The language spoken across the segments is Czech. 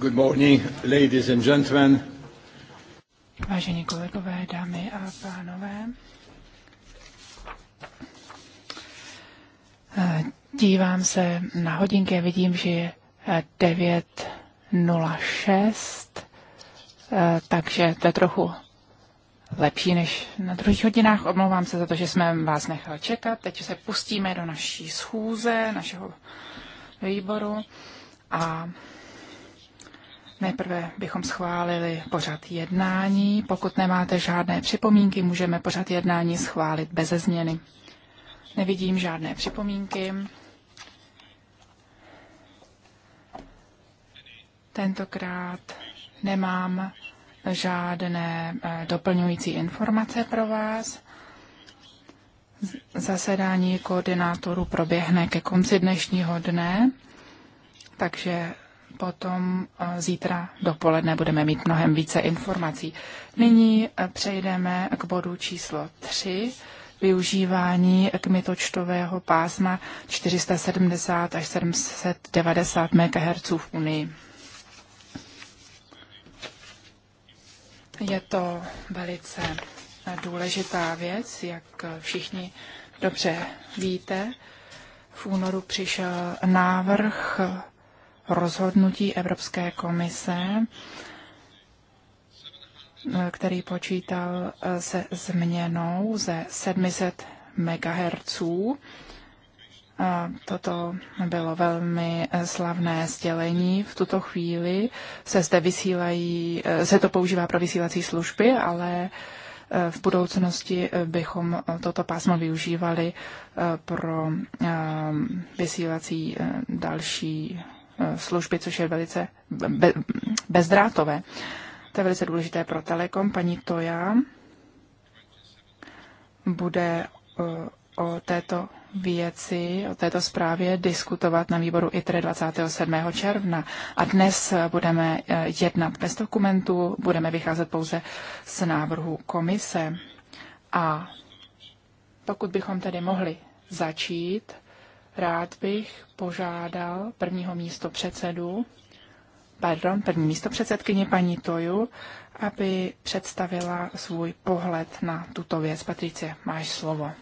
Good morning, ladies and gentlemen. Vážení kolegové, dámy a pánové. Eh, dívám se na hodinky a vidím, že je 9.06, eh, eh, takže to je trochu lepší než na druhých hodinách. Omlouvám se za to, že jsme vás nechali čekat. Teď se pustíme do naší schůze, našeho výboru a Nejprve bychom schválili pořad jednání. Pokud nemáte žádné připomínky, můžeme pořad jednání schválit beze změny. Nevidím žádné připomínky. Tentokrát nemám žádné eh, doplňující informace pro vás. Zasedání koordinátorů proběhne ke konci dnešního dne, takže potom eh, zítra dopoledne budeme mít mnohem více informací. Nyní eh, přejdeme k bodu číslo 3, využívání kmitočtového pásma 470 až 790 MHz v Unii. Je to velice eh, důležitá věc, jak všichni dobře víte. V únoru přišel návrh rozhodnutí Evropské komise, který počítal eh, se změnou ze 700 MHz. Toto bylo velmi eh, slavné sdělení. V tuto chvíli se zde vysílají, eh, se to používá pro vysílací služby, ale v budoucnosti bychom toto pásmo využívali pro vysílací další Eh, služby, což je velice bezdrátové. To je velice důležité pro Telekom. Paní Toja bude eh, o této věci, o této zprávě diskutovat na výboru ITRE 27. června. A dnes budeme eh, jednat bez dokumentů, budeme vycházet pouze z návrhu komise. A pokud bychom tedy mohli začít, Rád bych požádal prvního místo předsedu, pardon, první místo předsedkyně paní Toju, aby představila svůj pohled na tuto věc. Patrice, máš slovo.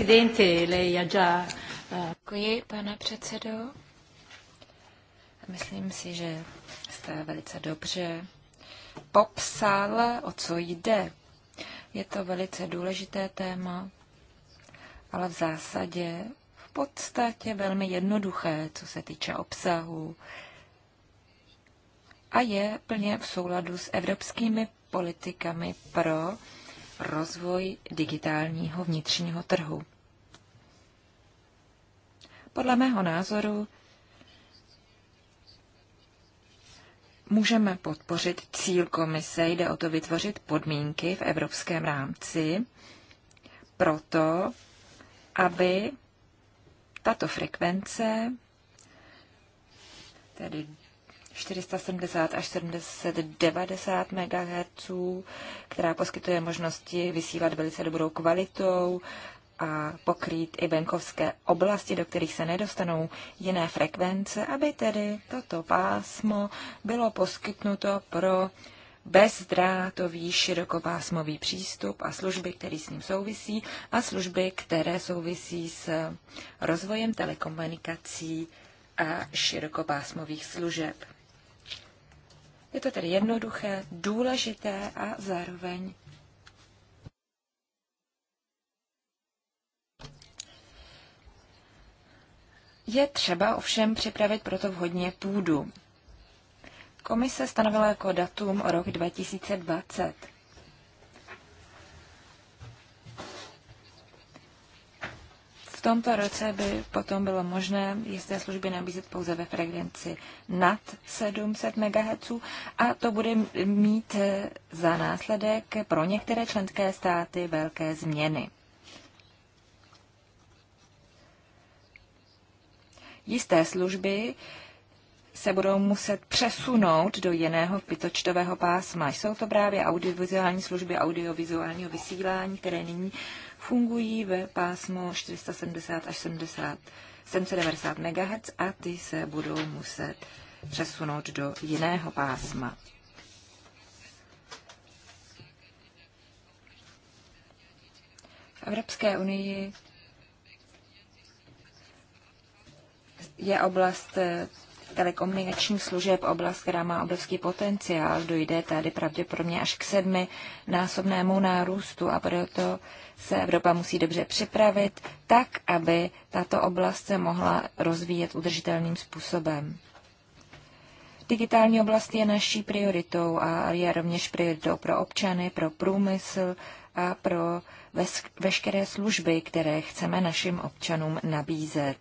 Eh, Děkuji, pane předsedo. Myslím si, že jste velice dobře popsal, o co jde. Je to velice důležité téma, ale v zásadě podstatě velmi jednoduché, co se týče obsahu a je plně v souladu s evropskými politikami pro rozvoj digitálního vnitřního trhu. Podle mého názoru můžeme podpořit cíl komise, jde o to vytvořit podmínky v evropském rámci proto, aby tato frekvence, tedy 470 až 790 MHz, která poskytuje možnosti vysílat velice dobrou kvalitou a pokrýt i venkovské oblasti, do kterých se nedostanou jiné frekvence, aby tedy toto pásmo bylo poskytnuto pro bezdrátový širokopásmový přístup a služby, které s ním souvisí, a služby, které souvisí s rozvojem telekomunikací a širokopásmových služeb. Je to tedy jednoduché, důležité a zároveň Je třeba ovšem připravit proto vhodně půdu. Komise stanovila jako datum rok 2020. V tomto roce by potom bylo možné jisté služby nabízet pouze ve frekvenci nad 700 MHz a to bude mít za následek pro některé členské státy velké změny. Jisté služby se budou muset přesunout do jiného pitočtového pásma. Jsou to právě audiovizuální služby audiovizuálního vysílání, které nyní fungují ve pásmu 470 až 70, 790 MHz a ty se budou muset přesunout do jiného pásma. V Evropské unii je oblast telekomunikačních služeb, oblast, která má obrovský potenciál, dojde tady pravděpodobně až k sedmi násobnému nárůstu a proto se Evropa musí dobře připravit tak, aby tato oblast se mohla rozvíjet udržitelným způsobem. Digitální oblast je naší prioritou a je rovněž prioritou pro občany, pro průmysl a pro veškeré služby, které chceme našim občanům nabízet.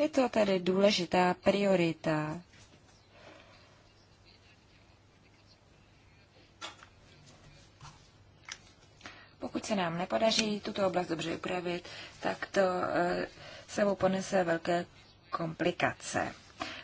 Je to tedy důležitá priorita. Pokud se nám nepodaří tuto oblast dobře upravit, tak to eh, sebou ponese velké komplikace.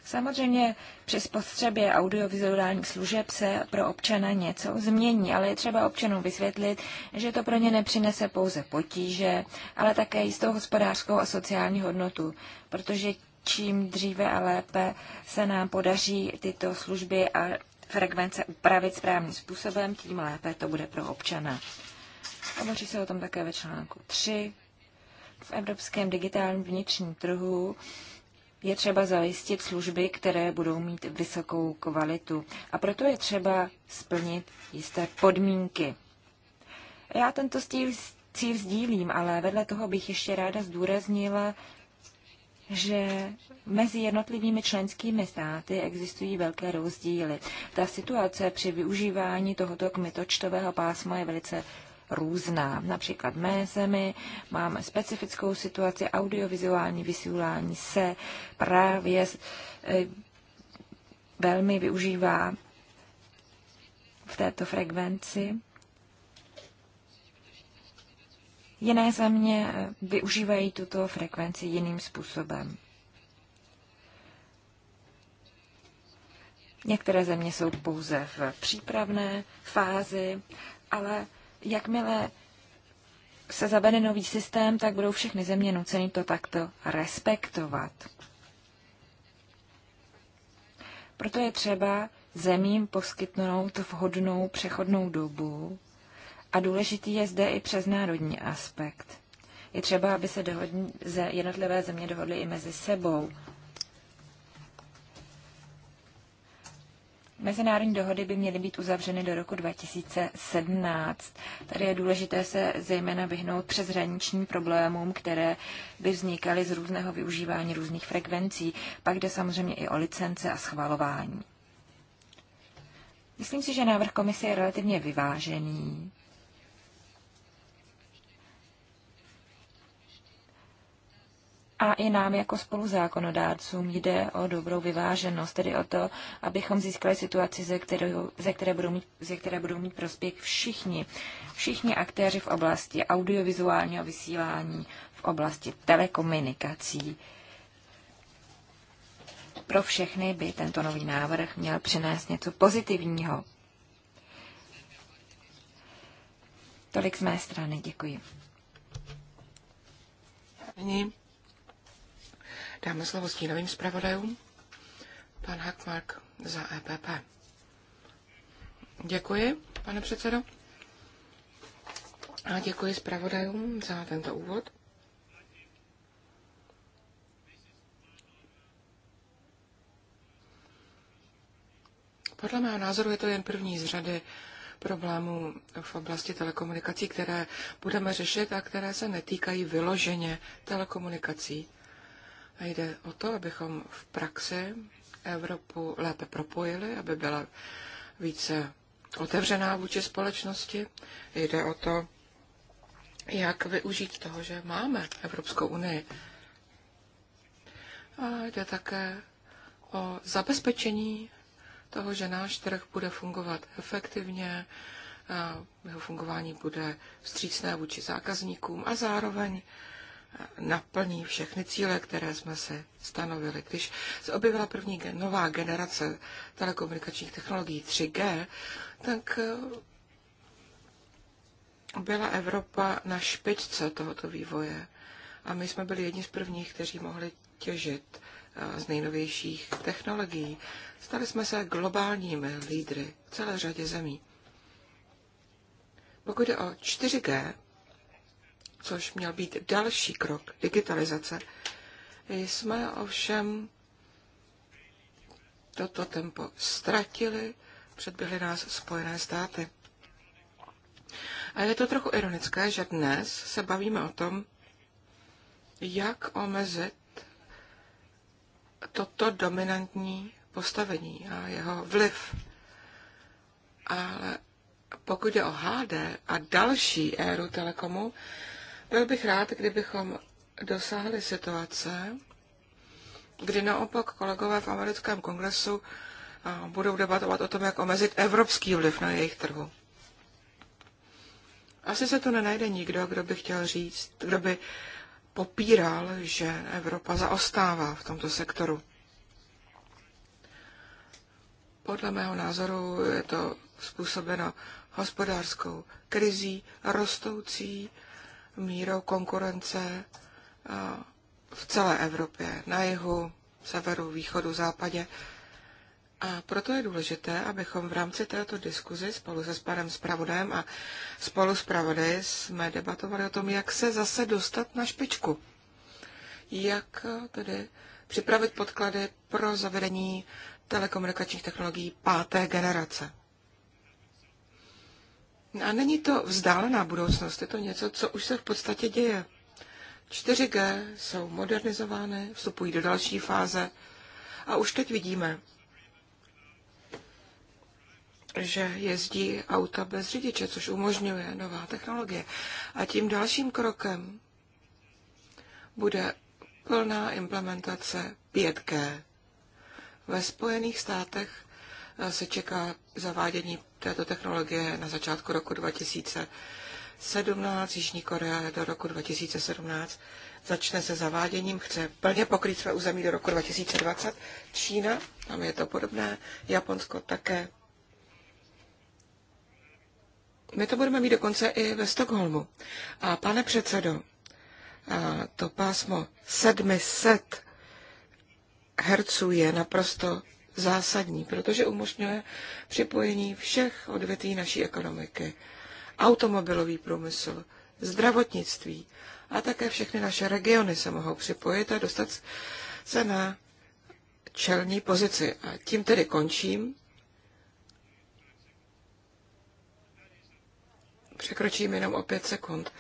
Samozřejmě při spotřebě audiovizuálních služeb se pro občana něco změní, ale je třeba občanům vysvětlit, že to pro ně nepřinese pouze potíže, ale také jistou hospodářskou a sociální hodnotu, protože čím dříve a lépe se nám podaří tyto služby a frekvence upravit správným způsobem, tím lépe to bude pro občana. Hovoří se o tom také ve článku 3. V evropském digitálním vnitřním trhu je třeba zajistit služby, které budou mít vysokou kvalitu. A proto je třeba splnit jisté podmínky. Já tento styl cíl sdílím, ale vedle toho bych ještě ráda zdůraznila, že mezi jednotlivými členskými státy existují velké rozdíly. Ta situace při využívání tohoto kmitočtového pásma je velice různá. Například v mé zemi máme specifickou situaci, audiovizuální vysílání se právě eh, velmi využívá v této frekvenci. Jiné země eh, využívají tuto frekvenci jiným způsobem. Některé země jsou pouze v přípravné fázi, ale jakmile se zavede nový systém, tak budou všechny země nuceny to takto respektovat. Proto je třeba zemím poskytnout vhodnou přechodnou dobu a důležitý je zde i přeznárodní aspekt. Je třeba, aby se dohodní, jednotlivé země dohodly i mezi sebou Mezinárodní dohody by měly být uzavřeny do roku 2017. Tady je důležité se zejména vyhnout přeshraničním problémům, které by vznikaly z různého využívání různých frekvencí. Pak jde samozřejmě i o licence a schvalování. Myslím si, že návrh komise je relativně vyvážený. A i nám jako spoluzákonodárcům jde o dobrou vyváženost, tedy o to, abychom získali situaci, ze, kterou, ze, které budou mít, ze které budou mít prospěch všichni. Všichni aktéři v oblasti audiovizuálního vysílání, v oblasti telekomunikací. Pro všechny by tento nový návrh měl přinést něco pozitivního. Tolik z mé strany, děkuji. Děkuji. Dáme slovo stínovým zpravodajům. Pan Hackmark za EPP. Děkuji, pane předsedo. A děkuji zpravodajům za tento úvod. Podle mého názoru je to jen první z řady problémů v oblasti telekomunikací, které budeme řešit a které se netýkají vyloženě telekomunikací. Jde o to, abychom v praxi Evropu lépe propojili, aby byla více otevřená vůči společnosti. Jde o to, jak využít toho, že máme Evropskou unii. A jde také o zabezpečení toho, že náš trh bude fungovat efektivně, jeho fungování bude vstřícné vůči zákazníkům a zároveň naplní všechny cíle, které jsme se stanovili. Když se objevila první nová generace telekomunikačních technologií 3G, tak eh, byla Evropa na špičce tohoto vývoje. A my jsme byli jedni z prvních, kteří mohli těžit eh, z nejnovějších technologií. Stali jsme se globálními lídry v celé řadě zemí. Pokud jde o 4G, což měl být další krok digitalizace, jsme ovšem toto tempo ztratili, předběhly nás Spojené státy. A je to trochu ironické, že dnes se bavíme o tom, jak omezit toto dominantní postavení a jeho vliv. Ale pokud je o HD a další éru telekomu, byl bych rád, kdybychom dosáhli situace, kdy naopak kolegové v americkém kongresu budou debatovat o tom, jak omezit evropský vliv na jejich trhu. Asi se tu nenajde nikdo, kdo by chtěl říct, kdo by popíral, že Evropa zaostává v tomto sektoru. Podle mého názoru je to způsobeno hospodářskou krizí, rostoucí mírou konkurence eh, v celé Evropě, na jihu, severu, východu, západě. A proto je důležité, abychom v rámci této diskuzi spolu se panem Spravodajem a spolu s jsme debatovali o tom, jak se zase dostat na špičku. Jak eh, tedy připravit podklady pro zavedení telekomunikačních technologií páté generace. A není to vzdálená budoucnost, je to něco, co už se v podstatě děje. 4G jsou modernizovány, vstupují do další fáze a už teď vidíme, že jezdí auta bez řidiče, což umožňuje nová technologie. A tím dalším krokem bude plná implementace 5G. Ve Spojených státech se čeká zavádění této technologie na začátku roku 2017. Jižní Korea do roku 2017 začne se zaváděním, chce plně pokrýt své území do roku 2020. Čína, tam je to podobné, Japonsko také. My to budeme mít dokonce i ve Stockholmu. A pane předsedo, a to pásmo 700 herců je naprosto zásadní, protože umožňuje připojení všech odvětví naší ekonomiky. Automobilový průmysl, zdravotnictví a také všechny naše regiony se mohou připojit a dostat se na čelní pozici. A tím tedy končím. Překročím jenom o pět sekund.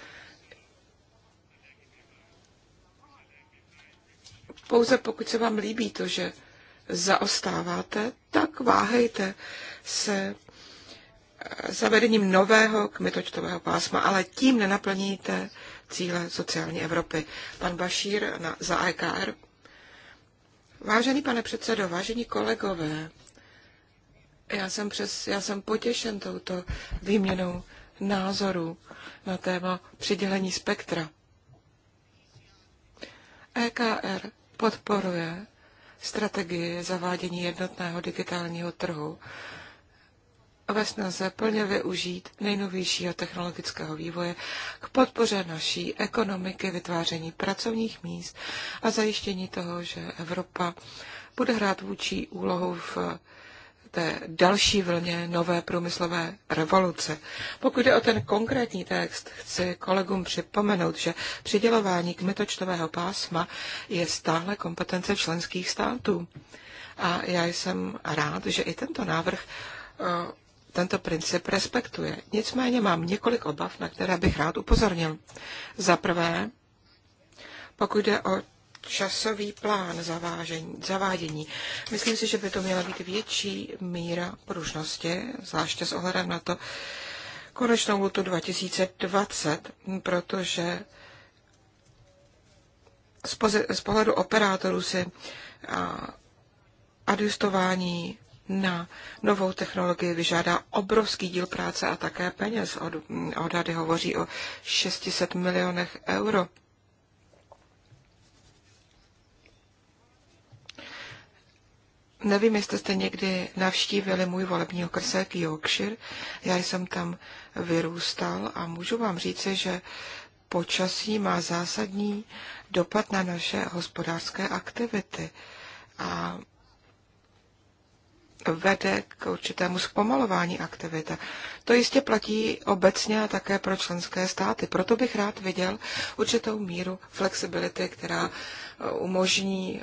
Pouze pokud se vám líbí to, že zaostáváte, tak váhejte se eh, zavedením nového kmitočtového pásma, ale tím nenaplníte cíle sociální Evropy. Pan Bašír na, za EKR. Vážený pane předsedo, vážení kolegové, já jsem, přes, já jsem potěšen touto výměnou názorů na téma přidělení spektra. EKR podporuje strategii zavádění jednotného digitálního trhu ve snaze plně využít nejnovějšího technologického vývoje k podpoře naší ekonomiky, vytváření pracovních míst a zajištění toho, že Evropa bude hrát vůči úlohu v té další vlně nové průmyslové revoluce. Pokud jde o ten konkrétní text, chci kolegům připomenout, že přidělování kmitočtového pásma je stále kompetence členských států. A já jsem rád, že i tento návrh eh, tento princip respektuje. Nicméně mám několik obav, na které bych rád upozornil. Za prvé, pokud jde o časový plán zavážení, zavádění. Myslím si, že by to měla být větší míra pružnosti, zvláště s ohledem na to konečnou lutu 2020, protože z, poze, z pohledu operátorů si a, adjustování na novou technologii vyžádá obrovský díl práce a také peněz. Od, odhady hovoří o 600 milionech euro. Nevím, jestli jste někdy navštívili můj volební okrsek Yorkshire. Já jsem tam vyrůstal a můžu vám říci, že počasí má zásadní dopad na naše hospodářské aktivity a vede k určitému zpomalování aktivita. To jistě platí obecně a také pro členské státy. Proto bych rád viděl určitou míru flexibility, která umožní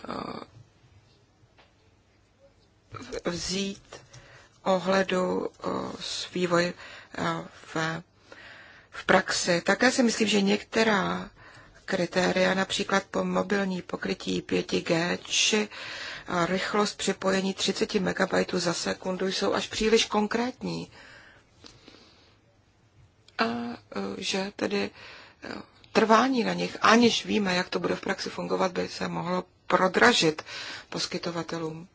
vzít ohledu eh, s vývoj eh, v, v praxi. Také si myslím, že některá kritéria, například po mobilní pokrytí 5G či eh, rychlost připojení 30 MB za sekundu, jsou až příliš konkrétní. A že tedy trvání na nich, aniž víme, jak to bude v praxi fungovat, by se mohlo prodražit poskytovatelům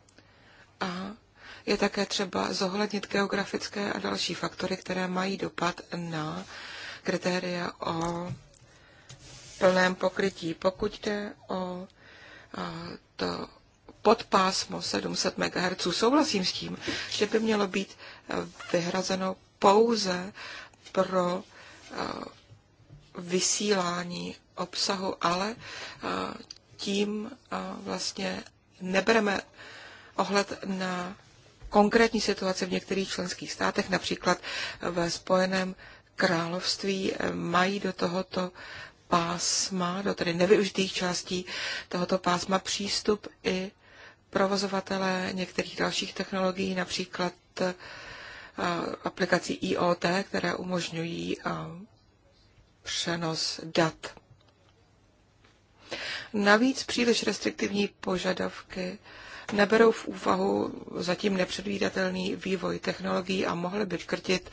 a je také třeba zohlednit geografické a další faktory, které mají dopad na kritéria o plném pokrytí. Pokud jde o to podpásmo 700 MHz, souhlasím s tím, že by mělo být vyhrazeno pouze pro vysílání obsahu, ale tím vlastně nebereme ohled na konkrétní situace v některých členských státech, například ve Spojeném království, mají do tohoto pásma, do tedy nevyužitých částí tohoto pásma přístup i provozovatelé některých dalších technologií, například eh, aplikací IoT, které umožňují eh, přenos dat. Navíc příliš restriktivní požadavky neberou v úvahu zatím nepředvídatelný vývoj technologií a mohly by krtit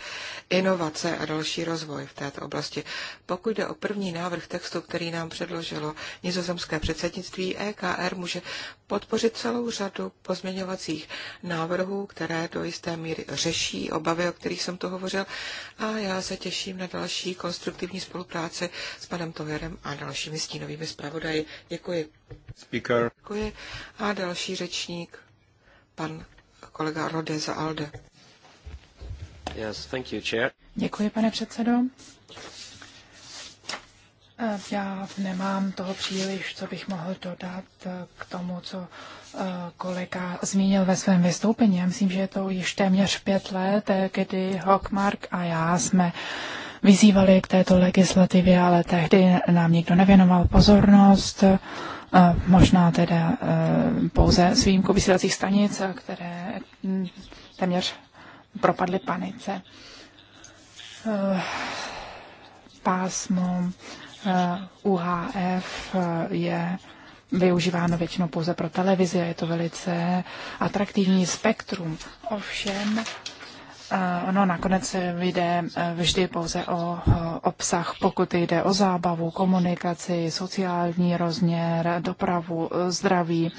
inovace a další rozvoj v této oblasti. Pokud jde o první návrh textu, který nám předložilo nizozemské předsednictví, EKR může podpořit celou řadu pozměňovacích návrhů, které do jisté míry řeší obavy, o kterých jsem to hovořil. A já se těším na další konstruktivní spolupráci s panem Toherem a dalšími stínovými zpravodaji. Děkuji. Speaker. Děkuji. A další řečník, pan kolega Rode za Alde. Yes, thank you, chair. Děkuji, pane předsedo. Eh, já nemám toho příliš, co bych mohl dodat eh, k tomu, co eh, kolega zmínil ve svém vystoupení. Já myslím, že je to již téměř pět let, kdy Hockmark a já jsme vyzývali k této legislativě, ale tehdy nám nikdo nevěnoval pozornost, možná teda pouze s výjimkou vysílacích stanic, které hm, téměř propadly panice. Pásmo Eh, UHF eh, je využíváno většinou pouze pro televizi a je to velice atraktivní spektrum. Ovšem, ono eh, nakonec jde vždy pouze o obsah, pokud jde o zábavu, komunikaci, sociální rozměr, dopravu, zdraví,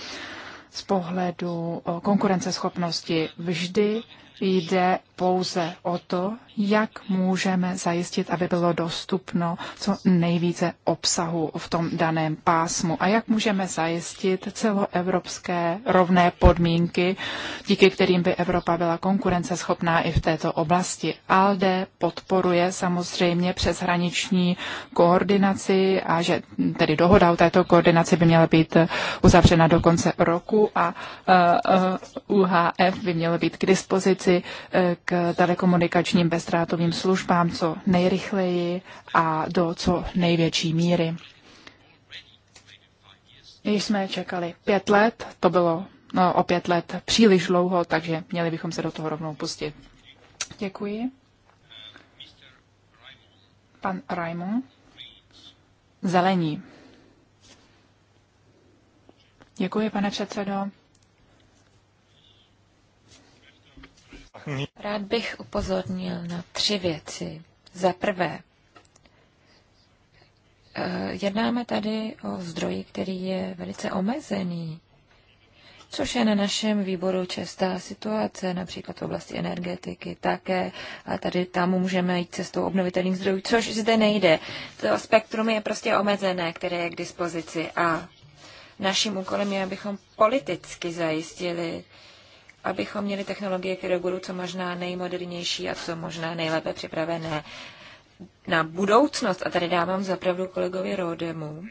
z pohledu konkurenceschopnosti vždy jde pouze o to, jak můžeme zajistit, aby bylo dostupno co nejvíce obsahu v tom daném pásmu a jak můžeme zajistit celoevropské rovné podmínky, díky kterým by Evropa byla konkurenceschopná i v této oblasti. ALDE podporuje samozřejmě přeshraniční koordinaci a že tedy dohoda o této koordinaci by měla být uzavřena do konce roku a UHF by měla být k dispozici věci eh, k telekomunikačním bezdrátovým službám co nejrychleji a do co největší míry. Když jsme čekali pět let, to bylo no, o pět let příliš dlouho, takže měli bychom se do toho rovnou pustit. Děkuji. Pan Raimon. Zelení. Děkuji, pane předsedo. Rád bych upozornil na tři věci. Za prvé, eh, jednáme tady o zdroji, který je velice omezený, což je na našem výboru častá situace, například v oblasti energetiky také, a tady tam můžeme jít cestou obnovitelných zdrojů, což zde nejde. To spektrum je prostě omezené, které je k dispozici a naším úkolem je, abychom politicky zajistili, abychom měli technologie, které budou co možná nejmodernější a co možná nejlépe připravené na budoucnost. A tady dávám zapravdu kolegovi Rodemu,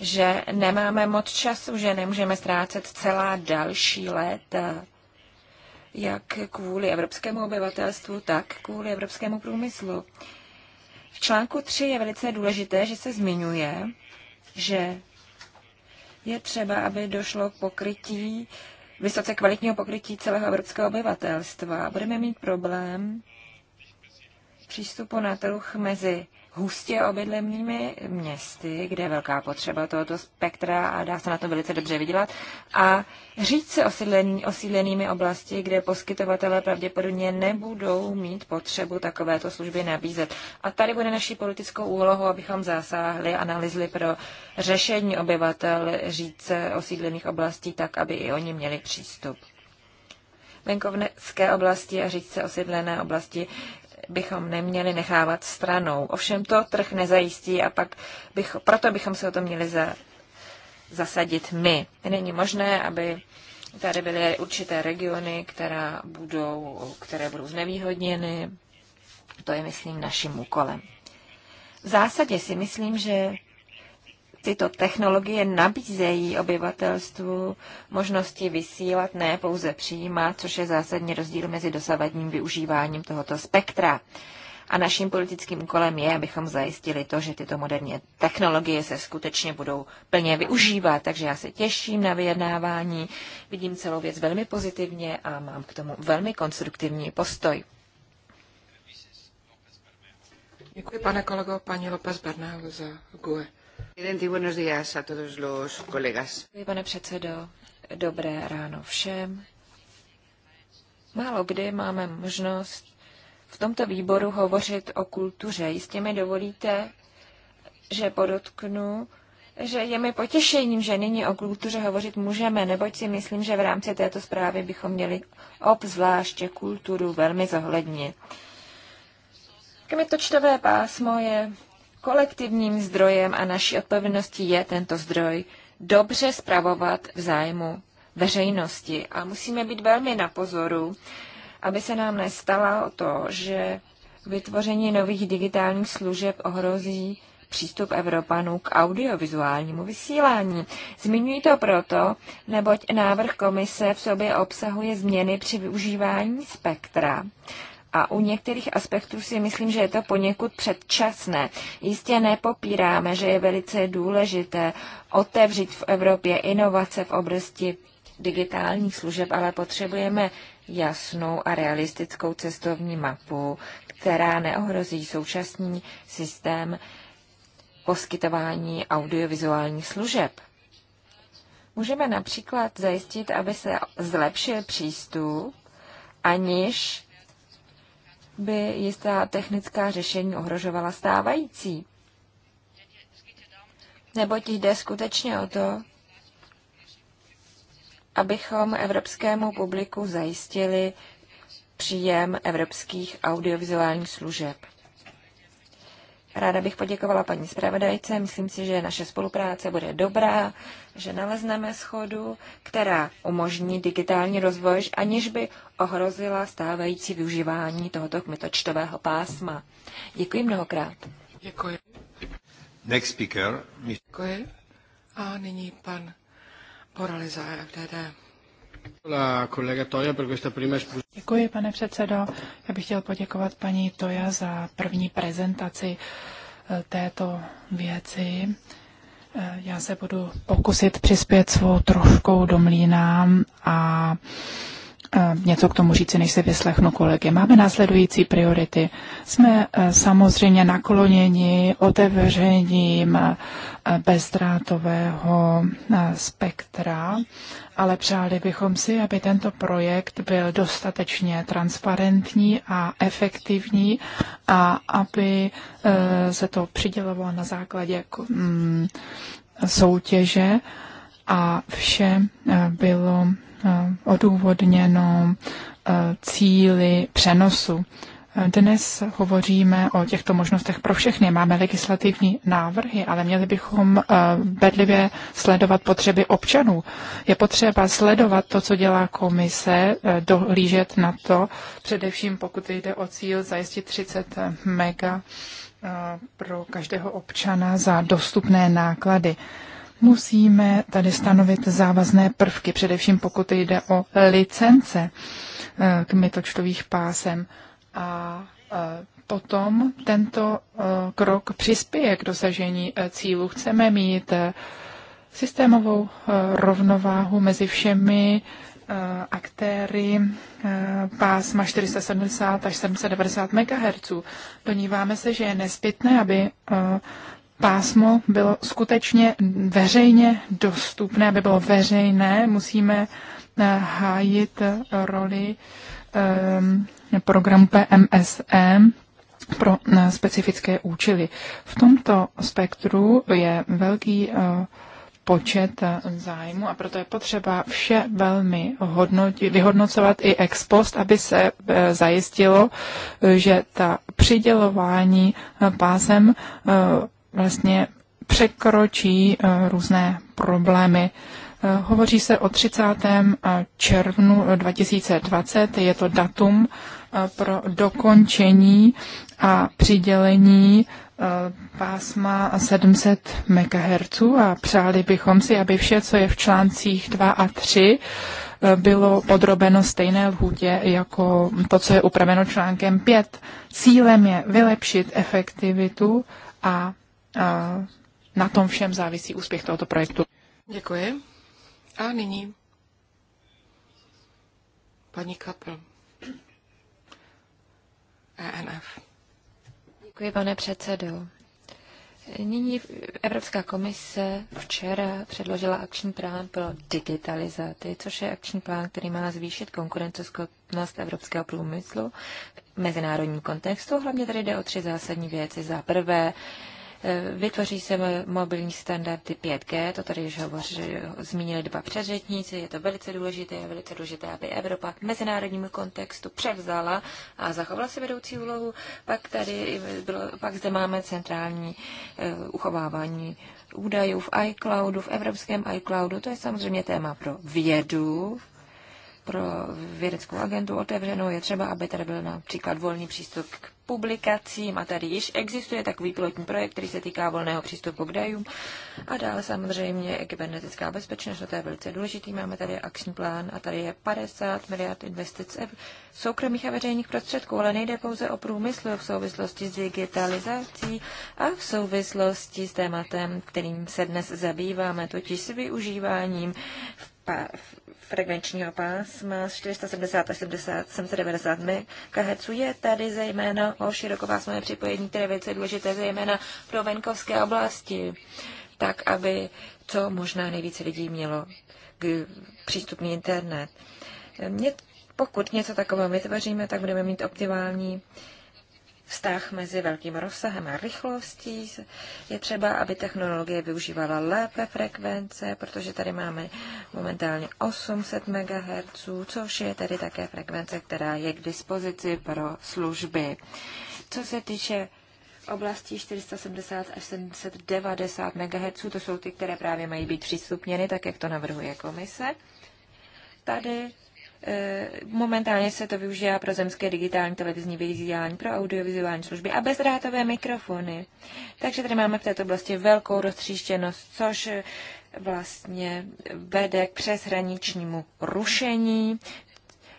že nemáme moc času, že nemůžeme ztrácet celá další léta, jak kvůli evropskému obyvatelstvu, tak kvůli evropskému průmyslu. V článku 3 je velice důležité, že se zmiňuje, že je třeba, aby došlo k pokrytí vysoce kvalitního pokrytí celého evropského obyvatelstva. Budeme mít problém přístupu na trh mezi hustě obydlenými městy, kde je velká potřeba tohoto spektra a dá se na to velice dobře vydělat. A říct se osídlený, osídlenými oblasti, kde poskytovatelé pravděpodobně nebudou mít potřebu takovéto služby nabízet. A tady bude naší politickou úlohou, abychom zasáhli, nalizli pro řešení obyvatel se osídlených oblastí tak, aby i oni měli přístup venkovské oblasti a se osídlené oblasti bychom neměli nechávat stranou. Ovšem to trh nezajistí a pak bych, proto bychom se o to měli za, zasadit my. Není možné, aby tady byly určité regiony, která budou, které budou znevýhodněny. To je, myslím, naším úkolem. V zásadě si myslím, že tyto technologie nabízejí obyvatelstvu možnosti vysílat, ne pouze přijímat, což je zásadní rozdíl mezi dosavadním využíváním tohoto spektra. A naším politickým úkolem je, abychom zajistili to, že tyto moderní technologie se skutečně budou plně využívat. Takže já se těším na vyjednávání, vidím celou věc velmi pozitivně a mám k tomu velmi konstruktivní postoj. Děkuji, pane kolego, paní López Bernal za GUE. Pane předsedo, dobré ráno všem. Málo kdy máme možnost v tomto výboru hovořit o kultuře. Jistě mi dovolíte, že podotknu, že je mi potěšením, že nyní o kultuře hovořit můžeme, neboť si myslím, že v rámci této zprávy bychom měli obzvláště kulturu velmi zohlednit. Kmitočtové pásmo je kolektivním zdrojem a naší odpovědností je tento zdroj dobře zpravovat v zájmu veřejnosti. A musíme být velmi na pozoru, aby se nám nestalo to, že vytvoření nových digitálních služeb ohrozí přístup Evropanů k audiovizuálnímu vysílání. Zmiňuji to proto, neboť návrh komise v sobě obsahuje změny při využívání spektra a u některých aspektů si myslím, že je to poněkud předčasné. Jistě nepopíráme, že je velice důležité otevřít v Evropě inovace v oblasti digitálních služeb, ale potřebujeme jasnou a realistickou cestovní mapu, která neohrozí současný systém poskytování audiovizuálních služeb. Můžeme například zajistit, aby se zlepšil přístup, aniž by jistá technická řešení ohrožovala stávající. Neboť jde skutečně o to, abychom evropskému publiku zajistili příjem evropských audiovizuálních služeb. Ráda bych poděkovala paní zpravodajce. Myslím si, že naše spolupráce bude dobrá, že nalezneme schodu, která umožní digitální rozvoj, aniž by ohrozila stávající využívání tohoto kmitočtového pásma. Děkuji mnohokrát. Děkuji. Next speaker. Děkuji. A nyní pan Boraliza, FDD. Děkuji, pane předsedo. Já bych chtěl poděkovat paní Toja za první prezentaci eh, této věci. Eh, já se budu pokusit přispět svou troškou do mlína a Eh, něco k tomu říci, než se vyslechnu kolegy. Máme následující priority. Jsme eh, samozřejmě nakloněni otevřením eh, bezdrátového spektra, ale přáli bychom si, aby tento projekt byl dostatečně transparentní a efektivní a aby se to přidělovalo na základě mm, soutěže a vše eh, bylo eh, odůvodněno eh, cíly přenosu. Dnes hovoříme o těchto možnostech pro všechny. Máme legislativní návrhy, ale měli bychom bedlivě sledovat potřeby občanů. Je potřeba sledovat to, co dělá komise, dohlížet na to, především pokud jde o cíl zajistit 30 mega pro každého občana za dostupné náklady. Musíme tady stanovit závazné prvky, především pokud jde o licence eh, kmitočtových pásem. A eh, potom tento eh, krok přispěje k dosažení cílu. Chceme mít systémovou rovnováhu mezi všemi aktéry pásma 470 až 790 MHz. Doníváme se, že je nezbytné, aby pásmo bylo skutečně veřejně dostupné, aby bylo veřejné, musíme eh, hájit eh, roli eh, programu PMSM pro specifické účely. V tomto spektru je velký počet zájmu a proto je potřeba vše velmi hodnotit, vyhodnocovat i ex post, aby se zajistilo, že ta přidělování pásem vlastně překročí eh, různé problémy. Eh, hovoří se o 30. Eh, červnu 2020, je to datum pro dokončení a přidělení pásma 700 MHz a přáli bychom si, aby vše, co je v článcích 2 a 3, bylo podrobeno stejné lhůtě jako to, co je upraveno článkem 5. Cílem je vylepšit efektivitu a na tom všem závisí úspěch tohoto projektu. Děkuji. A nyní paní Kapl. ENF. Děkuji, pane předsedo. Nyní Evropská komise včera předložila akční plán pro digitalizaci, což je akční plán, který má zvýšit konkurenceschopnost evropského průmyslu v mezinárodním kontextu. Hlavně tady jde o tři zásadní věci. Za prvé, Vytvoří se mobilní standardy 5G, to tady už hovořili, zmínili dva předřetníci, je to velice důležité, je velice důležité, aby Evropa v mezinárodním kontextu převzala a zachovala si vedoucí úlohu. Pak tady bylo, pak zde máme centrální eh, uchovávání údajů v iCloudu, v evropském iCloudu, to je samozřejmě téma pro vědu, pro vědeckou agentu otevřenou. Je třeba, aby tady byl například volný přístup k publikacím a tady již existuje takový pilotní projekt, který se týká volného přístupu k dajům. A dále samozřejmě kybernetická bezpečnost, to je velice důležitý. Máme tady akční plán a tady je 50 miliard investic soukromých a veřejných prostředků, ale nejde pouze o průmysl v souvislosti s digitalizací a v souvislosti s tématem, kterým se dnes zabýváme, totiž s využíváním frekvenčního pásma z 470 až 790 MHz je tady zejména o širokopásmové připojení, které je důležité zejména pro venkovské oblasti, tak aby co možná nejvíce lidí mělo k přístupný internet. Mě, pokud něco takového vytvoříme, tak budeme mít optimální uh, vztah mezi velkým rozsahem a rychlostí. Je třeba, aby technologie využívala lépe frekvence, protože tady máme momentálně 800 MHz, což je tedy také frekvence, která je k dispozici pro služby. Co se týče oblasti 470 až 790 MHz, to jsou ty, které právě mají být přístupněny, tak jak to navrhuje komise. Tady Eh, momentálně se to využívá pro zemské digitální televizní vysílání, pro audiovizuální služby a bezdrátové mikrofony. Takže tady máme v této oblasti velkou roztříštěnost, což eh, vlastně vede k přeshraničnímu rušení.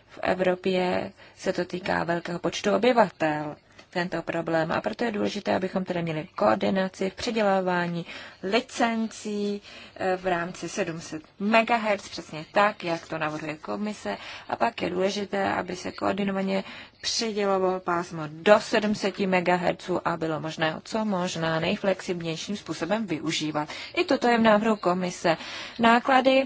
V Evropě se to týká velkého počtu obyvatel tento problém. A proto je důležité, abychom tedy měli koordinaci v předělávání licencí eh, v rámci 700 MHz, přesně tak, jak to navrhuje komise. A pak je důležité, aby se koordinovaně přidělovalo pásmo do 700 MHz a bylo možné ho co možná nejflexibilnějším způsobem využívat. I toto je v návrhu komise. Náklady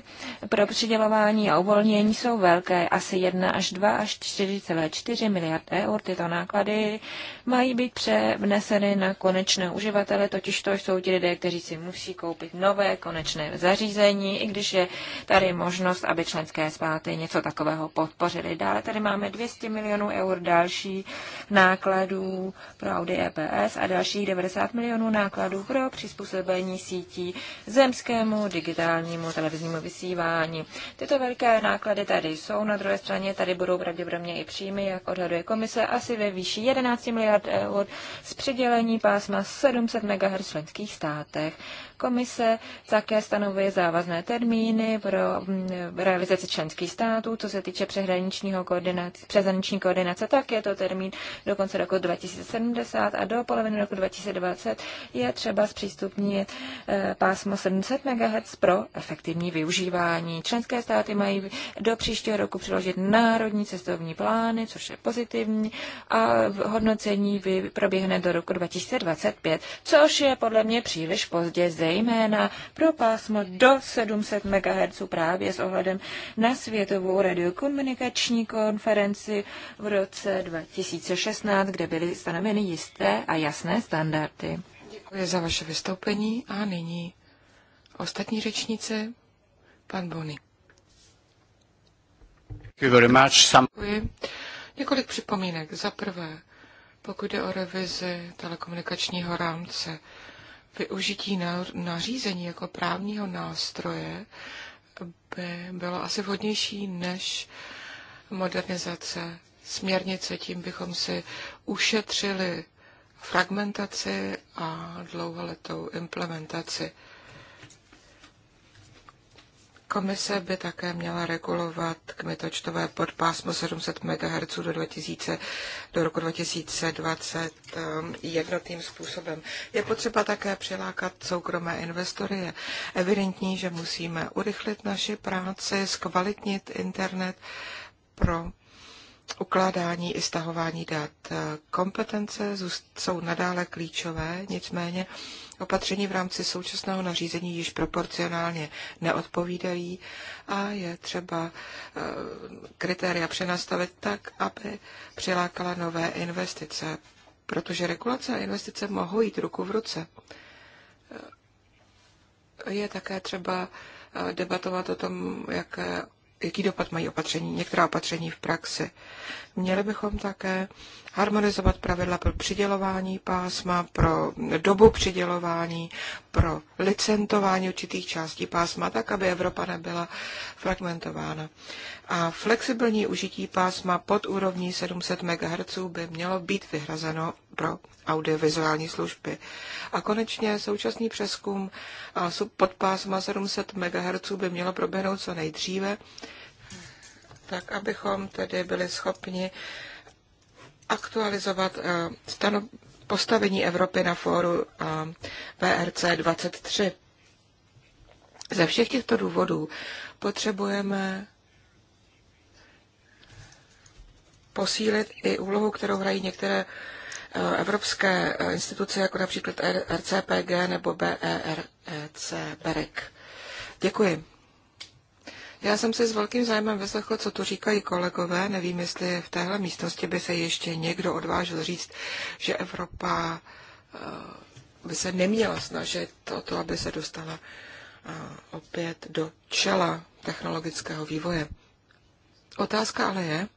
pro přidělování a uvolnění jsou velké, asi 1 až 2 až 4,4 miliard eur. Tyto náklady mají být převneseny na konečné uživatele, totiž to jsou ti lidé, kteří si musí koupit nové konečné zařízení, i když je tady možnost, aby členské státy něco takového podpořili. Dále tady máme 200 milionů eur další nákladů pro Audi EPS a dalších 90 milionů nákladů pro přizpůsobení sítí zemskému digitálnímu televiznímu vysílání. Tyto velké náklady tady jsou, na druhé straně tady budou pravděpodobně i příjmy, jak odhaduje komise, asi ve výši 11 miliard eur z přidělení pásma 700 MHz v členských státech. Komise také stanovuje závazné termíny pro mm, realizaci členských států, co se týče přehraničního koordinace, přeshraniční koordinace, tak je to termín do konce roku 2070 a do poloviny roku 2020 je třeba zpřístupnit eh, pásmo 700 MHz pro efektivní využívání. Členské státy mají do příštího roku přiložit národní cestovní plány, což je pozitivní, a hodnocení proběhne do roku 2025, což je podle mě příliš pozdě zejména pro pásmo do 700 MHz právě s ohledem na Světovou radiokomunikační konferenci v roce 2016, kde byly stanoveny jisté a jasné standardy. Děkuji za vaše vystoupení a nyní ostatní řečnice, pan Bony. Děkuji. Několik připomínek. Za prvé, pokud jde o revizi telekomunikačního rámce, využití nařízení jako právního nástroje by bylo asi vhodnější než modernizace směrnice. Tím bychom si ušetřili fragmentaci a dlouholetou implementaci. Komise by také měla regulovat kmitočtové podpásmo 700 MHz do, 2000, do roku 2020 um, jednotným způsobem. Je potřeba také přilákat soukromé investory. Je evidentní, že musíme urychlit naši práci, zkvalitnit internet pro ukládání i stahování dat. Kompetence jsou nadále klíčové, nicméně Opatření v rámci současného nařízení již proporcionálně neodpovídají a je třeba eh, kritéria přenastavit tak, aby přilákala nové investice, protože regulace a investice mohou jít ruku v ruce. Eh, je také třeba eh, debatovat o tom, jaké jaký dopad mají opatření, některá opatření v praxi. Měli bychom také harmonizovat pravidla pro přidělování pásma, pro dobu přidělování, pro licentování určitých částí pásma, tak aby Evropa nebyla fragmentována. A flexibilní užití pásma pod úrovní 700 MHz by mělo být vyhrazeno pro audiovizuální služby. A konečně současný přeskum pásma 700 MHz by mělo proběhnout co nejdříve, tak abychom tedy byli schopni aktualizovat eh, postavení Evropy na fóru eh, VRC 23. Ze všech těchto důvodů potřebujeme posílit i úlohu, kterou hrají některé eh, evropské instituce, jako například RCPG nebo BERC e BEREC. Děkuji. Já jsem si s velkým zájmem vyslechl, co tu říkají kolegové. Nevím, jestli v téhle místnosti by se ještě někdo odvážil říct, že Evropa eh, by se neměla snažit o to, aby se dostala eh, opět do čela technologického vývoje. Otázka ale je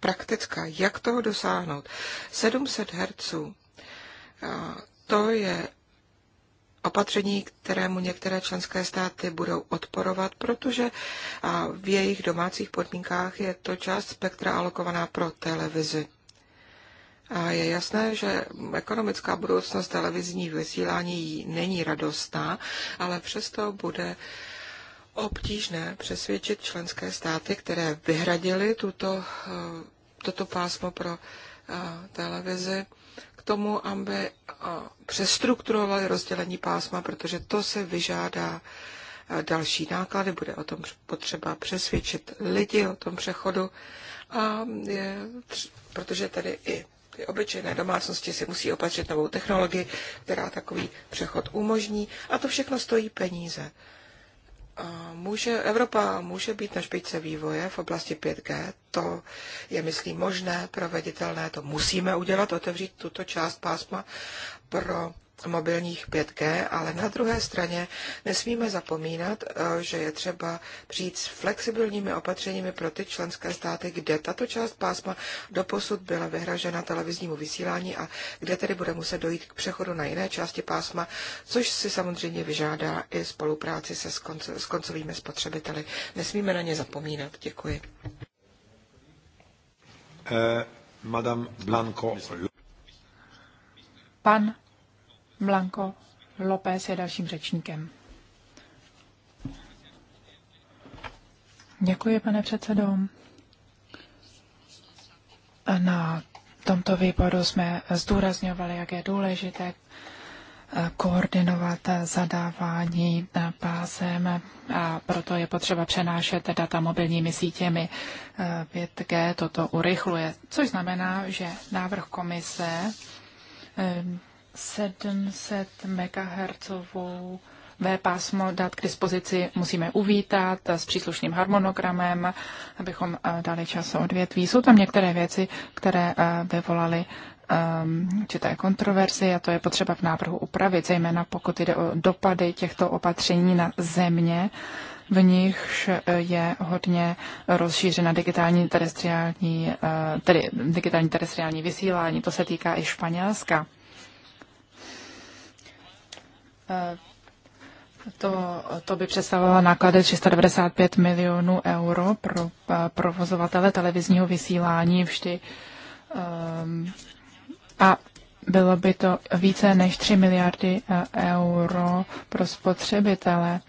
praktická. Jak toho dosáhnout? 700 Hz, eh, to je opatření, kterému některé členské státy budou odporovat, protože v jejich domácích podmínkách je to část spektra alokovaná pro televizi. A je jasné, že ekonomická budoucnost televizní vysílání není radostná, ale přesto bude obtížné přesvědčit členské státy, které vyhradily tuto, e, toto pásmo pro e, televizi, k tomu, aby přestrukturovali rozdělení pásma, protože to se vyžádá další náklady, bude o tom potřeba přesvědčit lidi o tom přechodu, a je, protože tady i ty obyčejné domácnosti si musí opatřit novou technologii, která takový přechod umožní a to všechno stojí peníze může, Evropa může být na špičce vývoje v oblasti 5G. To je, myslím, možné, proveditelné, to musíme udělat, otevřít tuto část pásma pro mobilních 5G, ale na druhé straně nesmíme zapomínat, eh, že je třeba přijít s flexibilními opatřeními pro ty členské státy, kde tato část pásma doposud byla vyhražena televiznímu vysílání a kde tedy bude muset dojít k přechodu na jiné části pásma, což si samozřejmě vyžádá i spolupráci se s koncovými spotřebiteli. Nesmíme na ně zapomínat. Děkuji. Eh, Madame Blanco. Pan Blanco López je dalším řečníkem. Děkuji, pane předsedo. Na tomto výboru jsme zdůrazňovali, jak je důležité eh, koordinovat zadávání eh, pásem a proto je potřeba přenášet data mobilními sítěmi 5G. Eh, toto urychluje, což znamená, že návrh komise 700 MHz V pásmo dát k dispozici musíme uvítat s příslušným harmonogramem, abychom eh, dali čas odvětví. Jsou tam některé věci, které eh, vyvolaly ehm, určité kontroverzi a to je potřeba v návrhu upravit, zejména pokud jde o dopady těchto opatření na země, v nichž eh, je hodně rozšířena digitální terestriální, tedy digitální terestriální vysílání. To se týká i Španělska. Eh, to, to by představovalo náklady 395 milionů euro pro eh, provozovatele televizního vysílání vždy. Ehm, a bylo by to více než 3 miliardy eh, euro pro spotřebitele.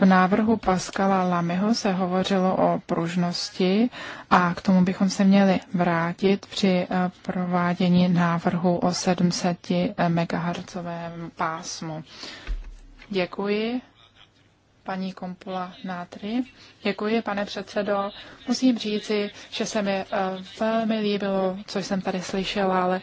V návrhu Pascala Lamyho se hovořilo o pružnosti a k tomu bychom se měli vrátit při eh, provádění návrhu o 700 MHz pásmu. Děkuji paní Kompula Nátry. Děkuji, pane předsedo. Musím říci, že se mi eh, velmi líbilo, co jsem tady slyšela, ale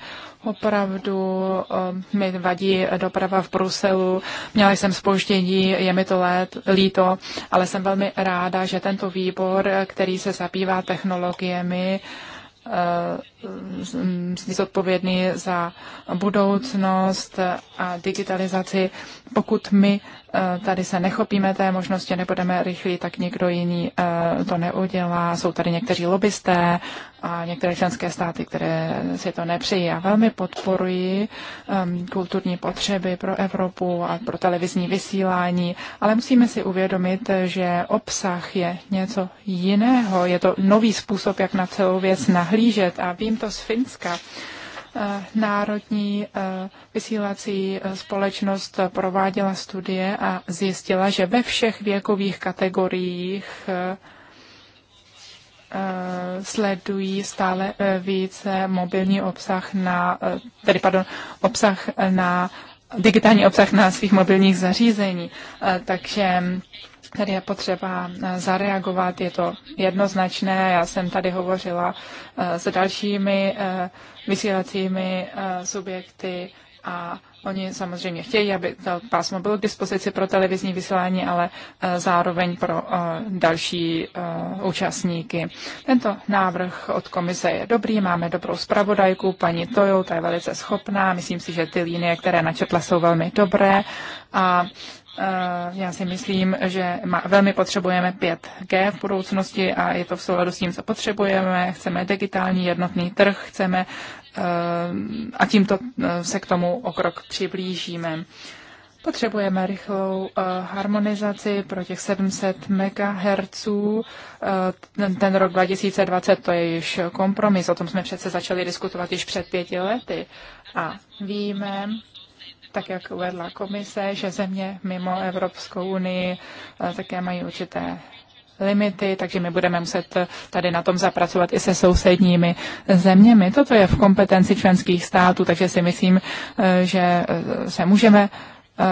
Opravdu eh, mi vadí doprava v Bruselu. Měla jsem spoždění, je mi to let, líto, ale jsem velmi ráda, že tento výbor, který se zabývá technologiemi, eh, zodpovědný za budoucnost a digitalizaci. Pokud my Eh, tady se nechopíme té možnosti, nebudeme rychlí, tak nikdo jiný eh, to neudělá. Jsou tady někteří lobbysté a některé členské státy, které si to nepřejí. a velmi podporují ehm, kulturní potřeby pro Evropu a pro televizní vysílání, ale musíme si uvědomit, že obsah je něco jiného. Je to nový způsob, jak na celou věc nahlížet a vím to z Finska Eh, národní eh, vysílací eh, společnost prováděla studie a zjistila, že ve všech věkových kategoriích sledují stále více mobilní obsah na, tedy pardon, obsah na digitální obsah na svých mobilních zařízení. Eh, takže tady je potřeba eh, zareagovat, je to jednoznačné. Já jsem tady hovořila eh, s dalšími vysílacími subjekty a Oni samozřejmě chtějí, aby to pásmo bylo k dispozici pro televizní vysílání, ale e, zároveň pro e, další e, účastníky. Tento návrh od komise je dobrý, máme dobrou zpravodajku, paní Tojo, ta je velice schopná, myslím si, že ty línie, které načetla, jsou velmi dobré a já si myslím, že velmi potřebujeme 5G v budoucnosti a je to v souladu s tím, co potřebujeme. Chceme digitální jednotný trh, chceme Eh, a tímto eh, se k tomu o krok přiblížíme. Potřebujeme rychlou eh, harmonizaci pro těch 700 MHz. Ten, rok 2020 to je již kompromis, o tom jsme přece začali diskutovat již před pěti lety. A víme, tak jak uvedla komise, že země mimo Evropskou unii také mají určité limity, takže my budeme muset tady na tom zapracovat i se sousedními zeměmi. Toto je v kompetenci členských států, takže si myslím, eh, že eh, se můžeme eh,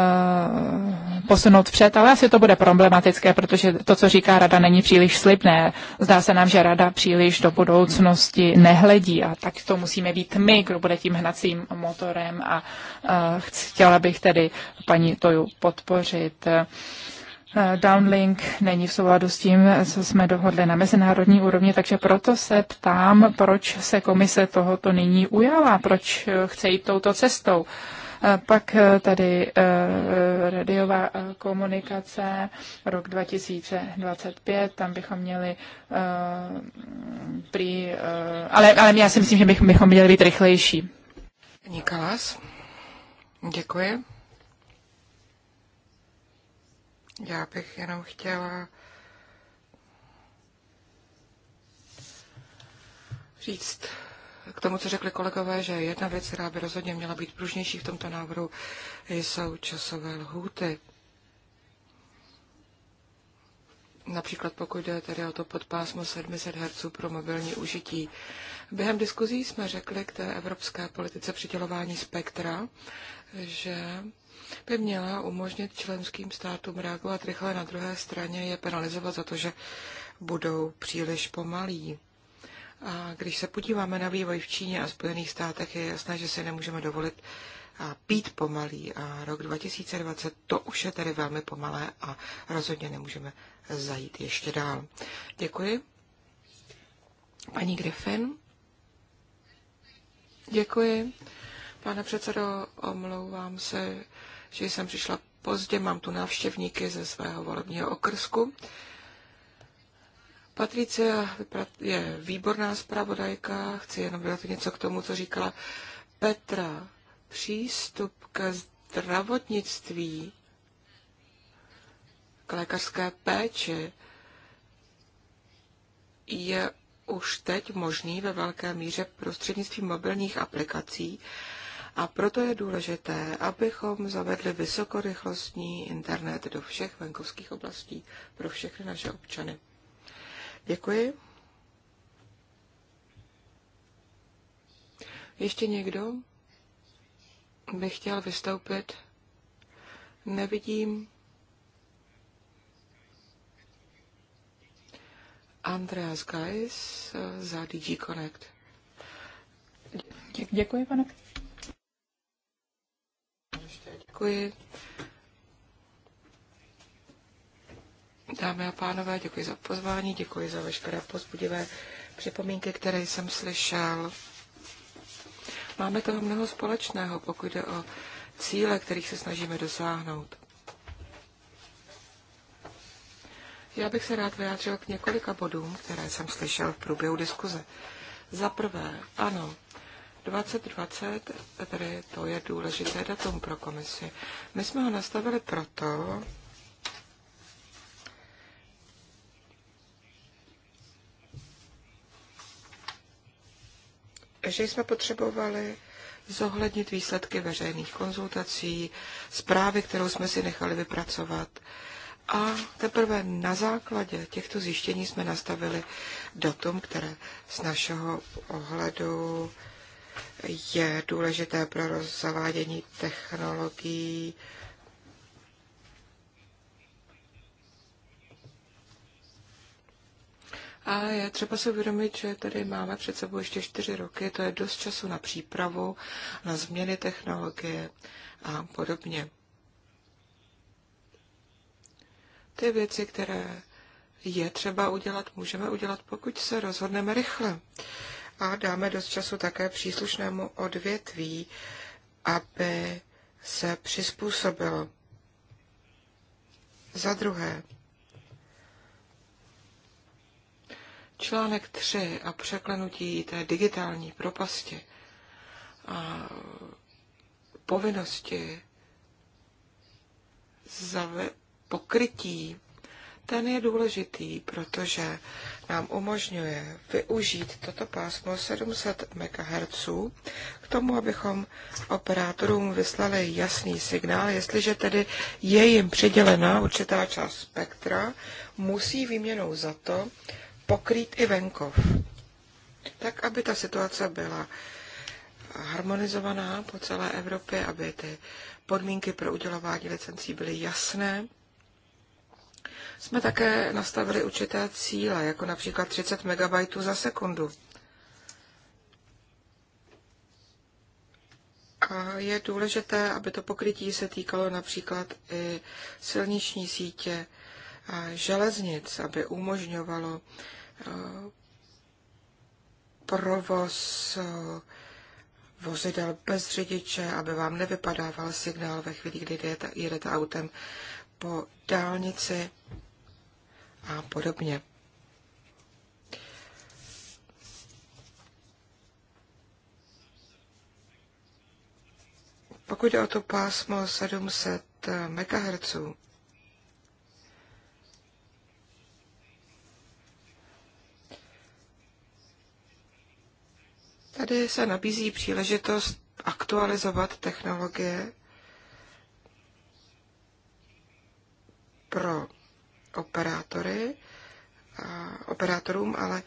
posunout před, ale asi to bude problematické, protože to, co říká rada, není příliš slibné. Zdá se nám, že rada příliš do budoucnosti nehledí a tak to musíme být my, kdo bude tím hnacím motorem a chtěla bych tedy paní Toju podpořit. Eh, downlink není v souladu s tím, co jsme dohodli na mezinárodní úrovni, takže proto se ptám, proč se komise tohoto nyní ujala, proč eh, chce jít touto cestou. Eh, pak tady radiová komunikace, rok 2025, tam bychom měli prý, ale, ale já si myslím, že bychom, bychom měli být rychlejší. Nikolas, děkuji. Já bych jenom chtěla říct k tomu, co řekli kolegové, že jedna věc, která by rozhodně měla být pružnější v tomto návrhu, jsou časové lhůty. Například pokud jde tedy o to podpásmo 700 Hz pro mobilní užití. Během diskuzí jsme řekli k té evropské politice přidělování spektra, že by měla umožnit členským státům reagovat rychle, na druhé straně je penalizovat za to, že budou příliš pomalí. A když se podíváme na vývoj v Číně a Spojených státech, je jasné, že si nemůžeme dovolit a být pomalý. A rok 2020 to už je tedy velmi pomalé a rozhodně nemůžeme zajít ještě dál. Děkuji. Paní Griffin. Děkuji. Pane předsedo, omlouvám se, že jsem přišla pozdě, mám tu návštěvníky ze svého volebního okrsku. Patricia je výborná zpravodajka, chci jenom dodat něco k tomu, co říkala Petra. Přístup ke zdravotnictví, k lékařské péči je už teď možný ve velké míře prostřednictvím mobilních aplikací a proto je důležité, abychom zavedli vysokorychlostní internet do všech venkovských oblastí pro všechny naše občany. Děkuji. Ještě někdo by chtěl vystoupit? Nevidím. Andreas Geis za DG Connect. Děkuji, pane Děkuji. Dámy a pánové, děkuji za pozvání, děkuji za veškeré pozbudivé připomínky, které jsem slyšel. Máme toho mnoho společného, pokud jde o cíle, kterých se snažíme dosáhnout. Já bych se rád vyjádřil k několika bodům, které jsem slyšel v průběhu diskuze. Za prvé, ano, 2020, tedy to je důležité datum pro komisi. My jsme ho nastavili proto, že jsme potřebovali zohlednit výsledky veřejných konzultací, zprávy, kterou jsme si nechali vypracovat. A teprve na základě těchto zjištění jsme nastavili datum, které z našeho ohledu je důležité pro zavádění technologií. A je třeba si uvědomit, že tady máme před sebou ještě čtyři roky, to je dost času na přípravu, na změny technologie a podobně. Ty věci, které je třeba udělat, můžeme udělat, pokud se rozhodneme rychle a dáme dost času také příslušnému odvětví, aby se přizpůsobilo. Za druhé, článek 3 a překlenutí té digitální propasti a povinnosti za pokrytí, ten je důležitý, protože nám umožňuje využít toto pásmo 700 MHz k tomu, abychom operátorům vyslali jasný signál, jestliže tedy je jim přidělena určitá část spektra, musí výměnou za to pokrýt i venkov. Tak, aby ta situace byla harmonizovaná po celé Evropě, aby ty podmínky pro udělování licencí byly jasné jsme také nastavili určité cíle, jako například 30 MB za sekundu. A je důležité, aby to pokrytí se týkalo například i silniční sítě a železnic, aby umožňovalo eh, provoz eh, vozidel bez řidiče, aby vám nevypadával signál ve chvíli, kdy jedete autem po dálnici a podobně. Pokud jde o to pásmo 700 MHz, Tady se nabízí příležitost aktualizovat technologie pro operátory, operátorům, ale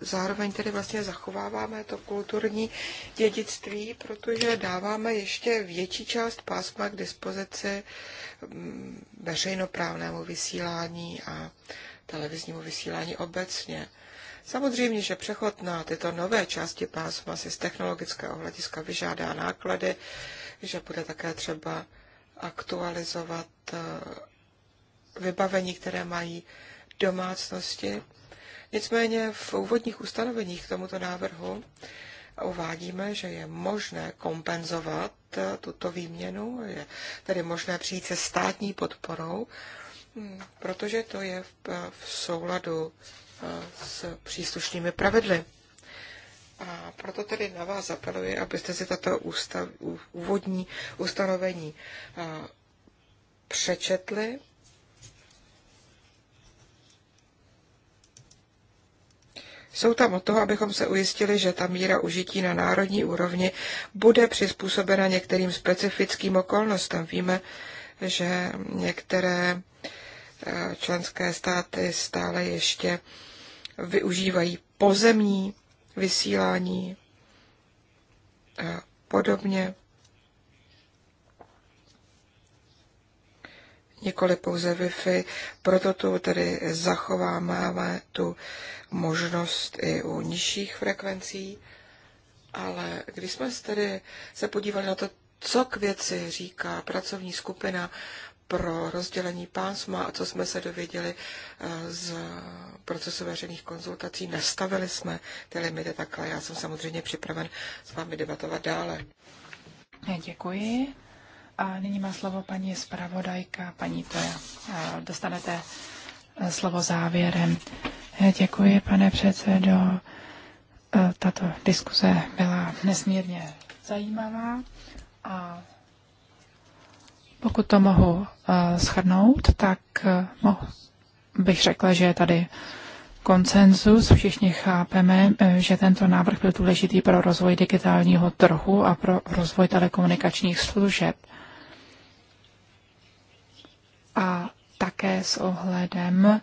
zároveň tedy vlastně zachováváme to kulturní dědictví, protože dáváme ještě větší část pásma k dispozici mm, veřejnoprávnému vysílání a televiznímu vysílání obecně. Samozřejmě, že přechod na tyto nové části pásma si z technologického hlediska vyžádá náklady, že bude také třeba aktualizovat vybavení, které mají domácnosti. Nicméně v úvodních ustanoveních k tomuto návrhu uvádíme, že je možné kompenzovat tuto výměnu, je tedy možné přijít se státní podporou, protože to je v souladu eh, s příslušnými pravidly. A proto tedy na vás apeluji, abyste si tato ústav, úvodní ustanovení eh, přečetli Jsou tam o toho, abychom se ujistili, že ta míra užití na národní úrovni bude přizpůsobena některým specifickým okolnostem. Víme, že některé eh, členské státy stále ještě využívají pozemní vysílání a podobně. nikoli pouze Wi-Fi, proto tu tedy zachováváme tu možnost i u nižších frekvencí. Ale když jsme tedy se podívali na to, co k věci říká pracovní skupina pro rozdělení pásma a co jsme se dověděli eh, z procesu veřejných konzultací, nastavili jsme ty limity takhle. Já jsem samozřejmě připraven s vámi debatovat dále. Děkuji. A nyní má slovo paní zpravodajka, paní Toja. Dostanete eh, slovo závěrem. Eh, děkuji, pane předsedo. Eh, tato diskuze byla nesmírně zajímavá a pokud to mohu schrnout, tak bych řekla, že je tady konsenzus. Všichni chápeme, že tento návrh byl důležitý pro rozvoj digitálního trhu a pro rozvoj telekomunikačních služeb a také s ohledem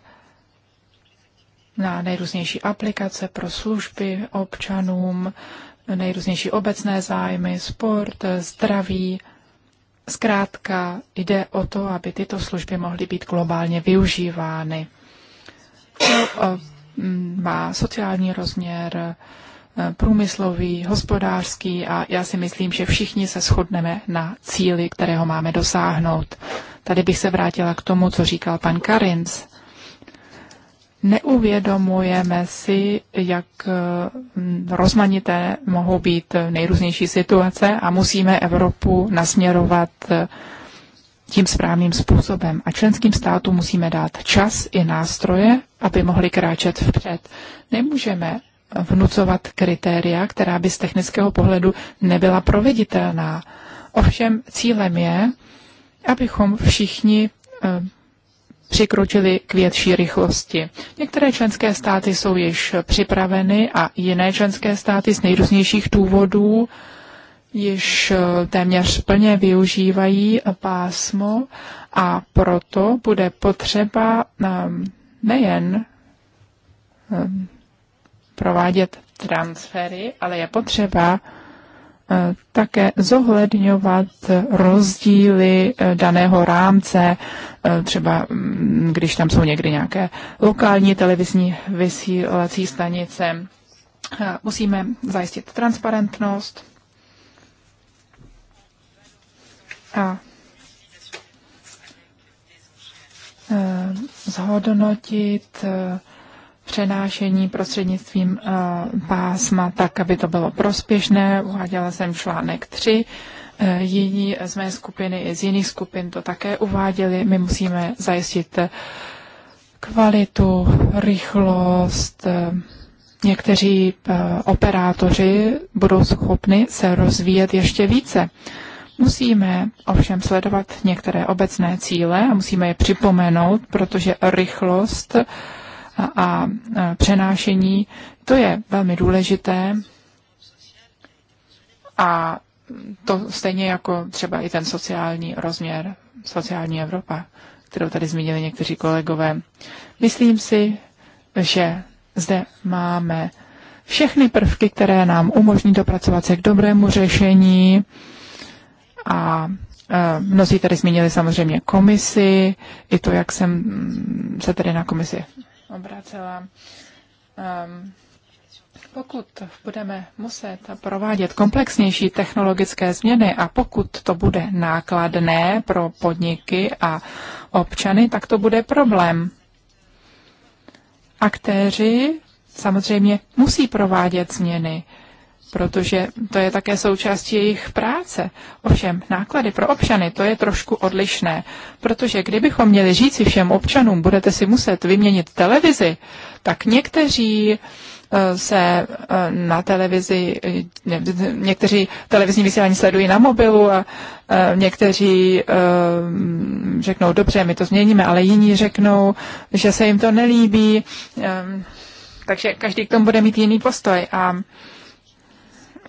na nejrůznější aplikace pro služby občanům, nejrůznější obecné zájmy, sport, zdraví. Zkrátka jde o to, aby tyto služby mohly být globálně využívány. To eh, má sociální rozměr, průmyslový, hospodářský a já si myslím, že všichni se shodneme na cíli, kterého máme dosáhnout. Tady bych se vrátila k tomu, co říkal pan Karins. Neuvědomujeme si, jak mm, rozmanité mohou být nejrůznější situace a musíme Evropu nasměrovat eh, tím správným způsobem. A členským státům musíme dát čas i nástroje, aby mohli kráčet vpřed. Nemůžeme vnucovat kritéria, která by z technického pohledu nebyla proveditelná. Ovšem cílem je, abychom všichni eh, přikročili k větší rychlosti. Některé členské státy jsou již připraveny a jiné členské státy z nejrůznějších důvodů již eh, téměř plně využívají pásmo a proto bude potřeba eh, nejen provádět transfery, ale je potřeba eh, také zohledňovat rozdíly eh, daného rámce, eh, třeba mm, když tam jsou někdy nějaké lokální televizní vysílací stanice. Musíme zajistit transparentnost a zhodnotit přenášení prostřednictvím eh, pásma tak, aby to bylo prospěšné. Uváděla jsem článek 3. Eh, jiní z mé skupiny i z jiných skupin to také uváděli. My musíme zajistit eh, kvalitu, rychlost. Někteří operátoři budou schopni se rozvíjet ještě více. Musíme ovšem sledovat některé obecné cíle a musíme je připomenout, protože rychlost a přenášení, to je velmi důležité a to stejně jako třeba i ten sociální rozměr, sociální Evropa, kterou tady zmínili někteří kolegové. Myslím si, že zde máme všechny prvky, které nám umožní dopracovat se k dobrému řešení a e, Mnozí tady zmínili samozřejmě komisi, i to, jak jsem mm, se tady na komisi obracela. Um, pokud budeme muset provádět komplexnější technologické změny a pokud to bude nákladné pro podniky a občany, tak to bude problém. Aktéři samozřejmě musí provádět změny protože to je také součástí jejich práce. Ovšem, náklady pro občany, to je trošku odlišné, protože kdybychom měli říci všem občanům, budete si muset vyměnit televizi, tak někteří eh, se eh, na televizi, eh, někteří televizní vysílání sledují na mobilu a někteří řeknou, dobře, my to změníme, ale jiní řeknou, že se jim to nelíbí. Ehm, takže každý k tomu bude mít jiný postoj. A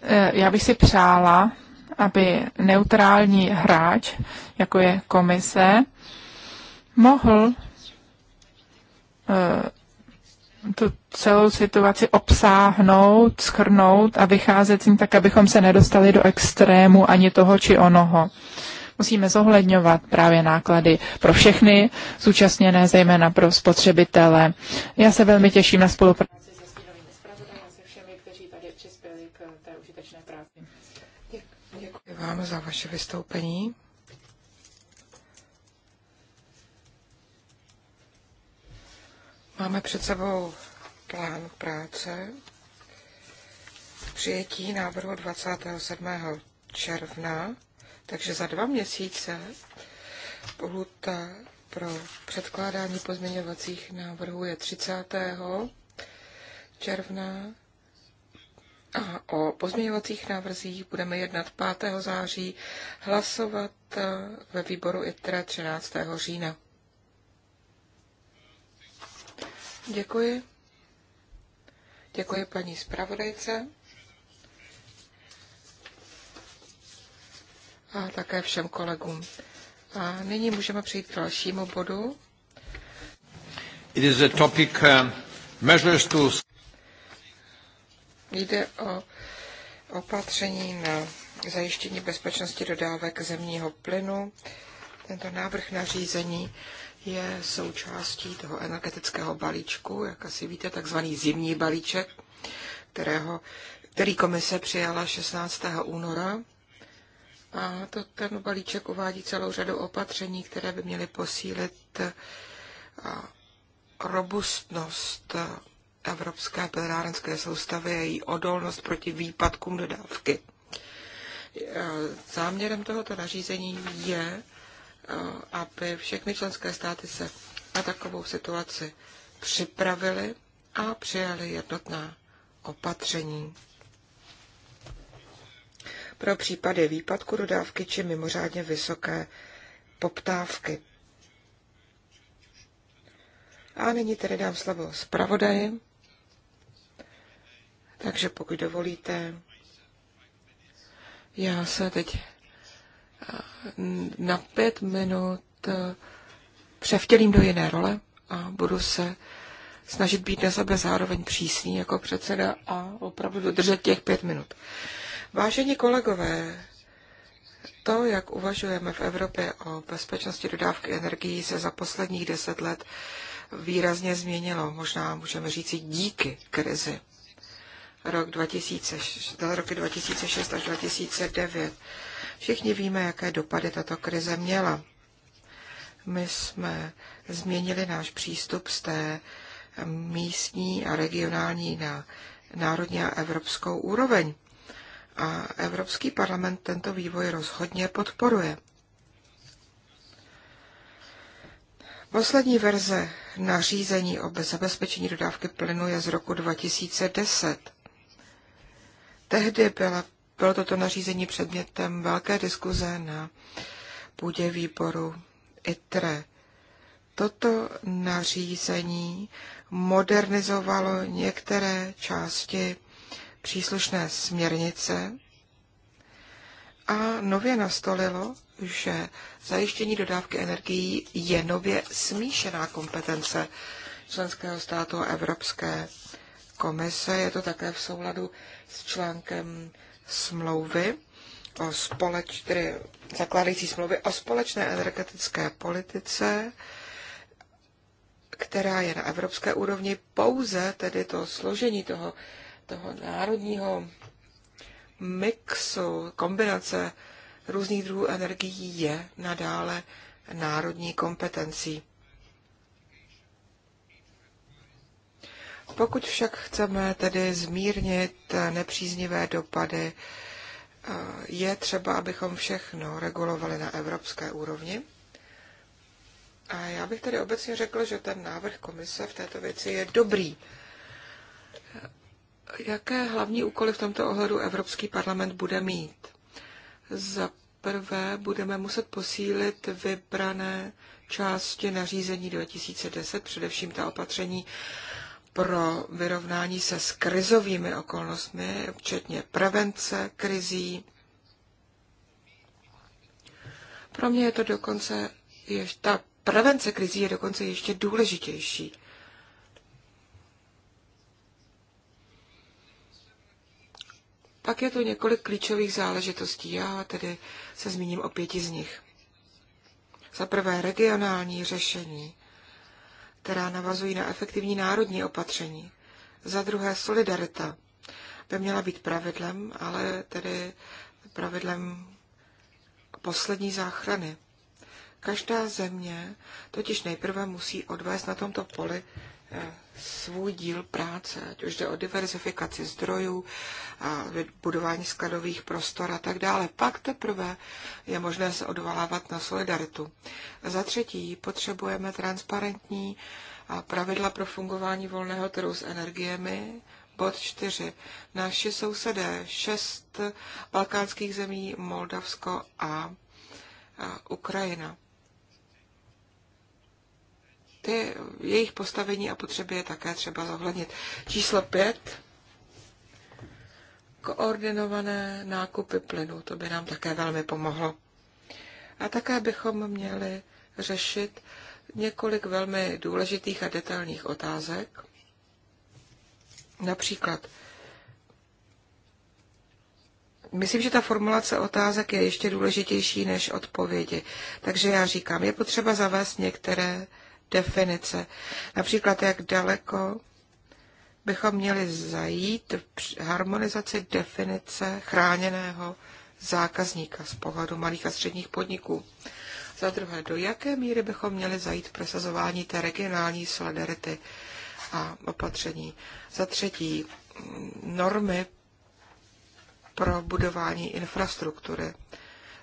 Eh, já bych si přála, aby neutrální hráč, jako je komise, mohl eh, tu celou situaci obsáhnout, schrnout a vycházet s ním tak, abychom se nedostali do extrému ani toho či onoho. Musíme zohledňovat právě náklady pro všechny zúčastněné, zejména pro spotřebitele. Já se velmi těším na spolupráci. vám za vaše vystoupení. Máme před sebou plán práce přijetí návrhu 27. června, takže za dva měsíce lhuta pro předkládání pozměňovacích návrhů je 30. června a o pozměňovacích návrzích budeme jednat 5. září, hlasovat eh, ve výboru ITRA 13. října. Děkuji. Děkuji paní zpravodajce. A také všem kolegům. A nyní můžeme přijít k dalšímu bodu. It is a topic, uh, measures to... Jde o opatření na zajištění bezpečnosti dodávek zemního plynu. Tento návrh nařízení je součástí toho energetického balíčku, jak asi víte, takzvaný zimní balíček, kterého, který komise přijala 16. února. A to, ten balíček uvádí celou řadu opatření, které by měly posílit robustnost evropské plynárenské soustavy a její odolnost proti výpadkům dodávky. Záměrem tohoto nařízení je, eh, aby všechny členské státy se na takovou situaci připravili a přijali jednotná opatření. Pro případy výpadku dodávky či mimořádně vysoké poptávky. A nyní tedy dám slovo zpravodaji, takže pokud dovolíte, já se teď eh, na pět minut eh, převtělím do jiné role a budu se snažit být na sebe zároveň přísný jako předseda a opravdu dodržet těch pět minut. Vážení kolegové, to, jak uvažujeme v Evropě o bezpečnosti dodávky energií, se za posledních deset let výrazně změnilo. Možná můžeme říci díky krizi rok 2000, na roky 2006 až 2009. Všichni víme, jaké dopady tato krize měla. My jsme změnili náš přístup z té místní a regionální na národní a evropskou úroveň. A Evropský parlament tento vývoj rozhodně podporuje. Poslední verze nařízení o zabezpečení dodávky plynu je z roku 2010. Tehdy byla, bylo toto nařízení předmětem velké diskuze na půdě výboru ITRE. Toto nařízení modernizovalo některé části příslušné směrnice a nově nastolilo, že zajištění dodávky energií je nově smíšená kompetence členského státu a Evropské komise. Je to také v souladu s článkem smlouvy o společ, tedy zakládající smlouvy o společné energetické politice, která je na evropské úrovni pouze tedy to složení toho, toho národního mixu, kombinace různých druhů energií je nadále národní kompetencí. Pokud však chceme tedy zmírnit nepříznivé dopady, eh, je třeba, abychom všechno regulovali na evropské úrovni. A já bych tedy obecně řekl, že ten návrh komise v této věci je dobrý. Jaké hlavní úkoly v tomto ohledu Evropský parlament bude mít? Za prvé budeme muset posílit vybrané části nařízení 2010, především ta opatření pro vyrovnání se s krizovými okolnostmi, včetně prevence krizí. Pro mě je to dokonce, je, ta prevence krizí je dokonce ještě důležitější. Pak je tu několik klíčových záležitostí, já tedy se zmíním o pěti z nich. Za prvé regionální řešení která navazují na efektivní národní opatření. Za druhé, solidarita by měla být pravidlem, ale tedy pravidlem poslední záchrany. Každá země totiž nejprve musí odvést na tomto poli eh, svůj díl práce, ať už jde o diverzifikaci zdrojů, a budování skladových prostor a tak dále. Pak teprve je možné se odvolávat na solidaritu. Za třetí, potřebujeme transparentní pravidla pro fungování volného trhu s energiemi, Bod čtyři: Naši sousedé, šest balkánských zemí, Moldavsko a, a Ukrajina ty, jejich postavení a potřeby je také třeba zohlednit. Číslo 5. Koordinované nákupy plynu, to by nám také velmi pomohlo. A také bychom měli řešit několik velmi důležitých a detailních otázek. Například, myslím, že ta formulace otázek je ještě důležitější než odpovědi. Takže já říkám, je potřeba zavést některé definice. Například, jak daleko bychom měli zajít v harmonizaci definice chráněného zákazníka z pohledu malých a středních podniků. Za druhé, do jaké míry bychom měli zajít prosazování té regionální solidarity a opatření. Za třetí, normy pro budování infrastruktury.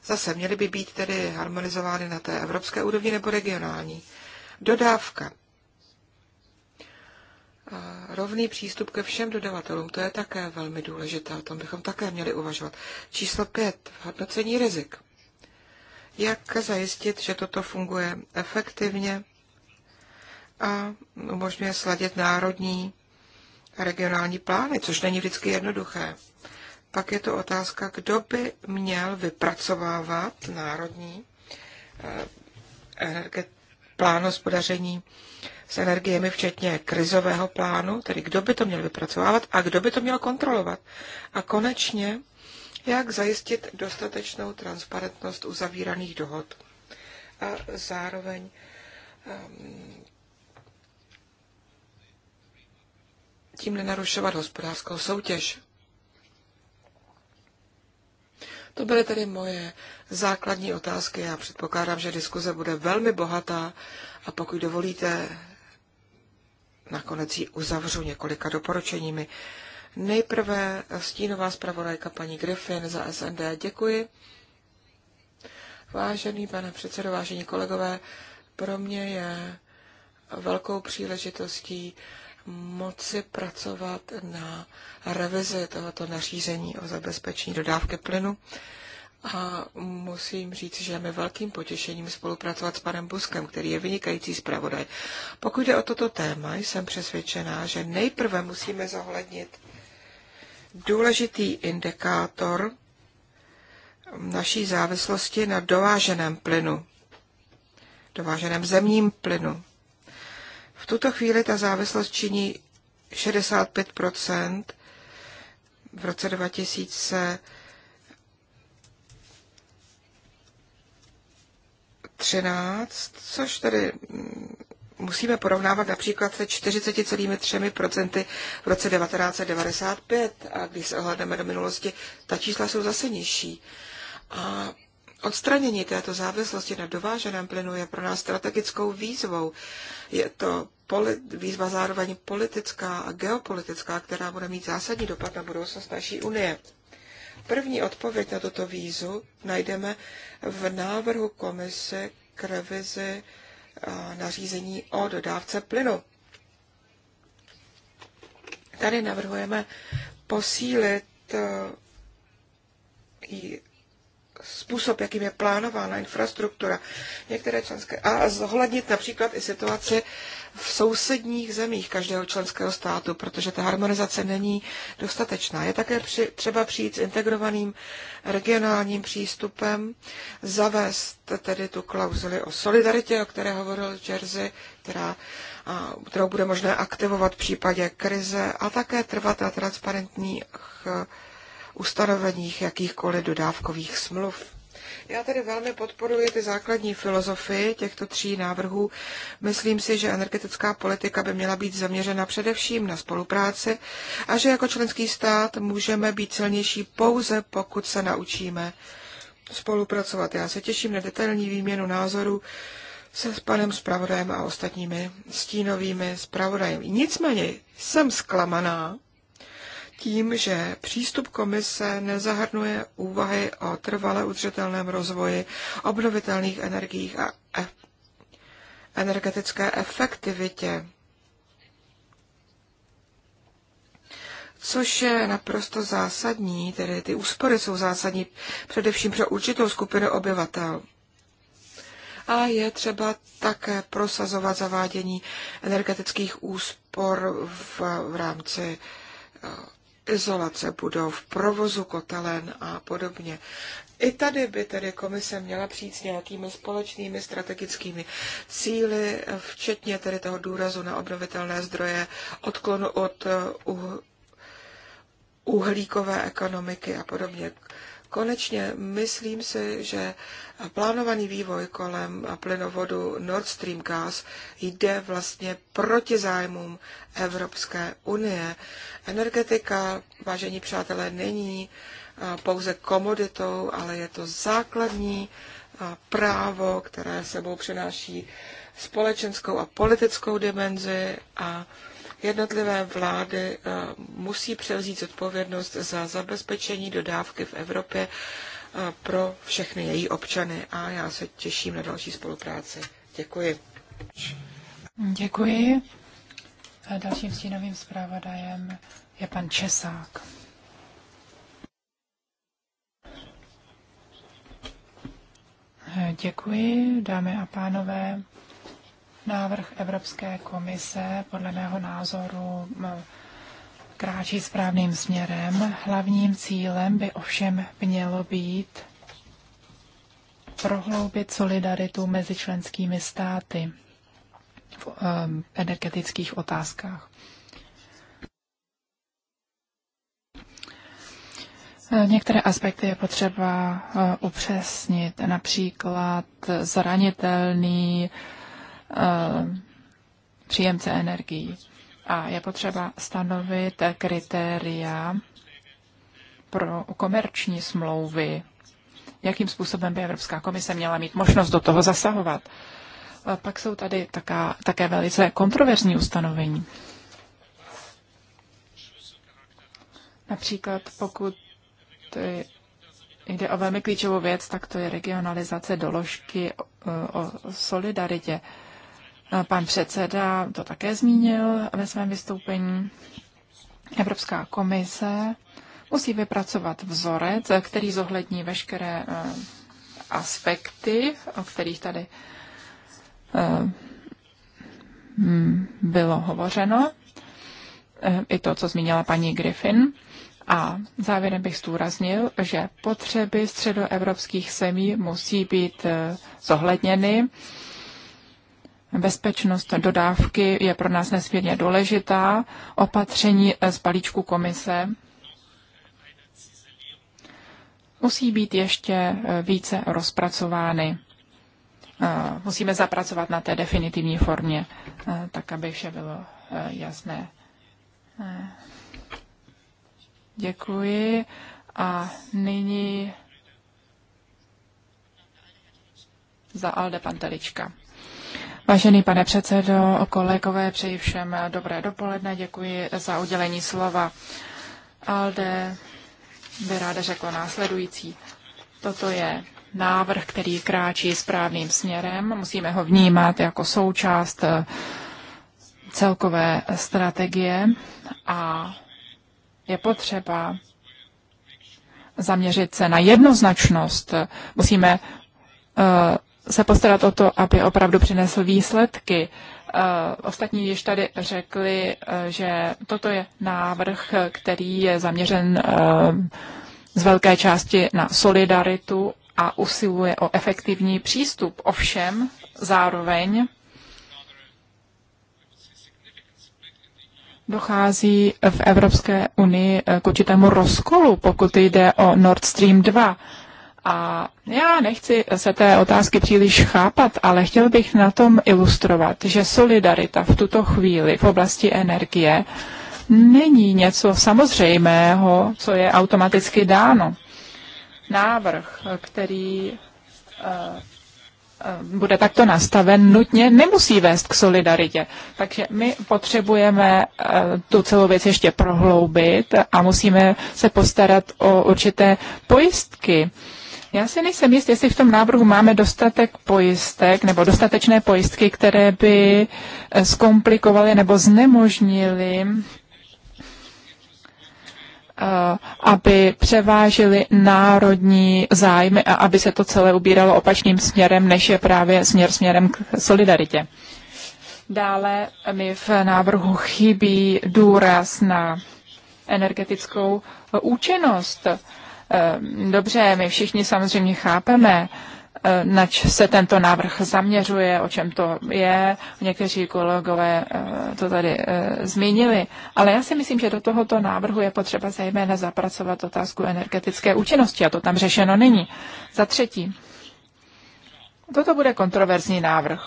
Zase měly by být tedy harmonizovány na té evropské úrovni nebo regionální. Dodávka. A rovný přístup ke všem dodavatelům, to je také velmi důležité, o tom bychom také měli uvažovat. Číslo 5. Hodnocení rizik. Jak zajistit, že toto funguje efektivně a umožňuje sladit národní a regionální plány, což není vždycky jednoduché. Pak je to otázka, kdo by měl vypracovávat národní eh, plán hospodaření s energiemi, včetně krizového plánu, tedy kdo by to měl vypracovávat a kdo by to měl kontrolovat. A konečně, jak zajistit dostatečnou transparentnost uzavíraných dohod a zároveň ehm, tím nenarušovat hospodářskou soutěž. To byly tedy moje základní otázky. Já předpokládám, že diskuze bude velmi bohatá a pokud dovolíte, nakonec ji uzavřu několika doporučeními. Nejprve stínová zpravodajka paní Griffin za SND. Děkuji. Vážený pane předsedo, vážení kolegové, pro mě je velkou příležitostí moci pracovat na revizi tohoto nařízení o zabezpečení dodávky plynu. A musím říct, že je mi velkým potěšením spolupracovat s panem Buskem, který je vynikající zpravodaj. Pokud jde o toto téma, jsem přesvědčená, že nejprve musíme zohlednit důležitý indikátor naší závislosti na dováženém plynu, dováženém zemním plynu. V tuto chvíli ta závislost činí 65 v roce 2000 13, což tedy mm, musíme porovnávat například se 40,3% v roce 1995 a když se ohledneme do minulosti, ta čísla jsou zase nižší. A Odstranění této závislosti na dováženém plynu je pro nás strategickou výzvou. Je to výzva zároveň politická a geopolitická, která bude mít zásadní dopad na budoucnost naší Unie. První odpověď na tuto výzvu najdeme v návrhu komise k revizi nařízení o dodávce plynu. Tady navrhujeme posílit i způsob, jakým je plánována infrastruktura některé členské a zohlednit například i situaci v sousedních zemích každého členského státu, protože ta harmonizace není dostatečná. Je také při, třeba přijít s integrovaným regionálním přístupem, zavést tedy tu klauzuli o solidaritě, o které hovoril Jersey, která, a, kterou bude možné aktivovat v případě krize a také trvat na transparentních ustanoveních jakýchkoliv dodávkových smluv. Já tedy velmi podporuji ty základní filozofii těchto tří návrhů. Myslím si, že energetická politika by měla být zaměřena především na spolupráci a že jako členský stát můžeme být silnější pouze, pokud se naučíme spolupracovat. Já se těším na detailní výměnu názorů se s panem zpravodajem a ostatními stínovými zpravodajem. Nicméně jsem zklamaná, tím, že přístup komise nezahrnuje úvahy o trvale udržitelném rozvoji, obnovitelných energiích a e energetické efektivitě. což je naprosto zásadní, tedy ty úspory jsou zásadní především pro určitou skupinu obyvatel. A je třeba také prosazovat zavádění energetických úspor v, v rámci eh, izolace budov, provozu kotelen a podobně. I tady by tedy komise měla přijít s nějakými společnými strategickými cíly, včetně tedy toho důrazu na obnovitelné zdroje, odklonu od uh, uhlíkové ekonomiky a podobně. Konečně myslím si, že plánovaný vývoj kolem plynovodu Nord Stream Gas jde vlastně proti zájmům Evropské unie. Energetika, vážení přátelé, není eh, pouze komoditou, ale je to základní eh, právo, které sebou přináší společenskou a politickou dimenzi a Jednotlivé vlády eh, musí převzít odpovědnost za zabezpečení dodávky v Evropě eh, pro všechny její občany a já se těším na další spolupráci. Děkuji. Děkuji. A dalším stínovým zpravodajem je pan Česák. Děkuji, dámy a pánové. Návrh Evropské komise podle mého názoru kráčí správným směrem. Hlavním cílem by ovšem mělo být prohloubit solidaritu mezi členskými státy v energetických otázkách. Některé aspekty je potřeba e, upřesnit, například zranitelný Eh, příjemce energií. A je potřeba stanovit kritéria pro komerční smlouvy, jakým způsobem by Evropská komise měla mít možnost do toho zasahovat. A pak jsou tady taká, také velice kontroverzní ustanovení. Například pokud jde o velmi klíčovou věc, tak to je regionalizace doložky o, o solidaritě. Pan předseda to také zmínil ve svém vystoupení. Evropská komise musí vypracovat vzorec, který zohlední veškeré eh, aspekty, o kterých tady eh, hmm, bylo hovořeno, eh, i to, co zmínila paní Griffin. A závěrem bych zdůraznil, že potřeby středoevropských zemí musí být zohledněny Bezpečnost dodávky je pro nás nesmírně důležitá. Opatření z balíčku komise musí být ještě eh, více rozpracovány. Eh, musíme zapracovat na té definitivní formě, eh, tak aby vše bylo jasné. Děkuji. A nyní za Alde Pantelička. Vážený pane předsedo, kolegové, přeji všem dobré dopoledne, děkuji za udělení slova. Alde by ráda řekla následující. Toto je návrh, který kráčí správným směrem. Musíme ho vnímat jako součást eh, celkové strategie a je potřeba zaměřit se na jednoznačnost. Musíme eh, se postarat o to, aby opravdu přinesl výsledky. E, ostatní již tady řekli, e, že toto je návrh, který je zaměřen e, z velké části na solidaritu a usiluje o efektivní přístup. Ovšem, zároveň dochází v Evropské unii k určitému rozkolu, pokud jde o Nord Stream 2. A já nechci se té otázky příliš chápat, ale chtěl bych na tom ilustrovat, že solidarita v tuto chvíli v oblasti energie není něco samozřejmého, co je automaticky dáno. Návrh, který eh, eh, bude takto nastaven, nutně nemusí vést k solidaritě. Takže my potřebujeme eh, tu celou věc ještě prohloubit a musíme se postarat o určité pojistky já si nejsem jist, jestli v tom návrhu máme dostatek pojistek nebo dostatečné pojistky, které by eh, zkomplikovaly nebo znemožnily eh, aby převážily národní zájmy a aby se to celé ubíralo opačným směrem, než je právě směr směrem k solidaritě. Dále mi v návrhu chybí důraz na energetickou eh, účinnost. Ehm, dobře, my všichni samozřejmě chápeme, eh, nač se tento návrh zaměřuje, o čem to je. Někteří kolegové eh, to tady eh, zmínili. Ale já si myslím, že do tohoto návrhu je potřeba zejména zapracovat otázku energetické účinnosti a to tam řešeno není. Za třetí, toto bude kontroverzní návrh.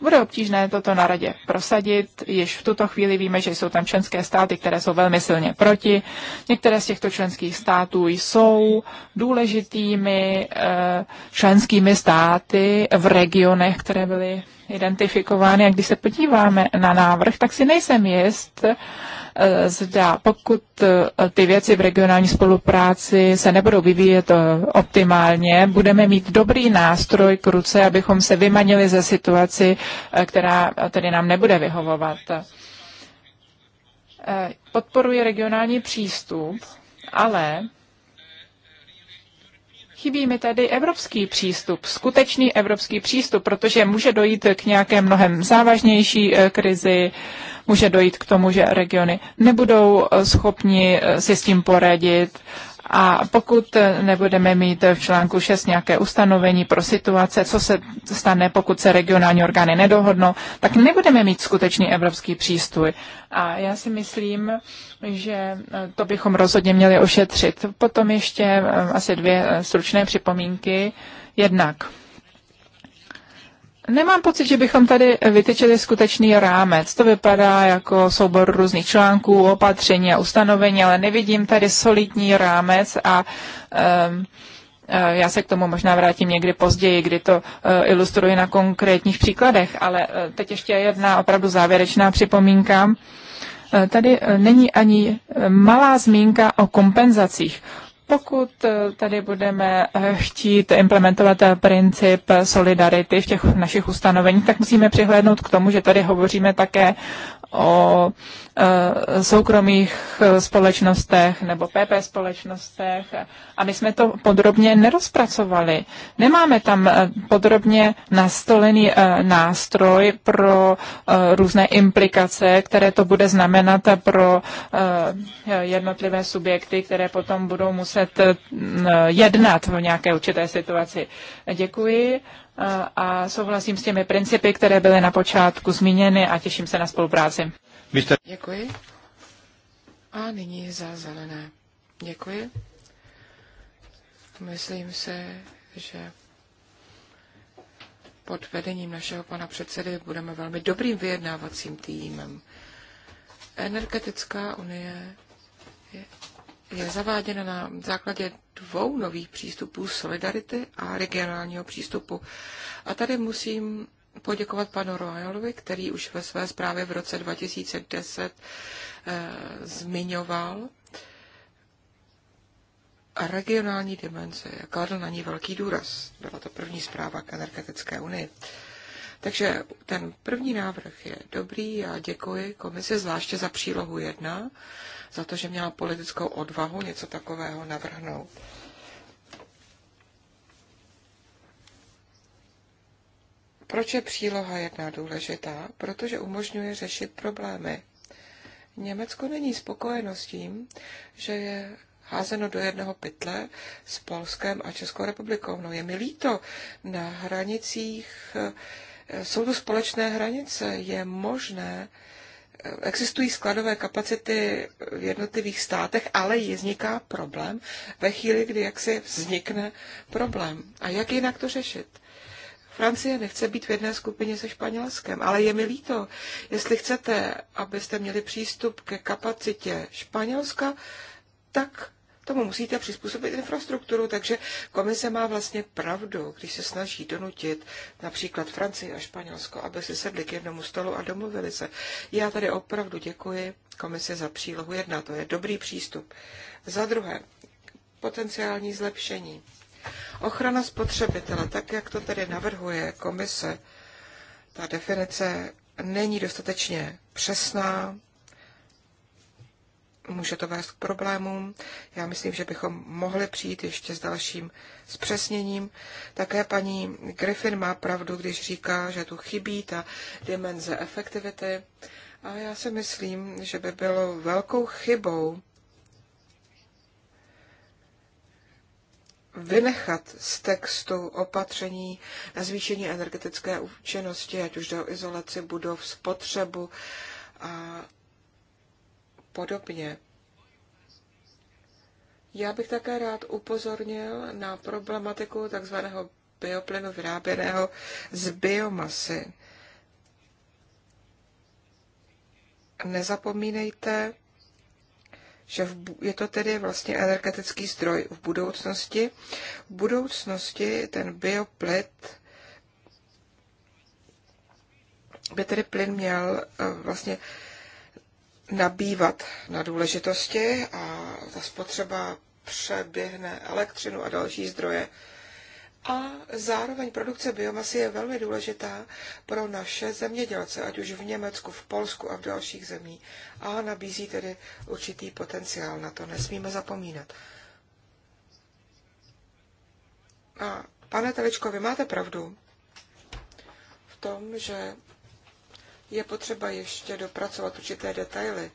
Bude obtížné toto na radě prosadit, již v tuto chvíli víme, že jsou tam členské státy, které jsou velmi silně proti. Některé z těchto členských států jsou důležitými eh, členskými státy v regionech, které byly identifikovány. A když se podíváme na návrh, tak si nejsem jist, eh, zda pokud eh, ty věci v regionální spolupráci se nebudou vyvíjet eh, optimálně, budeme mít dobrý nástroj k ruce, abychom se vymanili ze situaci, která tedy nám nebude vyhovovat. Podporuji regionální přístup, ale Chybí mi tady evropský přístup, skutečný evropský přístup, protože může dojít k nějaké mnohem závažnější eh, krizi, může dojít k tomu, že regiony nebudou eh, schopni eh, si s tím poradit a pokud nebudeme mít v článku 6 nějaké ustanovení pro situace, co se stane, pokud se regionální orgány nedohodnou, tak nebudeme mít skutečný evropský přístup. A já si myslím, že to bychom rozhodně měli ošetřit. Potom ještě eh, asi dvě eh, stručné připomínky. Jednak Nemám pocit, že bychom tady vytyčili skutečný rámec. To vypadá jako soubor různých článků, opatření a ustanovení, ale nevidím tady solidní rámec a um, já se k tomu možná vrátím někdy později, kdy to e, ilustruji na konkrétních příkladech, ale e, teď ještě jedna opravdu závěrečná připomínka. Tady není ani malá zmínka o kompenzacích. Pokud eh, tady budeme eh, chtít implementovat eh, princip solidarity v těch našich ustanoveních, tak musíme přihlédnout k tomu, že tady hovoříme také o e, soukromých e, společnostech nebo PP společnostech a my jsme to podrobně nerozpracovali. Nemáme tam e, podrobně nastolený nástroj pro různé implikace, které to bude znamenat pro jednotlivé subjekty, které potom budou muset jednat v nějaké určité situaci. Děkuji a souhlasím s těmi principy, které byly na počátku zmíněny a těším se na spolupráci. Děkuji. A nyní za zelené. Děkuji. Myslím se, že pod vedením našeho pana předsedy budeme velmi dobrým vyjednávacím týmem. Energetická unie je zaváděna na základě dvou nových přístupů solidarity a regionálního přístupu. A tady musím poděkovat panu Royalovi, který už ve své zprávě v roce 2010 eh, zmiňoval regionální dimenze. Kladl na ní velký důraz. Byla to první zpráva k energetické unii. Eh, takže ten první návrh je dobrý. a děkuji komisi zvláště za přílohu 1, za to, že měla politickou odvahu něco takového navrhnout. Proč je příloha jedna důležitá? Protože umožňuje řešit problémy. Německo není spokojeno s tím, že je házeno do jednoho pytle s Polskem a Českou republikou. No je mi líto, na hranicích jsou tu společné hranice, je možné, existují skladové kapacity v jednotlivých státech, ale je vzniká problém ve chvíli, kdy jaksi vznikne problém. A jak jinak to řešit? Francie nechce být v jedné skupině se Španělskem, ale je mi líto, jestli chcete, abyste měli přístup ke kapacitě Španělska, tak tomu musíte přizpůsobit infrastrukturu, takže komise má vlastně pravdu, když se snaží donutit například Francii a Španělsko, aby si sedli k jednomu stolu a domluvili se. Já tady opravdu děkuji komise za přílohu Jedna to je dobrý přístup. Za druhé, potenciální zlepšení. Ochrana spotřebitele, tak jak to tady navrhuje komise, ta definice není dostatečně přesná, může to vést k problémům. Já myslím, že bychom mohli přijít ještě s dalším zpřesněním. Také paní Griffin má pravdu, když říká, že tu chybí ta dimenze efektivity. A já si myslím, že by bylo velkou chybou vynechat z textu opatření na zvýšení energetické účinnosti, ať už jde o izolaci budov, spotřebu a podobně. Já bych také rád upozornil na problematiku takzvaného bioplynu vyráběného z biomasy. Nezapomínejte, že je to tedy vlastně energetický zdroj v budoucnosti. V budoucnosti ten bioplyt by tedy plyn měl eh, vlastně nabývat na důležitosti a ta spotřeba přeběhne elektřinu a další zdroje. A zároveň produkce biomasy je velmi důležitá pro naše zemědělce, ať už v Německu, v Polsku a v dalších zemí A nabízí tedy určitý potenciál, na to nesmíme zapomínat. A pane Teličko, vy máte pravdu v tom, že je potřeba ještě dopracovat určité detaily.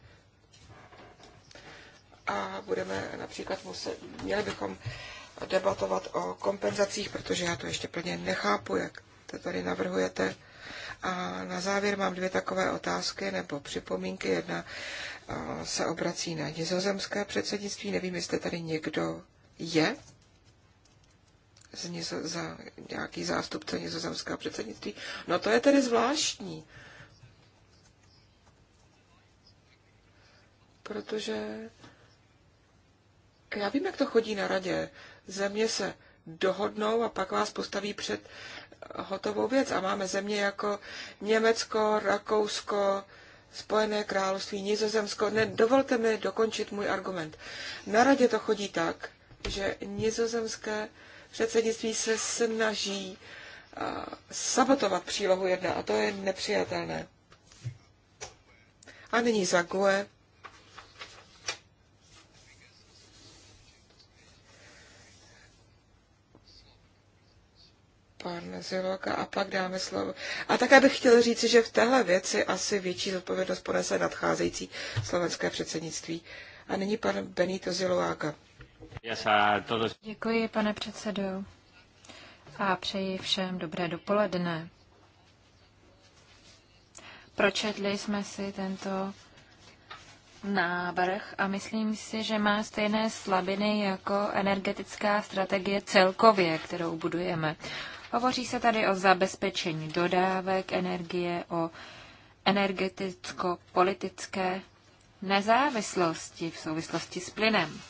A budeme například muset, měli bychom debatovat o kompenzacích, protože já to ještě plně nechápu, jak to tady navrhujete. A na závěr mám dvě takové otázky nebo připomínky. Jedna se obrací na nizozemské předsednictví. Nevím, jestli tady někdo je z nizo, za nějaký zástupce nizozemského předsednictví. No to je tedy zvláštní. protože já vím, jak to chodí na radě. Země se dohodnou a pak vás postaví před hotovou věc. A máme země jako Německo, Rakousko, Spojené království, Nizozemsko. Ne, dovolte mi dokončit můj argument. Na radě to chodí tak, že nizozemské předsednictví se snaží sabotovat přílohu jedna a to je nepřijatelné. A nyní za GUE. pan Ziloka a pak dáme slovo. A také bych chtěl říct, že v téhle věci asi větší zodpovědnost ponese nadcházející slovenské předsednictví. A nyní pan Benito Ziloáka. Děkuji, pane předsedo. A přeji všem dobré dopoledne. Pročetli jsme si tento návrh a myslím si, že má stejné slabiny jako energetická strategie celkově, kterou budujeme. Hovoří se tady o zabezpečení dodávek energie, o energeticko-politické nezávislosti v souvislosti s plynem.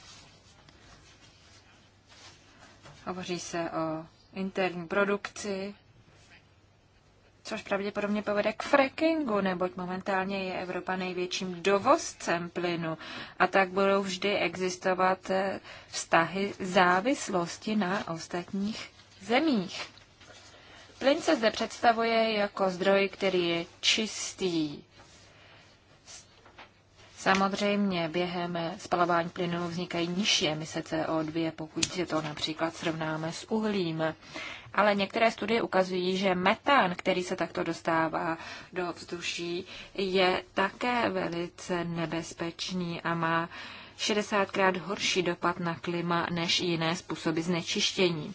Hovoří se o interní produkci, což pravděpodobně povede k frackingu, neboť momentálně je Evropa největším dovozcem plynu a tak budou vždy existovat eh, vztahy závislosti na ostatních zemích. Plyn se zde představuje jako zdroj, který je čistý. Samozřejmě během spalování plynu vznikají nižší emise CO2, pokud si to například srovnáme s uhlím. Ale některé studie ukazují, že metán, který se takto dostává do vzduší, je také velice nebezpečný a má 60krát horší dopad na klima než jiné způsoby znečištění.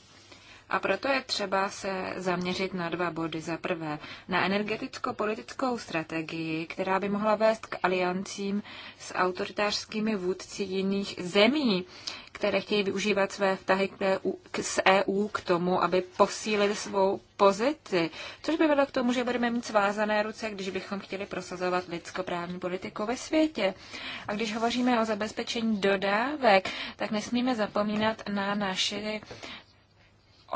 A proto je třeba se zaměřit na dva body. Za prvé na energeticko-politickou strategii, která by mohla vést k aliancím s autoritářskými vůdci jiných zemí, které chtějí využívat své vztahy k EU, k, s EU k tomu, aby posílili svou pozici, což by vedlo k tomu, že budeme mít svázané ruce, když bychom chtěli prosazovat lidskoprávní politiku ve světě. A když hovoříme o zabezpečení dodávek, tak nesmíme zapomínat na naši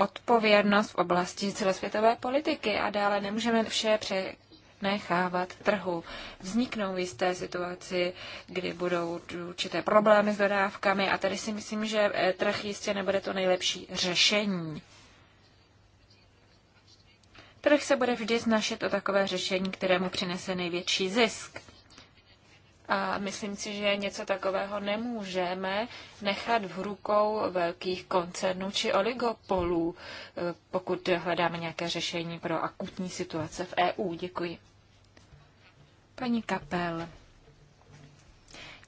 odpovědnost v oblasti celosvětové politiky a dále nemůžeme vše pře nechávat trhu. Vzniknou v jisté situaci, kdy budou určité problémy s dodávkami a tady si myslím, že eh, trh jistě nebude to nejlepší řešení. Trh se bude vždy snažit o takové řešení, které mu přinese největší zisk. A myslím si, že něco takového nemůžeme nechat v rukou velkých koncernů či oligopolů, eh, pokud hledáme nějaké řešení pro akutní situace v EU. Děkuji. Paní Kapel.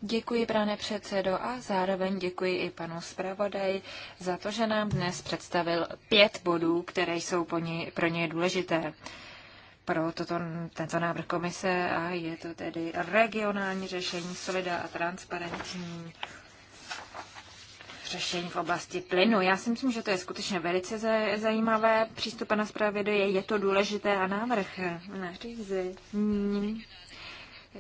Děkuji, pane předsedo, a zároveň děkuji i panu zpravodaj za to, že nám dnes představil pět bodů, které jsou pro něj důležité pro toto, tento návrh komise a je to tedy regionální řešení, solida a transparentní řešení v oblasti plynu. Já si myslím, že to je skutečně velice zajímavé. Přístup na zprávě je to důležité a návrh řízení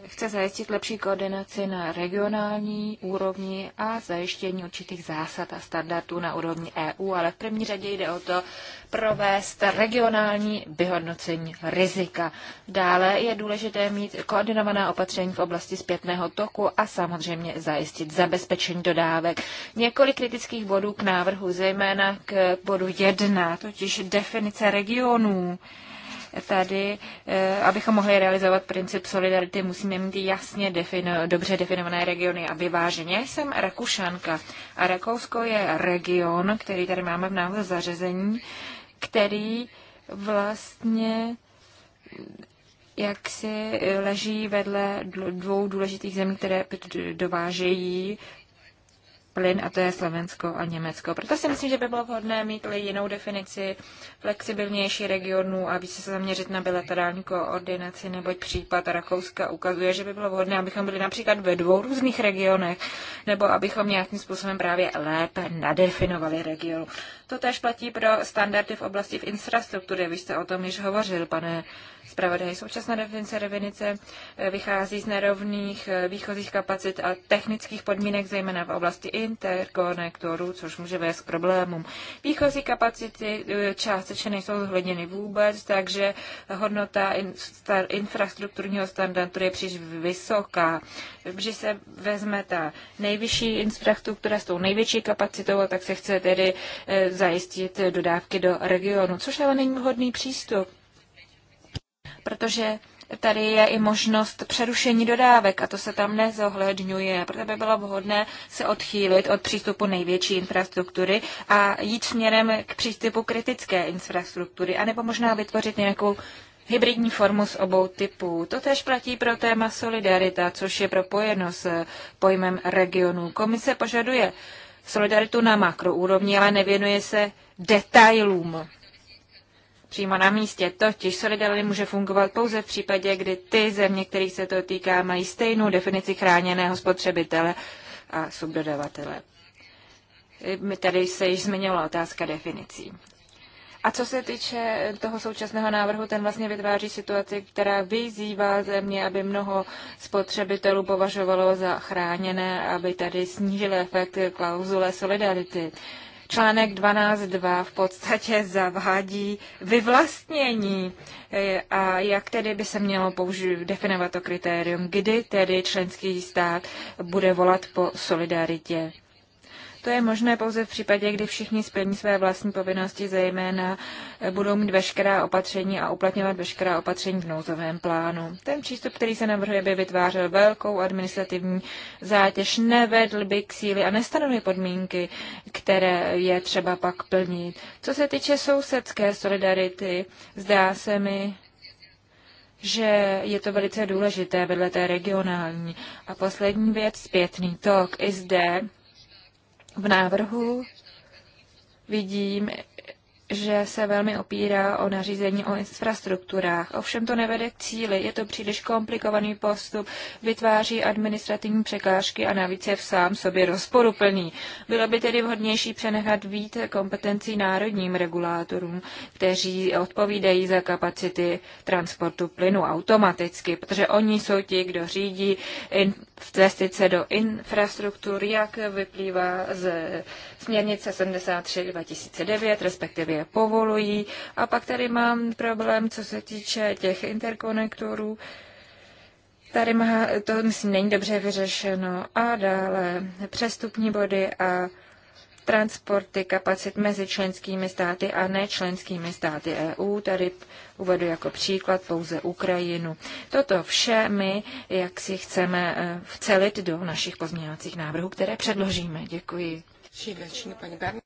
chce zajistit lepší koordinaci na regionální úrovni a zajištění určitých zásad a standardů na úrovni EU, ale v první řadě jde o to provést regionální vyhodnocení rizika. Dále je důležité mít koordinovaná opatření v oblasti zpětného toku a samozřejmě zajistit zabezpečení dodávek. Několik kritických bodů k návrhu, zejména k bodu 1, totiž definice regionů tady, eh, abychom mohli realizovat princip solidarity, musíme mít jasně defino, dobře definované regiony a vyváženě. Já jsem Rakušanka a Rakousko je region, který tady máme v návrhu zařazení, který vlastně jak si leží vedle dvou důležitých zemí, které dovážejí plyn, a to je Slovensko a Německo. Proto si myslím, že by bylo vhodné mít jinou definici, flexibilnější regionů a více se zaměřit na bilaterální koordinaci, neboť případ Rakouska ukazuje, že by bylo vhodné, abychom byli například ve dvou různých regionech, nebo abychom nějakým způsobem právě lépe nadefinovali regionu. To tež platí pro standardy v oblasti v infrastruktury. Vy jste o tom již hovořil, pane zpravodaj. Současná definice rovinice eh, vychází z nerovných eh, výchozích kapacit a technických podmínek, zejména v oblasti interkonektorů, což může vést k problémům. Výchozí kapacity eh, částečně nejsou zohledněny vůbec, takže hodnota infrastrukturního standardu je příliš vysoká. Když se vezme ta nejvyšší infrastruktura s tou největší kapacitou, tak se chce tedy zajistit dodávky do regionu, což ale není vhodný přístup protože tady je i možnost přerušení dodávek a to se tam nezohledňuje. Proto by bylo vhodné se odchýlit od přístupu největší infrastruktury a jít směrem k přístupu kritické infrastruktury, anebo možná vytvořit nějakou hybridní formu z obou typů. To tež platí pro téma solidarita, což je propojeno s pojmem regionů. Komise požaduje solidaritu na makroúrovni, ale nevěnuje se detailům přímo na místě. Totiž solidarity může fungovat pouze v případě, kdy ty země, kterých se to týká, mají stejnou definici chráněného spotřebitele a subdodavatele. Tady se již zmiňovala otázka definicí. A co se týče toho současného návrhu, ten vlastně vytváří situaci, která vyzývá země, aby mnoho spotřebitelů považovalo za chráněné, aby tady snížil efekt klauzule solidarity. Článek 12.2 v podstatě zavádí vyvlastnění e, a jak tedy by se mělo použít, definovat to kritérium, kdy tedy členský stát bude volat po solidaritě. To je možné pouze v případě, kdy všichni splní své vlastní povinnosti, zejména eh, budou mít veškerá opatření a uplatňovat veškerá opatření v nouzovém plánu. Ten přístup, který se navrhuje, by vytvářel velkou administrativní zátěž, nevedl by k síli a nestanovil podmínky, které je třeba pak plnit. Co se týče sousedské solidarity, zdá se mi, že je to velice důležité vedle té regionální. A poslední věc, zpětný tok. I zde v návrhu vidím že se velmi opírá o nařízení o infrastrukturách. Ovšem to nevede k cíli, je to příliš komplikovaný postup, vytváří administrativní překážky a navíc je v sám sobě rozporuplný. Bylo by tedy vhodnější přenechat víc kompetencí národním regulátorům, kteří odpovídají za kapacity transportu plynu automaticky, protože oni jsou ti, kdo řídí investice do infrastruktur, jak vyplývá z směrnice 73 2009, respektive je povolují. A pak tady mám problém, co se týče těch interkonektorů. Tady má, to myslím není dobře vyřešeno. A dále přestupní body a transporty kapacit mezi členskými státy a nečlenskými státy EU. Tady uvedu jako příklad pouze Ukrajinu. Toto vše my, jak si chceme eh, vcelit do našich pozměňovacích návrhů, které předložíme. Děkuji.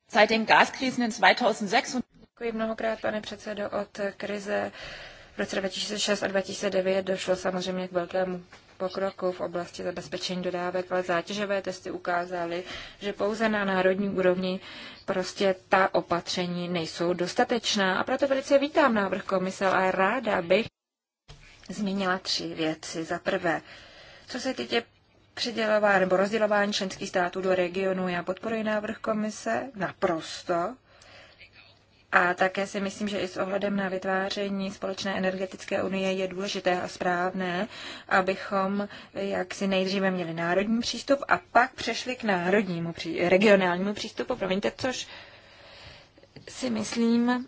Seit den Gaskrisen in 2006 Děkuji mnohokrát, pane předsedo, od krize v roce 2006 a 2009 došlo samozřejmě k velkému pokroku v oblasti zabezpečení dodávek, ale zátěžové testy ukázaly, že pouze na národní úrovni prostě ta opatření nejsou dostatečná. A proto velice vítám návrh komise, a ráda bych zmínila tři věci. Za prvé, co se týče přidělování nebo rozdělování členských států do regionu. Já podporuji návrh komise naprosto. A také si myslím, že i s ohledem na vytváření společné energetické unie je důležité a správné, abychom jaksi nejdříve měli národní přístup a pak přešli k národnímu, regionálnímu přístupu, promiňte, což si myslím,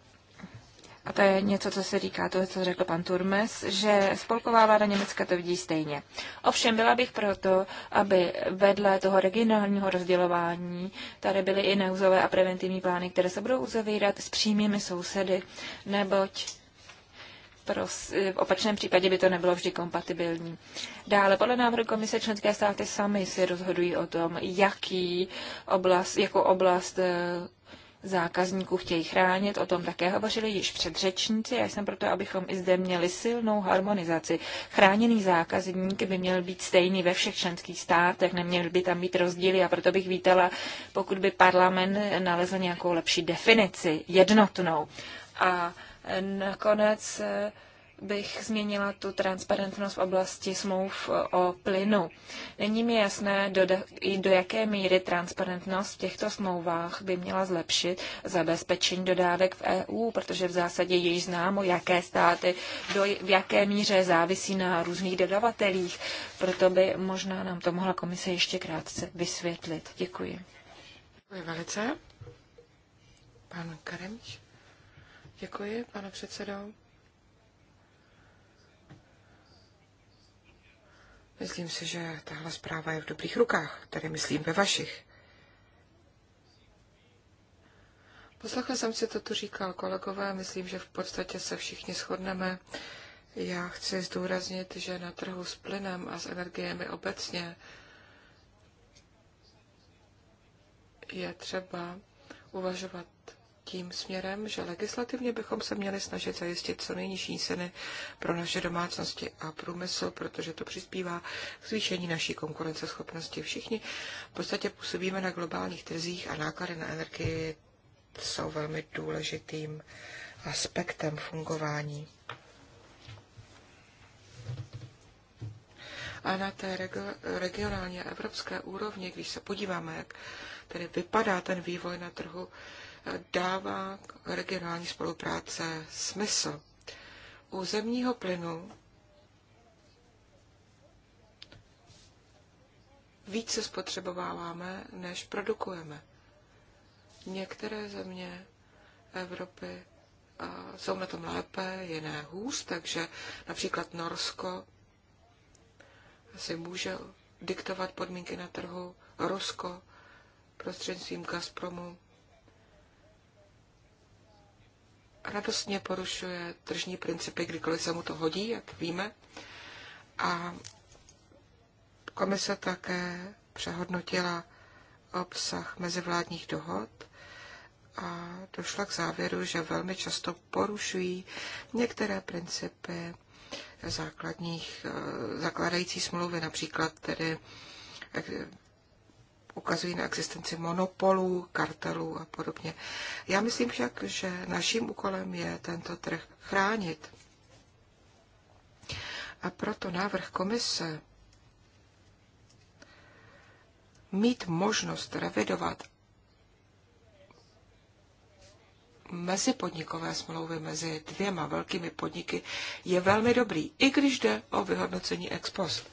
a to je něco, co se říká toho, co řekl pan Turmes, že spolková vláda Německa to vidí stejně. Ovšem byla bych proto, aby vedle toho regionálního rozdělování tady byly i neuzové a preventivní plány, které se budou uzavírat s přímými sousedy, neboť pros, v opačném případě by to nebylo vždy kompatibilní. Dále podle návrhu komise členské státy sami si rozhodují o tom, jaký oblast, jakou oblast eh, zákazníků chtějí chránit, o tom také hovořili již předřečníci. Já jsem proto, abychom i zde měli silnou harmonizaci. Chráněný zákazník by měl být stejný ve všech členských státech, neměl by tam být rozdíly a proto bych vítala, pokud by parlament nalezl nějakou lepší definici, jednotnou. A nakonec bych změnila tu transparentnost v oblasti smluv eh, o plynu. Není mi jasné, do, do jaké míry transparentnost v těchto smlouvách by měla zlepšit zabezpečení dodávek v EU, protože v zásadě je již známo, jaké státy do, v jaké míře závisí na různých dodavatelích. Proto by možná nám to mohla komise ještě krátce vysvětlit. Děkuji. Děkuji velice. Pan Karemč. Děkuji, pane předsedo. Myslím si, že tahle zpráva je v dobrých rukách, tedy myslím ve vašich. Poslechl jsem si to, říkal kolegové, myslím, že v podstatě se všichni shodneme. Já chci zdůraznit, že na trhu s plynem a s energiemi obecně je třeba uvažovat tím směrem, že legislativně bychom se měli snažit zajistit co nejnižší ceny pro naše domácnosti a průmysl, protože to přispívá k zvýšení naší konkurenceschopnosti. Všichni v podstatě působíme na globálních trzích a náklady na energii jsou velmi důležitým aspektem fungování. A na té regionální a evropské úrovni, když se podíváme, jak tedy vypadá ten vývoj na trhu dává regionální spolupráce smysl. U zemního plynu více spotřebováváme, než produkujeme. Některé země Evropy jsou na tom lépe, jiné hůř, takže například Norsko si může diktovat podmínky na trhu, Rusko prostřednictvím Gazpromu radostně porušuje tržní principy, kdykoliv se mu to hodí, jak víme. A komise také přehodnotila obsah mezivládních dohod a došla k závěru, že velmi často porušují některé principy základních, eh, zakladající smlouvy, například tedy eh, ukazují na existenci monopolů, kartelů a podobně. Já myslím však, že naším úkolem je tento trh chránit. A proto návrh komise mít možnost revidovat podnikové smlouvy mezi dvěma velkými podniky je velmi dobrý, i když jde o vyhodnocení ex post.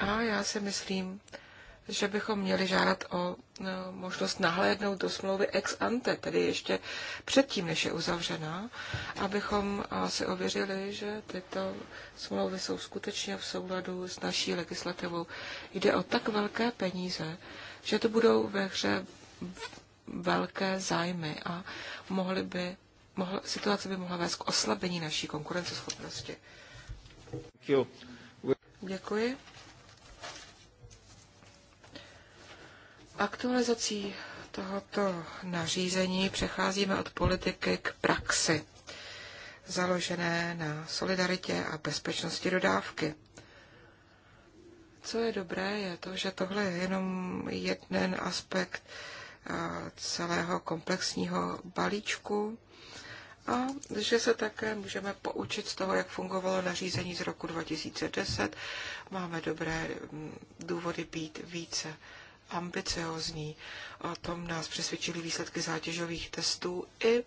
A já si myslím, že bychom měli žádat o no, možnost nahlédnout do smlouvy ex ante, tedy ještě předtím, než je uzavřená, abychom si ověřili, že tyto smlouvy jsou skutečně v souladu s naší legislativou. Jde o tak velké peníze, že to budou ve hře velké zájmy a mohly by, mohl, situace by mohla vést k oslabení naší konkurenceschopnosti. Děkuji. Aktualizací tohoto nařízení přecházíme od politiky k praxi, založené na solidaritě a bezpečnosti dodávky. Co je dobré, je to, že tohle je jenom jeden aspekt celého komplexního balíčku a že se také můžeme poučit z toho, jak fungovalo nařízení z roku 2010. Máme dobré důvody být více ambiciozní. O tom nás přesvědčili výsledky zátěžových testů i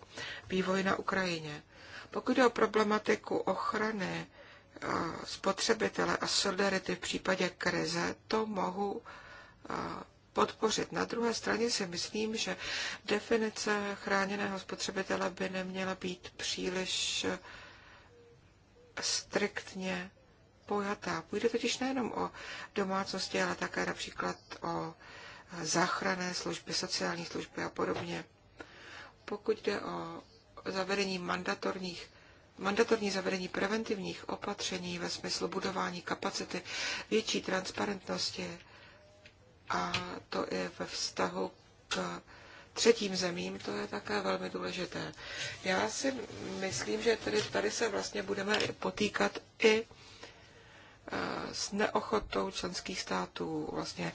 vývoj na Ukrajině. Pokud jde o problematiku ochrany eh, spotřebitele a solidarity v případě krize, to mohu eh, podpořit. Na druhé straně si myslím, že definice chráněného spotřebitele by neměla být příliš eh, striktně pojatá. Půjde totiž nejenom o domácnosti, ale také například o záchranné služby, sociální služby a podobně. Pokud jde o zavedení mandatorních Mandatorní zavedení preventivních opatření ve smyslu budování kapacity, větší transparentnosti a to i ve vztahu k třetím zemím, to je také velmi důležité. Já si myslím, že tedy tady se vlastně budeme potýkat i Eh, s neochotou členských států vlastně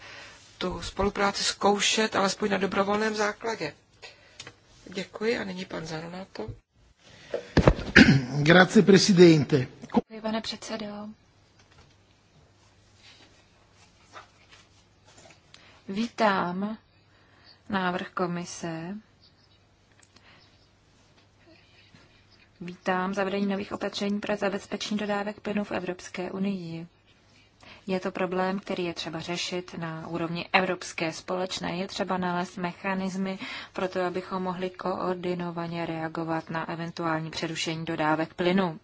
tu spolupráci zkoušet, alespoň na dobrovolném základě. Děkuji a nyní pan Zanonato. Grazie, presidente. Děkuji, pane předsedo. Vítám návrh komise Vítám zavedení nových opatření pro zabezpečení dodávek plynu v Evropské unii. Je to problém, který je třeba řešit na úrovni evropské společné. Je třeba nalézt mechanismy pro to, abychom mohli koordinovaně reagovat na eventuální přerušení dodávek plynu.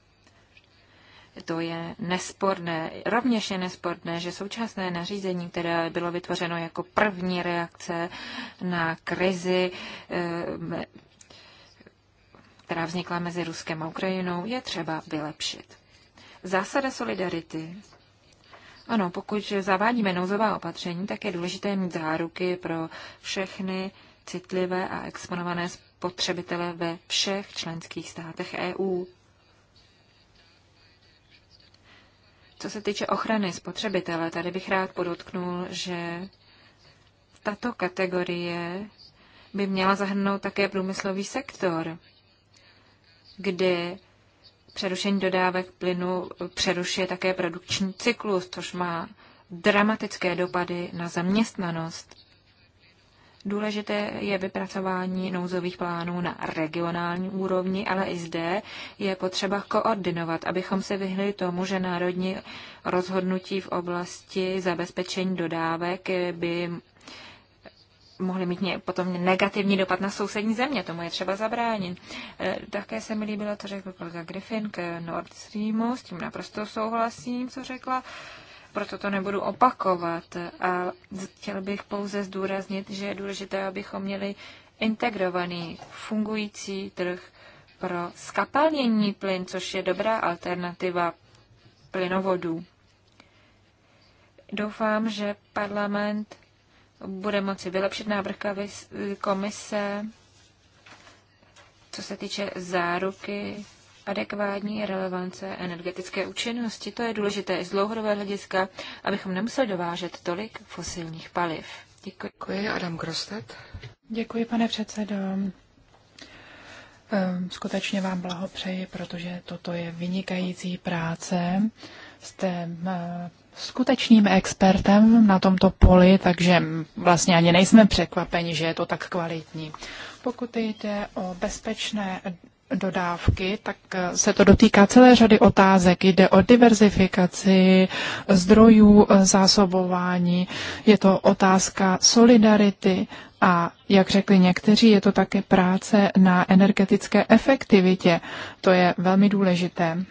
To je nesporné. Rovněž je nesporné, že současné nařízení, které bylo vytvořeno jako první reakce na krizi která vznikla mezi Ruskem a Ukrajinou, je třeba vylepšit. Zásada solidarity. Ano, pokud zavádíme nouzová opatření, tak je důležité mít záruky pro všechny citlivé a exponované spotřebitele ve všech členských státech EU. Co se týče ochrany spotřebitele, tady bych rád podotknul, že tato kategorie by měla zahrnout také průmyslový sektor kdy přerušení dodávek plynu přerušuje také produkční cyklus, což má dramatické dopady na zaměstnanost. Důležité je vypracování nouzových plánů na regionální úrovni, ale i zde je potřeba koordinovat, abychom se vyhli tomu, že národní rozhodnutí v oblasti zabezpečení dodávek by mohly mít potom negativní dopad na sousední země, tomu je třeba zabránit. E, také se mi líbilo, co řekl kolega Griffin k Nord Streamu, s tím naprosto souhlasím, co řekla, proto to nebudu opakovat. A chtěl bych pouze zdůraznit, že je důležité, abychom měli integrovaný, fungující trh pro skapalnění plyn, což je dobrá alternativa plynovodů. Doufám, že parlament bude moci vylepšit návrh komise, co se týče záruky adekvátní relevance energetické účinnosti. To je důležité i z dlouhodobého hlediska, abychom nemuseli dovážet tolik fosilních paliv. Děkuji. Děkuji, Adam Grostet. Děkuji, pane předsedo. Ehm, skutečně vám blahopřeji, protože toto je vynikající práce. Jste ehm, skutečným expertem na tomto poli, takže vlastně ani nejsme překvapeni, že je to tak kvalitní. Pokud jde o bezpečné dodávky, tak eh, se to dotýká celé řady otázek. Jde o diverzifikaci zdrojů eh, zásobování, je to otázka solidarity a, jak řekli někteří, je to také práce na energetické efektivitě. To je velmi důležité.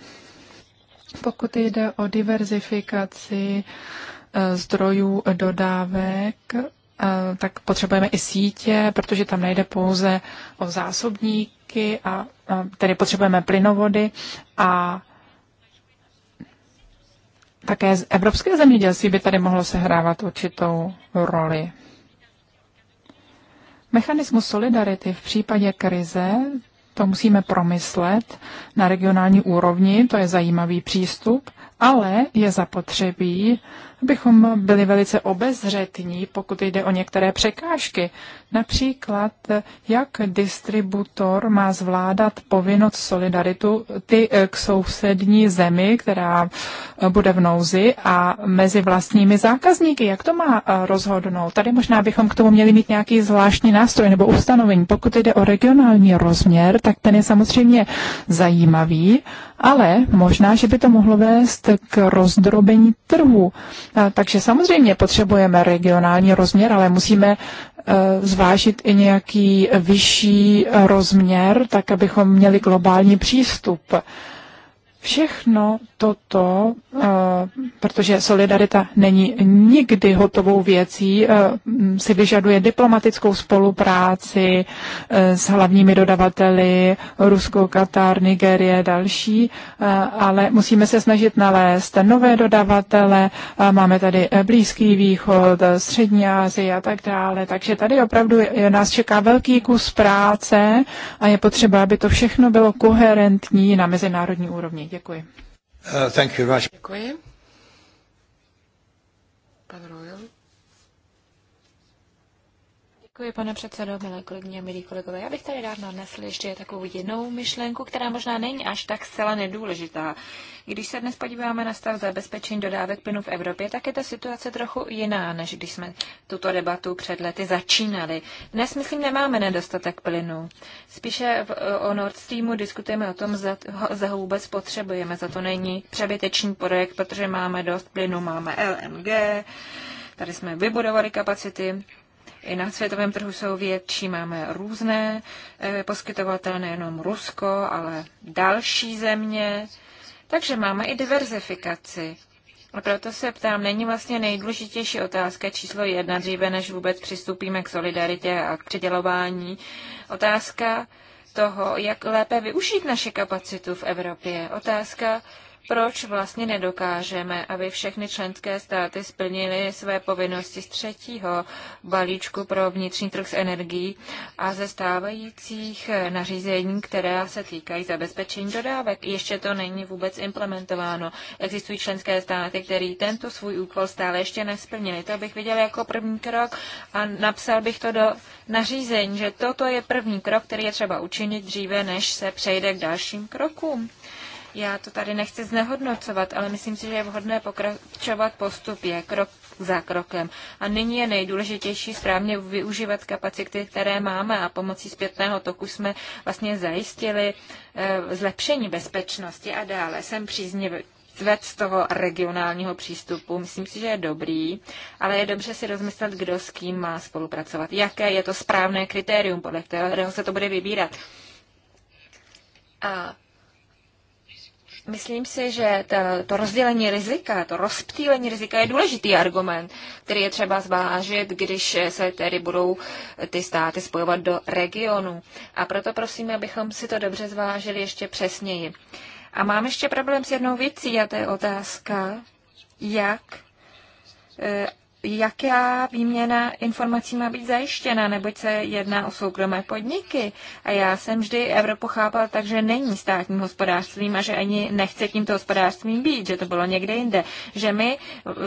Pokud jde o diverzifikaci eh, zdrojů dodávek, eh, tak potřebujeme i sítě, protože tam nejde pouze o zásobníky, a, tedy potřebujeme plynovody a také evropské zemědělství by tady mohlo sehrávat určitou roli. Mechanismus solidarity v případě krize to musíme promyslet na regionální úrovni, to je zajímavý přístup ale je zapotřebí, abychom byli velice obezřetní, pokud jde o některé překážky. Například, jak distributor má zvládat povinnost solidaritu ty eh, k sousední zemi, která eh, bude v nouzi a mezi vlastními zákazníky. Jak to má eh, rozhodnout? Tady možná bychom k tomu měli mít nějaký zvláštní nástroj nebo ustanovení. Pokud jde o regionální rozměr, tak ten je samozřejmě zajímavý, ale možná, že by to mohlo vést k rozdrobení trhu. Takže samozřejmě potřebujeme regionální rozměr, ale musíme e, zvážit i nějaký vyšší rozměr, tak abychom měli globální přístup. Všechno toto, eh, protože solidarita není nikdy hotovou věcí, eh, si vyžaduje diplomatickou spolupráci eh, s hlavními dodavateli Rusko, Katar, Nigerie, další, ale musíme se snažit nalézt nové dodavatele. Máme tady Blízký východ, Střední Asii a tak dále. Takže tady opravdu nás čeká velký kus práce a je potřeba, aby to všechno bylo koherentní na mezinárodní úrovni. Děkuji. Uh, thank you, very much. Děkuji. Pan Royal. Děkuji, pane předsedo, milé kolegyně, milí kolegové. Já bych tady rád nadnesl ještě takovou jednou myšlenku, která možná není až tak zcela nedůležitá. Když se dnes podíváme na stav zabezpečení dodávek plynu v Evropě, tak je ta situace trochu jiná, než když jsme tuto debatu před lety začínali. Dnes, myslím, nemáme nedostatek plynu. Spíše v, o Nord Streamu diskutujeme o tom, za, ho, za ho vůbec potřebujeme. Za to není přebytečný projekt, protože máme dost plynu, máme LNG, tady jsme vybudovali kapacity i na světovém trhu jsou větší, máme různé eh, poskytovatele, nejenom Rusko, ale další země. Takže máme i diverzifikaci. A proto se ptám, není vlastně nejdůležitější otázka číslo jedna, dříve než vůbec přistupíme k solidaritě a k předělování, otázka toho, jak lépe využít naše kapacitu v Evropě. Otázka proč vlastně nedokážeme, aby všechny členské státy splnily své povinnosti z třetího balíčku pro vnitřní trh s energií a ze stávajících nařízení, která se týkají zabezpečení dodávek. Ještě to není vůbec implementováno. Existují členské státy, které tento svůj úkol stále ještě nesplnili. To bych viděl jako první krok a napsal bych to do nařízení, že toto je první krok, který je třeba učinit dříve, než se přejde k dalším krokům. Já to tady nechci znehodnocovat, ale myslím si, že je vhodné pokračovat postupě, krok za krokem. A nyní je nejdůležitější správně využívat kapacity, které máme a pomocí zpětného toku jsme vlastně zajistili eh, zlepšení bezpečnosti a dále. Jsem příznivý z toho regionálního přístupu. Myslím si, že je dobrý, ale je dobře si rozmyslet, kdo s kým má spolupracovat. Jaké je to správné kritérium, podle kterého se to bude vybírat. A Myslím si, že to, to rozdělení rizika, to rozptýlení rizika je důležitý argument, který je třeba zvážit, když se tedy budou ty státy spojovat do regionu. A proto prosím, abychom si to dobře zvážili ještě přesněji. A mám ještě problém s jednou věcí, a to je otázka, jak eh, jaká výměna informací má být zajištěna, neboť se jedná o soukromé podniky. A já jsem vždy Evropu chápal tak, že není státním hospodářstvím a že ani nechce tímto hospodářstvím být, že to bylo někde jinde. Že my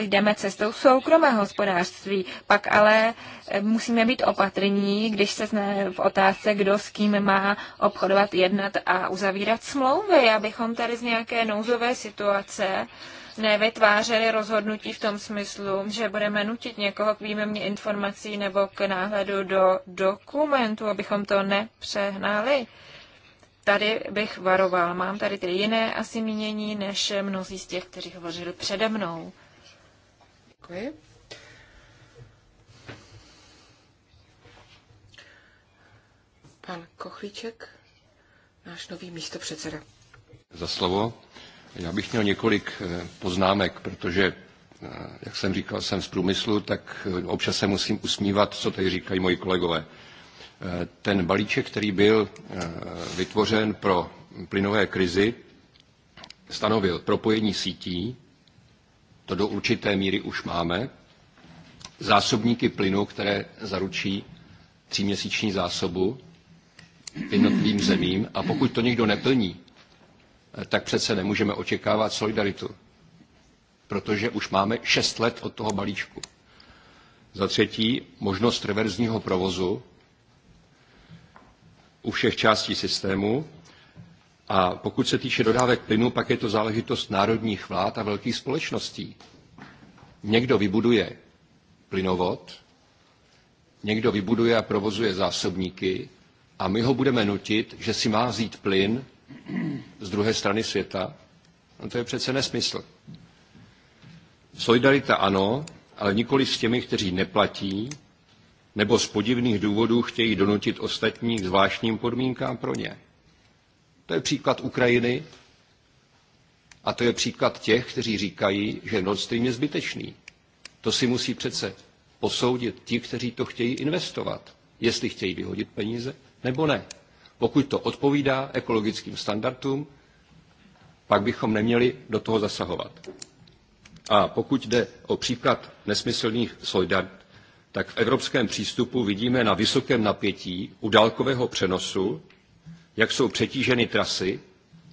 jdeme cestou soukromého hospodářství, pak ale eh, musíme být opatrní, když se zne v otázce, kdo s kým má obchodovat, jednat a uzavírat smlouvy, abychom tady z nějaké nouzové situace nevytvářeli rozhodnutí v tom smyslu, že budeme nutit někoho k výměně informací nebo k náhledu do dokumentu, abychom to nepřehnali. Tady bych varoval. Mám tady ty jiné asi mínění, než mnozí z těch, kteří hovořili přede mnou. Děkuji. Pan Kochlíček, náš nový předseda. Za slovo. Já bych měl několik eh, poznámek, protože, eh, jak jsem říkal, jsem z průmyslu, tak eh, občas se musím usmívat, co tady říkají moji kolegové. Ten balíček, který byl vytvořen pro plynové krizi, stanovil propojení sítí, to do určité míry už máme, zásobníky plynu, které zaručí tříměsíční zásobu jednotlivým zemím a pokud to někdo neplní, tak přece nemůžeme očekávat solidaritu, protože už máme šest let od toho balíčku. Za třetí, možnost reverzního provozu u všech částí systému. A pokud se týče dodávek plynu, pak je to záležitost národních vlád a velkých společností. Někdo vybuduje plynovod, někdo vybuduje a provozuje zásobníky a my ho budeme nutit, že si má vzít plyn z druhé strany světa, no to je přece nesmysl. Solidarita ano, ale nikoli s těmi, kteří neplatí nebo z podivných důvodů chtějí donutit ostatní k zvláštním podmínkám pro ně. To je příklad Ukrajiny a to je příklad těch, kteří říkají, že Nord Stream je zbytečný. To si musí přece posoudit ti, kteří to chtějí investovat, jestli chtějí vyhodit peníze nebo ne. Pokud to odpovídá ekologickým standardům, pak bychom neměli do toho zasahovat. A pokud jde o příklad nesmyslných solidarit, tak v evropském přístupu vidíme na vysokém napětí u dálkového přenosu, jak jsou přetíženy trasy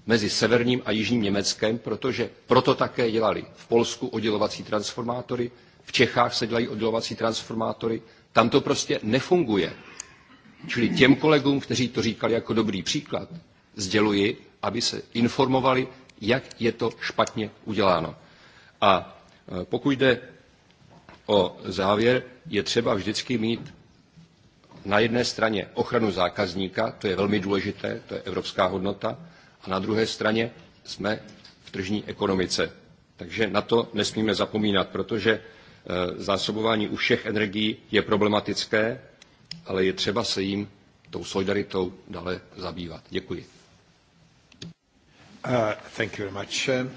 mezi severním a jižním Německem, protože proto také dělali v Polsku oddělovací transformátory, v Čechách se dělají oddělovací transformátory, tam to prostě nefunguje. Čili těm kolegům, kteří to říkali jako dobrý příklad, sděluji, aby se informovali, jak je to špatně uděláno. A e, pokud jde o závěr, je třeba vždycky mít na jedné straně ochranu zákazníka, to je velmi důležité, to je evropská hodnota, a na druhé straně jsme v tržní ekonomice. Takže na to nesmíme zapomínat, protože e, zásobování u všech energií je problematické ale je třeba se jim tou solidaritou dále zabývat. Děkuji. Uh, thank you very much, uh,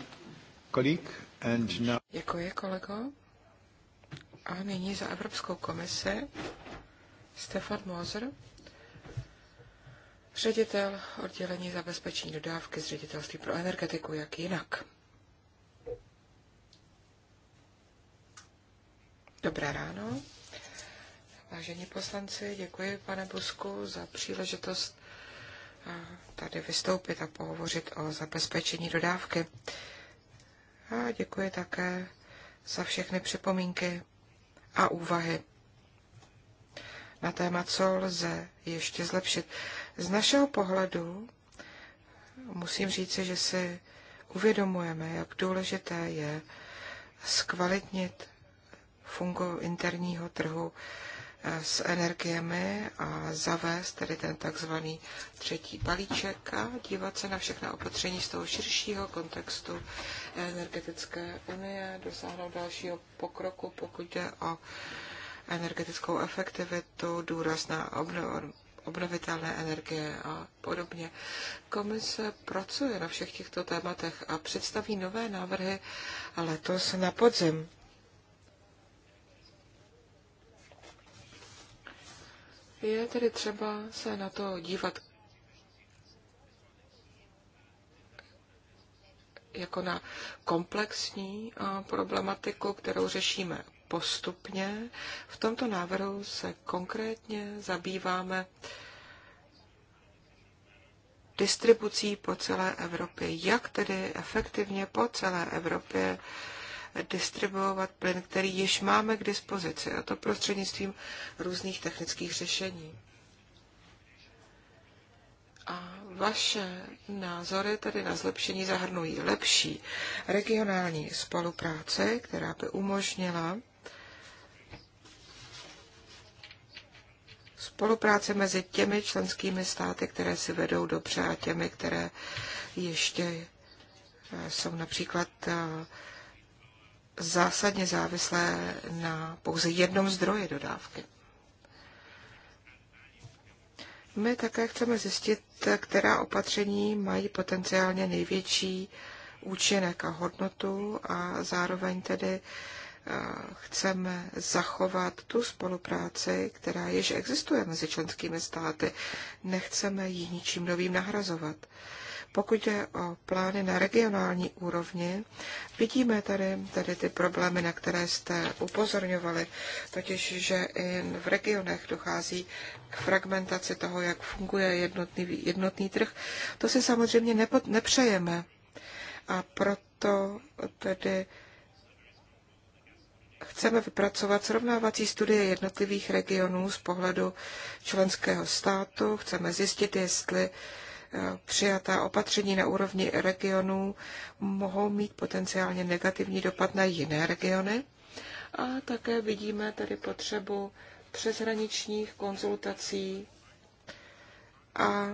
colleague. And now... Děkuji, kolego. A nyní za Evropskou komisi Stefan Moser, ředitel oddělení zabezpečení dodávky z ředitelství pro energetiku, jak jinak. Dobré ráno. Vážení poslanci, děkuji pane Busku za příležitost eh, tady vystoupit a pohovořit o zabezpečení dodávky. A děkuji také za všechny připomínky a úvahy na téma, co lze ještě zlepšit. Z našeho pohledu musím říci, že si uvědomujeme, jak důležité je zkvalitnit fungo interního trhu s energiemi a zavést tedy ten takzvaný třetí balíček a dívat se na všechna opatření z toho širšího kontextu energetické unie, dosáhnout dalšího pokroku, pokud jde o energetickou efektivitu, důraz na obnovitelné energie a podobně. Komise pracuje na všech těchto tématech a představí nové návrhy letos na podzim. Je tedy třeba se na to dívat jako na komplexní problematiku, kterou řešíme postupně. V tomto návrhu se konkrétně zabýváme distribucí po celé Evropě. Jak tedy efektivně po celé Evropě distribuovat plyn, který již máme k dispozici, a to prostřednictvím různých technických řešení. A vaše názory tedy na zlepšení zahrnují lepší regionální spolupráce, která by umožnila spolupráce mezi těmi členskými státy, které si vedou dobře a těmi, které ještě eh, jsou například eh, zásadně závislé na pouze jednom zdroji dodávky. My také chceme zjistit, která opatření mají potenciálně největší účinek a hodnotu a zároveň tedy eh, chceme zachovat tu spolupráci, která již existuje mezi členskými státy. Nechceme ji ničím novým nahrazovat. Pokud je o plány na regionální úrovni, vidíme tady, tady ty problémy, na které jste upozorňovali, totiž, že i v regionech dochází k fragmentaci toho, jak funguje jednotný, jednotný trh. To si samozřejmě nepo, nepřejeme. A proto tedy chceme vypracovat srovnávací studie jednotlivých regionů z pohledu členského státu. Chceme zjistit, jestli uh, Eh, přijatá opatření na úrovni regionů mohou mít potenciálně negativní dopad na jiné regiony. A také vidíme tady potřebu přeshraničních konzultací a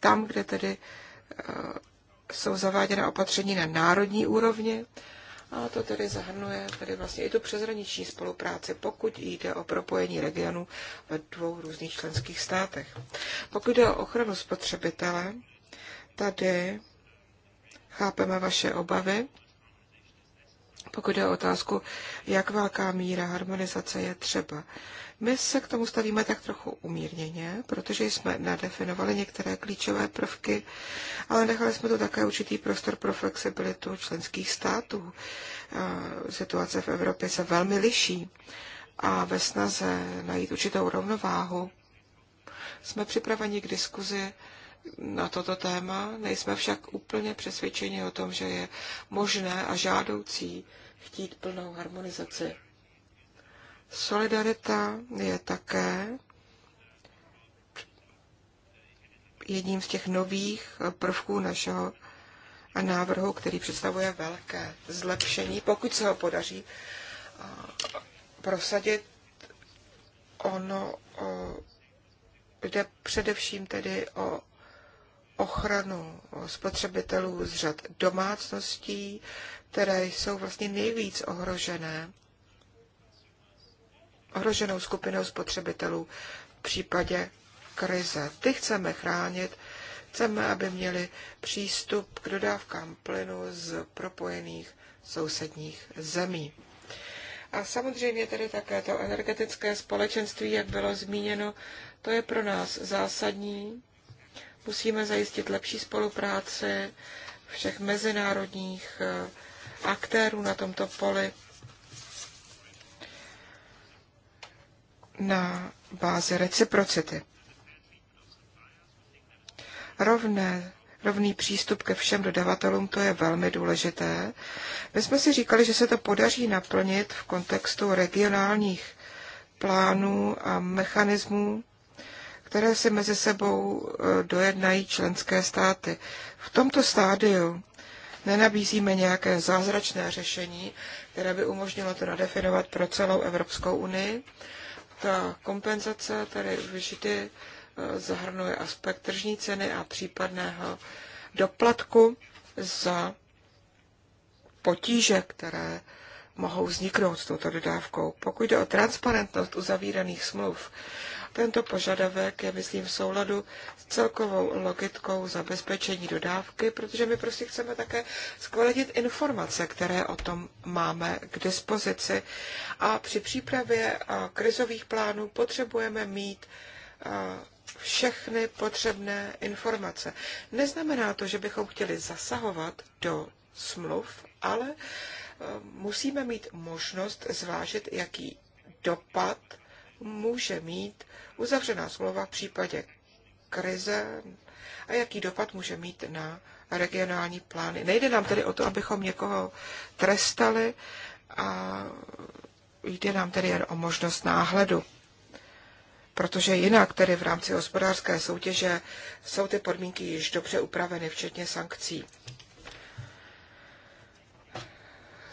tam, kde tedy eh, jsou zaváděna opatření na národní úrovni, a to tedy zahrnuje tedy vlastně i tu přezraniční spolupráci, pokud jde o propojení regionů ve dvou různých členských státech. Pokud jde o ochranu spotřebitele, tady chápeme vaše obavy, pokud je o otázku, jak velká míra harmonizace je třeba. My se k tomu stavíme tak trochu umírněně, protože jsme nadefinovali některé klíčové prvky, ale nechali jsme tu také určitý prostor pro flexibilitu členských států. Situace v Evropě se velmi liší a ve snaze najít určitou rovnováhu jsme připraveni k diskuzi na toto téma, nejsme však úplně přesvědčeni o tom, že je možné a žádoucí chtít plnou harmonizaci. Solidarita je také jedním z těch nových prvků našeho návrhu, který představuje velké zlepšení, pokud se ho podaří prosadit. Ono jde především tedy o ochranu spotřebitelů z řad domácností, které jsou vlastně nejvíc ohrožené ohroženou skupinou spotřebitelů v případě krize. Ty chceme chránit, chceme, aby měli přístup k dodávkám plynu z propojených sousedních zemí. A samozřejmě tedy také to energetické společenství, jak bylo zmíněno, to je pro nás zásadní. Musíme zajistit lepší spolupráci všech mezinárodních eh, aktérů na tomto poli. na bázi reciprocity. Rovné, rovný přístup ke všem dodavatelům, to je velmi důležité. My jsme si říkali, že se to podaří naplnit v kontextu regionálních plánů a mechanismů, které si mezi sebou e, dojednají členské státy. V tomto stádiu nenabízíme nějaké zázračné řešení, které by umožnilo to nadefinovat pro celou Evropskou unii, ta kompenzace tady vždy eh, zahrnuje aspekt tržní ceny a případného doplatku za potíže, které mohou vzniknout s touto dodávkou. Pokud jde o transparentnost uzavíraných smluv, tento požadavek je, myslím, v souladu s celkovou logikou zabezpečení dodávky, protože my prostě chceme také zkvalitit informace, které o tom máme k dispozici. A při přípravě krizových plánů potřebujeme mít všechny potřebné informace. Neznamená to, že bychom chtěli zasahovat do smluv, ale musíme mít možnost zvážit, jaký dopad může mít uzavřená smlouva v případě krize a jaký dopad může mít na regionální plány. Nejde nám tedy o to, abychom někoho trestali a jde nám tedy jen o možnost náhledu. Protože jinak tedy v rámci hospodářské soutěže jsou ty podmínky již dobře upraveny, včetně sankcí.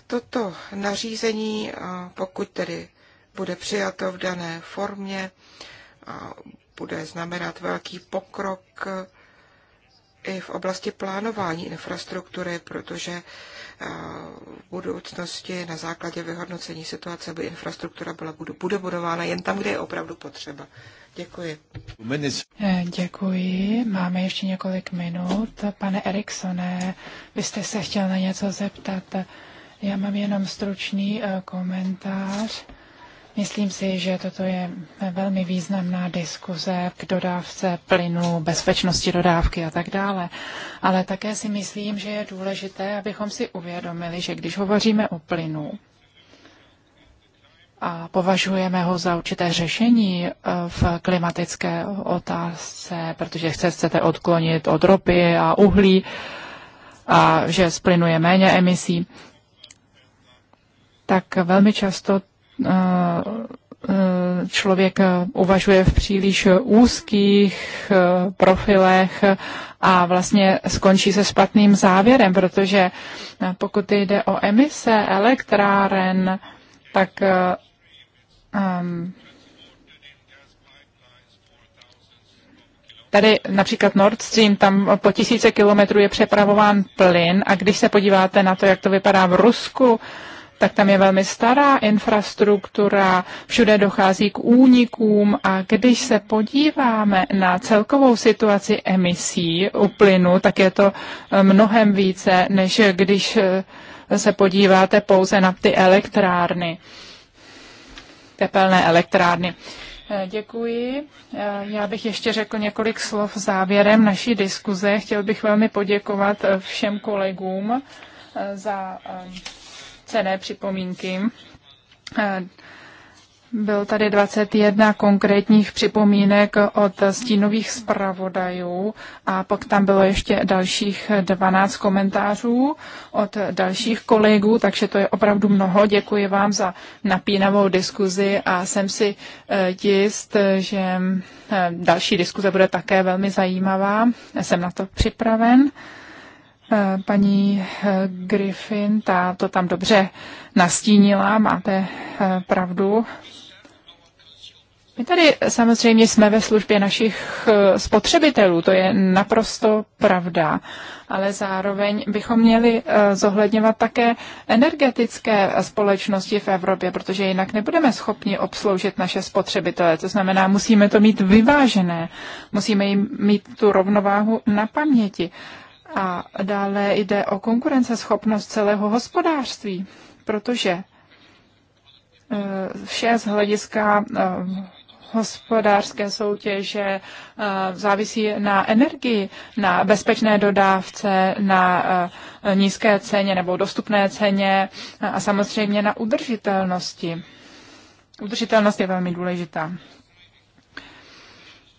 Toto nařízení, pokud tedy bude přijato v dané formě a bude znamenat velký pokrok i v oblasti plánování infrastruktury, protože v budoucnosti na základě vyhodnocení situace by infrastruktura byla, bude budována jen tam, kde je opravdu potřeba. Děkuji. Eh, děkuji. Máme ještě několik minut. Pane Eriksone, vy jste se chtěl na něco zeptat. Já mám jenom stručný eh, komentář. Myslím si, že toto je velmi významná diskuze k dodávce plynu, bezpečnosti dodávky a tak dále. Ale také si myslím, že je důležité, abychom si uvědomili, že když hovoříme o plynu a považujeme ho za určité řešení eh, v klimatické otázce, protože chcete odklonit od ropy a uhlí a že z plynu je méně emisí, tak velmi často Eh, člověk eh, uvažuje v příliš úzkých eh, profilech a vlastně skončí se špatným závěrem, protože pokud jde o emise elektráren, tak um, Tady například Nord Stream, tam po tisíce kilometrů je přepravován plyn a když se podíváte na to, jak to vypadá v Rusku, tak tam je velmi stará infrastruktura, všude dochází k únikům a když se podíváme na celkovou situaci emisí u plynu, tak je to eh, mnohem více, než když eh, se podíváte pouze na ty elektrárny, tepelné elektrárny. Eh, děkuji. Já bych ještě řekl několik slov závěrem naší diskuze. Chtěl bych velmi poděkovat všem kolegům za cené připomínky. Eh, byl tady 21 konkrétních připomínek od stínových zpravodajů a pak tam bylo ještě dalších 12 komentářů od dalších kolegů, takže to je opravdu mnoho. Děkuji vám za napínavou diskuzi a jsem si eh, jist, že eh, další diskuze bude také velmi zajímavá. Jsem na to připraven. Eh, paní eh, Griffin, ta to tam dobře nastínila, máte eh, pravdu. My tady samozřejmě jsme ve službě našich spotřebitelů, to je naprosto pravda, ale zároveň bychom měli zohledňovat také energetické společnosti v Evropě, protože jinak nebudeme schopni obsloužit naše spotřebitele. To znamená, musíme to mít vyvážené, musíme jim mít tu rovnováhu na paměti. A dále jde o konkurenceschopnost celého hospodářství, protože e, vše z hlediska e, hospodářské soutěže e, závisí na energii, na bezpečné dodávce, na nízké ceně nebo dostupné ceně a samozřejmě na udržitelnosti. Udržitelnost je velmi důležitá.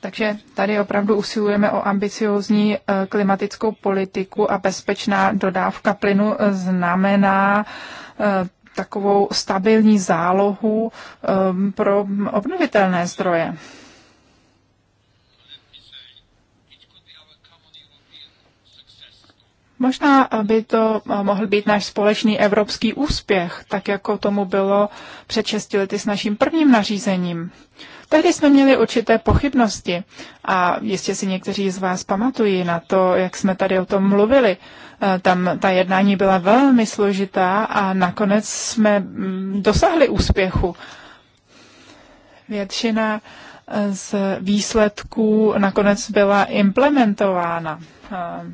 Takže tady opravdu usilujeme o ambiciozní eh, klimatickou politiku a bezpečná dodávka plynu eh, znamená eh, takovou stabilní zálohu pro obnovitelné zdroje. Možná by to mohl být náš společný evropský úspěch, tak jako tomu bylo před šesti lety s naším prvním nařízením. Tehdy jsme měli určité pochybnosti a jistě si někteří z vás pamatují na to, jak jsme tady o tom mluvili. Eh, tam ta jednání byla velmi složitá a nakonec jsme mm, dosáhli úspěchu. Většina eh, z výsledků nakonec byla implementována eh,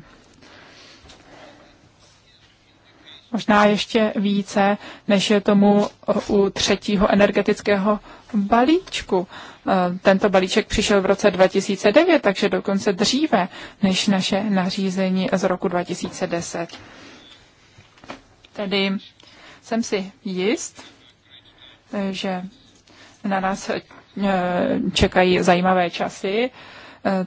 možná ještě více, než je tomu eh, u třetího energetického balíčku. Eh, tento balíček přišel v roce 2009, takže dokonce dříve než naše nařízení z roku 2010. Tedy jsem si jist, eh, že na nás čekají zajímavé časy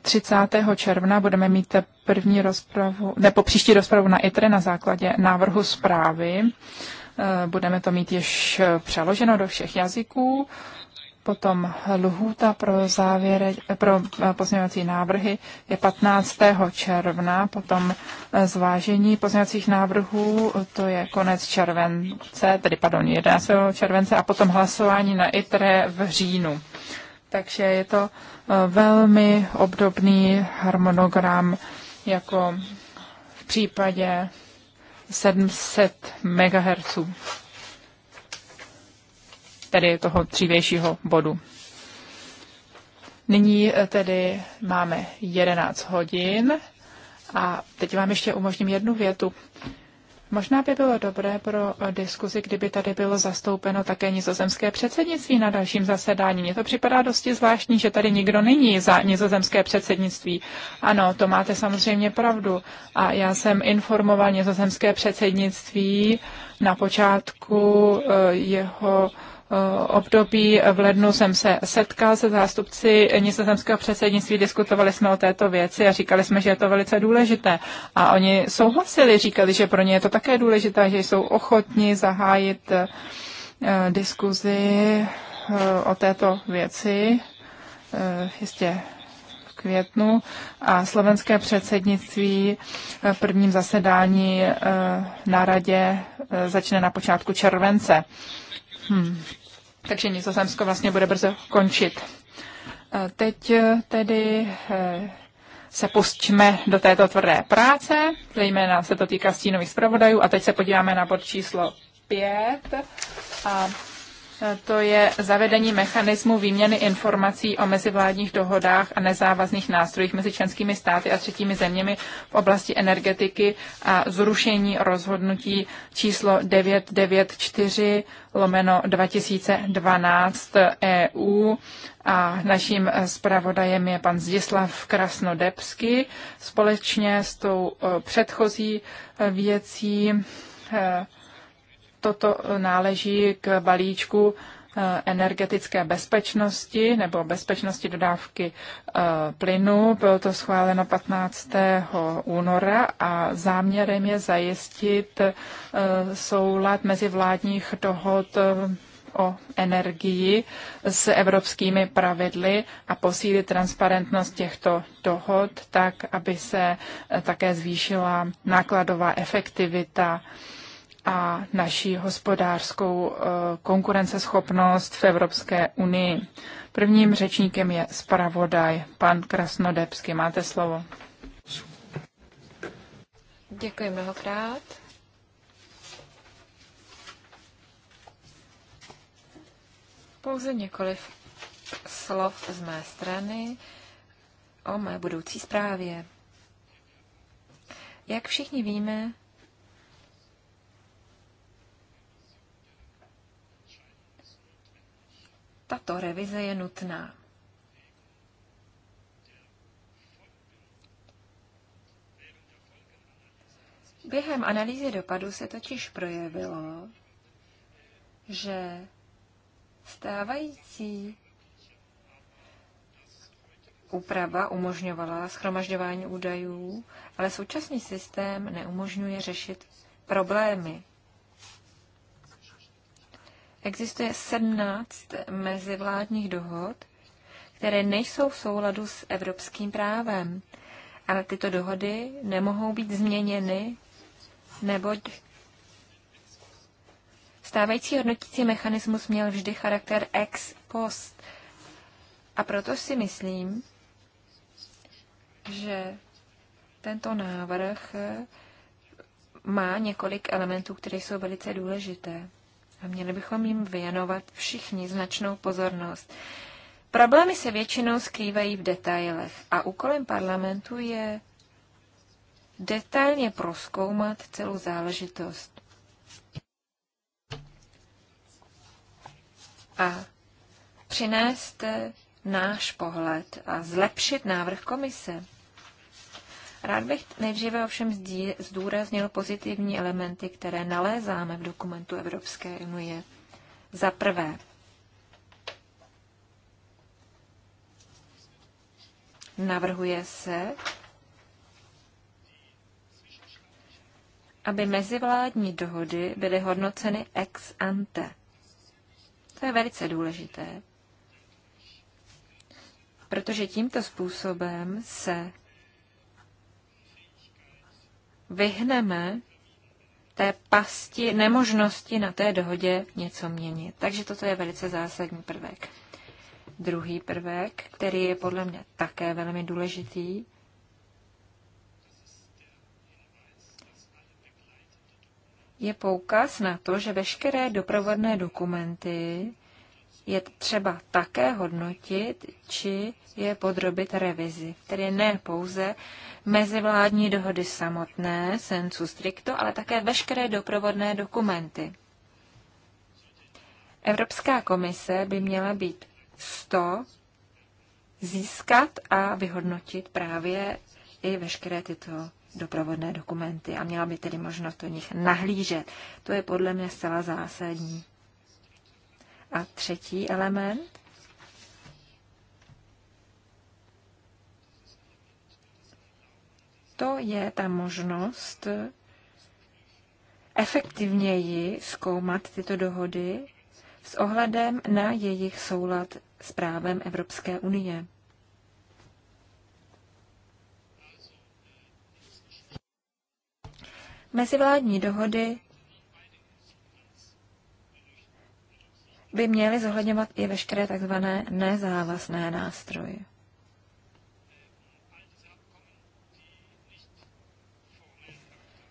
30. Eh, června budeme mít první rozpravu, nebo příští rozpravu na ITRE na základě návrhu zprávy. Eh, budeme to mít již přeloženo do všech jazyků. Potom lhůta pro, závěre, eh, pro pozměňovací návrhy je 15. června, potom zvážení pozměňovacích návrhů, to je konec července, tedy pardon, 11. července, a potom hlasování na ITRE v říjnu takže je to eh, velmi obdobný harmonogram jako v případě 700 MHz, tedy toho dřívějšího bodu. Nyní eh, tedy máme 11 hodin a teď vám ještě umožním jednu větu. Možná by bylo dobré pro eh, diskuzi, kdyby tady bylo zastoupeno také nizozemské předsednictví na dalším zasedání. Mně to připadá dosti zvláštní, že tady nikdo není za nizozemské předsednictví. Ano, to máte samozřejmě pravdu. A já jsem informoval nizozemské předsednictví na počátku eh, jeho období. V lednu jsem se setkal se zástupci nizozemského předsednictví, diskutovali jsme o této věci a říkali jsme, že je to velice důležité. A oni souhlasili, říkali, že pro ně je to také důležité, že jsou ochotni zahájit eh, diskuzi eh, o této věci. Eh, jistě květnu a slovenské předsednictví v prvním zasedání na radě začne na počátku července. Hmm takže Nizozemsko vlastně bude brzo končit. E, teď e, tedy e, se pustíme do této tvrdé práce, zejména se to týká stínových zpravodajů a teď se podíváme na bod číslo 5 a to je zavedení mechanismu výměny informací o mezivládních dohodách a nezávazných nástrojích mezi členskými státy a třetími zeměmi v oblasti energetiky a zrušení rozhodnutí číslo 994 lomeno 2012 EU. A naším zpravodajem je pan Zdislav Krasnodebsky společně s tou eh, předchozí eh, věcí eh, toto náleží k balíčku eh, energetické bezpečnosti nebo bezpečnosti dodávky eh, plynu. Bylo to schváleno 15. února a záměrem je zajistit eh, soulad mezi vládních dohod o energii s evropskými pravidly a posílit transparentnost těchto dohod tak, aby se také zvýšila nákladová efektivita a naší hospodářskou eh, konkurenceschopnost v Evropské unii. Prvním řečníkem je zpravodaj, pan Krasnodebský. Máte slovo. Děkuji mnohokrát. Pouze několik slov z mé strany o mé budoucí zprávě. Jak všichni víme, tato revize je nutná. Během analýzy dopadu se totiž projevilo, že stávající úprava umožňovala schromažďování údajů, ale současný systém neumožňuje řešit problémy. Existuje 17 mezivládních dohod, které nejsou v souladu s evropským právem, ale tyto dohody nemohou být změněny, neboť stávající hodnotící mechanismus měl vždy charakter ex post. A proto si myslím, že tento návrh má několik elementů, které jsou velice důležité. Měli bychom jim věnovat všichni značnou pozornost. Problémy se většinou skrývají v detailech a úkolem parlamentu je detailně proskoumat celou záležitost. A přinést náš pohled a zlepšit návrh komise. Rád bych nejdříve ovšem zdůraznil pozitivní elementy, které nalézáme v dokumentu Evropské unie. Za prvé, navrhuje se, aby mezivládní dohody byly hodnoceny ex ante. To je velice důležité, protože tímto způsobem se vyhneme té pasti nemožnosti na té dohodě něco měnit. Takže toto je velice zásadní prvek. Druhý prvek, který je podle mě také velmi důležitý, je poukaz na to, že veškeré doprovodné dokumenty je třeba také hodnotit, či je podrobit revizi. Tedy ne pouze mezivládní dohody samotné, sensu stricto, ale také veškeré doprovodné dokumenty. Evropská komise by měla být 100 získat a vyhodnotit právě i veškeré tyto doprovodné dokumenty a měla by tedy možnost do nich nahlížet. To je podle mě zcela zásadní. A třetí element to je ta možnost efektivněji zkoumat tyto dohody s ohledem na jejich soulad s právem Evropské unie. Mezivládní dohody by měly zohledňovat i veškeré tzv. nezávazné nástroje.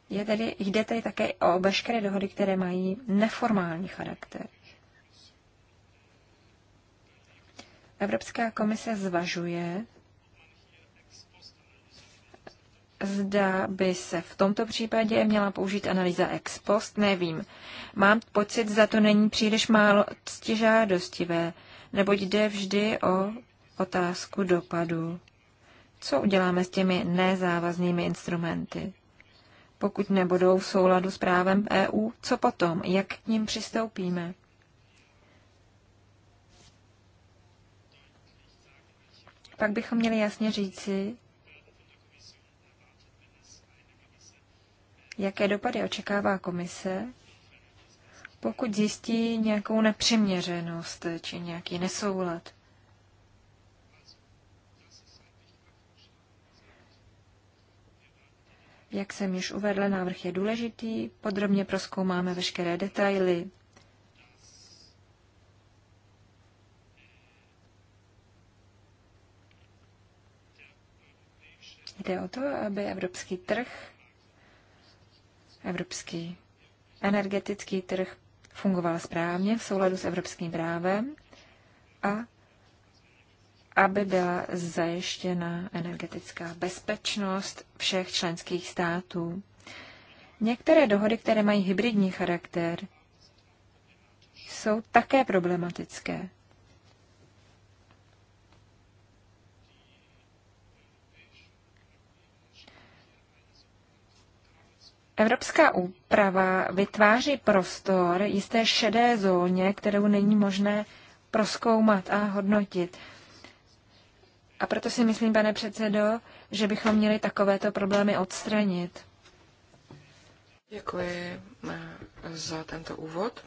Je tedy, jde tedy také o veškeré dohody, které mají neformální charakter. Evropská komise zvažuje, Zda by se v tomto případě měla použít analýza ex post, nevím. Mám pocit, za to není příliš málo ctižádostivé, neboť jde vždy o otázku dopadu. Co uděláme s těmi nezávaznými instrumenty? Pokud nebudou v souladu s právem EU, co potom? Jak k ním přistoupíme? Pak bychom měli jasně říci, Jaké dopady očekává komise, pokud zjistí nějakou nepřiměřenost či nějaký nesoulad? Jak jsem již uvedla, návrh je důležitý, podrobně proskoumáme veškeré detaily. Jde o to, aby evropský trh Evropský energetický trh fungoval správně v souladu s evropským právem a aby byla zajištěna energetická bezpečnost všech členských států. Některé dohody, které mají hybridní charakter, jsou také problematické. Evropská úprava vytváří prostor jisté šedé zóně, kterou není možné proskoumat a hodnotit. A proto si myslím, pane předsedo, že bychom měli takovéto problémy odstranit. Děkuji eh, za tento úvod.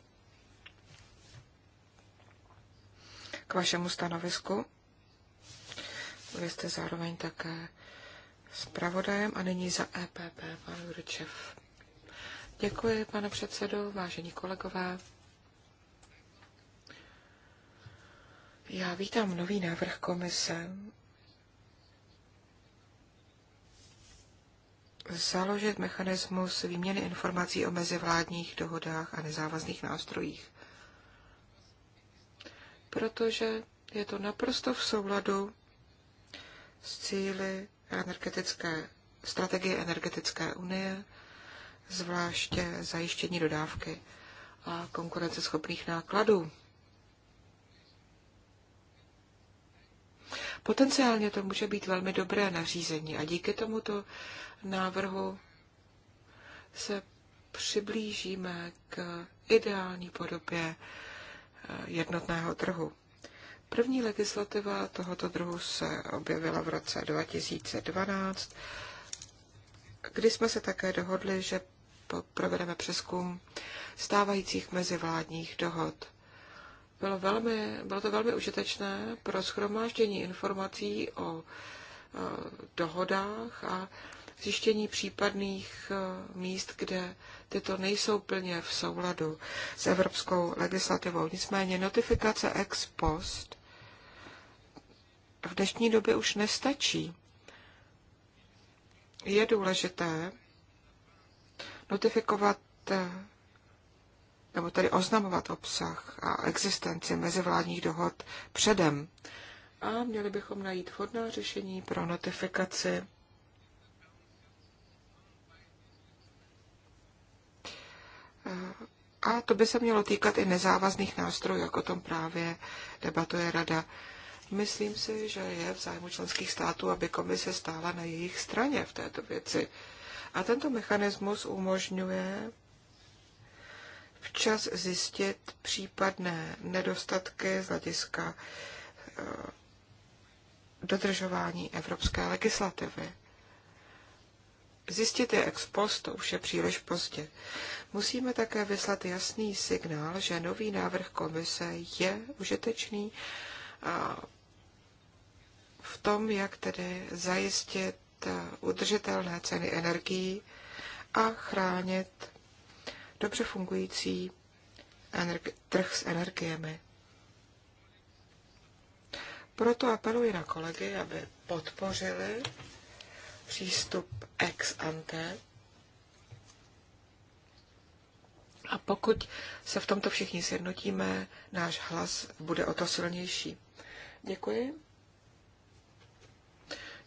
K vašemu stanovisku. Vy jste zároveň také zpravodajem a nyní za EPP pan Jurčev. Děkuji, pane předsedo, vážení kolegové. Já vítám nový návrh komise založit mechanismus výměny informací o mezivládních dohodách a nezávazných nástrojích. Protože je to naprosto v souladu s cíly energetické, strategie energetické unie, zvláště zajištění dodávky a konkurenceschopných nákladů. Potenciálně to může být velmi dobré nařízení a díky tomuto návrhu se přiblížíme k ideální podobě eh, jednotného trhu. První legislativa tohoto druhu se objevila v roce 2012, kdy jsme se také dohodli, že provedeme přeskum stávajících mezivládních dohod. Bylo, velmi, bylo to velmi užitečné pro schromáždění informací o e, dohodách a zjištění případných e, míst, kde tyto nejsou plně v souladu s evropskou legislativou. Nicméně notifikace ex post v dnešní době už nestačí. Je důležité notifikovat eh, nebo tedy oznamovat obsah a existenci mezivládních dohod předem. A měli bychom najít vhodná řešení pro notifikaci eh, A to by se mělo týkat i nezávazných nástrojů, jak o tom právě debatuje Rada. Myslím si, že je v zájmu členských států, aby komise stála na jejich straně v této věci. A tento mechanismus umožňuje včas zjistit případné nedostatky z hlediska eh, dodržování evropské legislativy. Zjistit je ex post, to už je příliš pozdě. Musíme také vyslat jasný signál, že nový návrh komise je užitečný a v tom, jak tedy zajistit eh, udržitelné ceny energií a chránit dobře fungující trh s energiemi. Proto apeluji na kolegy, aby podpořili přístup ex ante. A pokud se v tomto všichni sjednotíme, náš hlas bude o to silnější. Děkuji.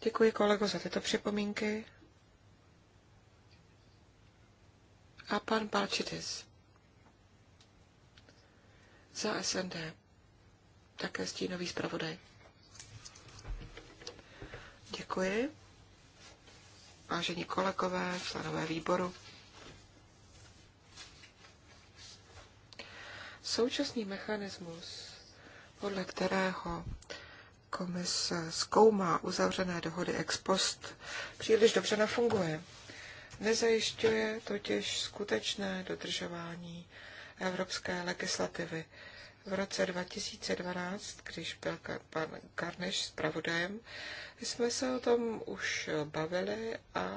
Děkuji kolego za tyto připomínky. A pan Balčitis za SND, také stínový zpravodaj. Děkuji. Vážení kolegové, členové výboru. Současný mechanismus, podle kterého komise zkoumá uzavřené dohody ex post, příliš dobře nefunguje. Nezajišťuje totiž skutečné dodržování evropské legislativy. V roce 2012, když byl pan Karneš pravodajem, jsme se o tom už bavili a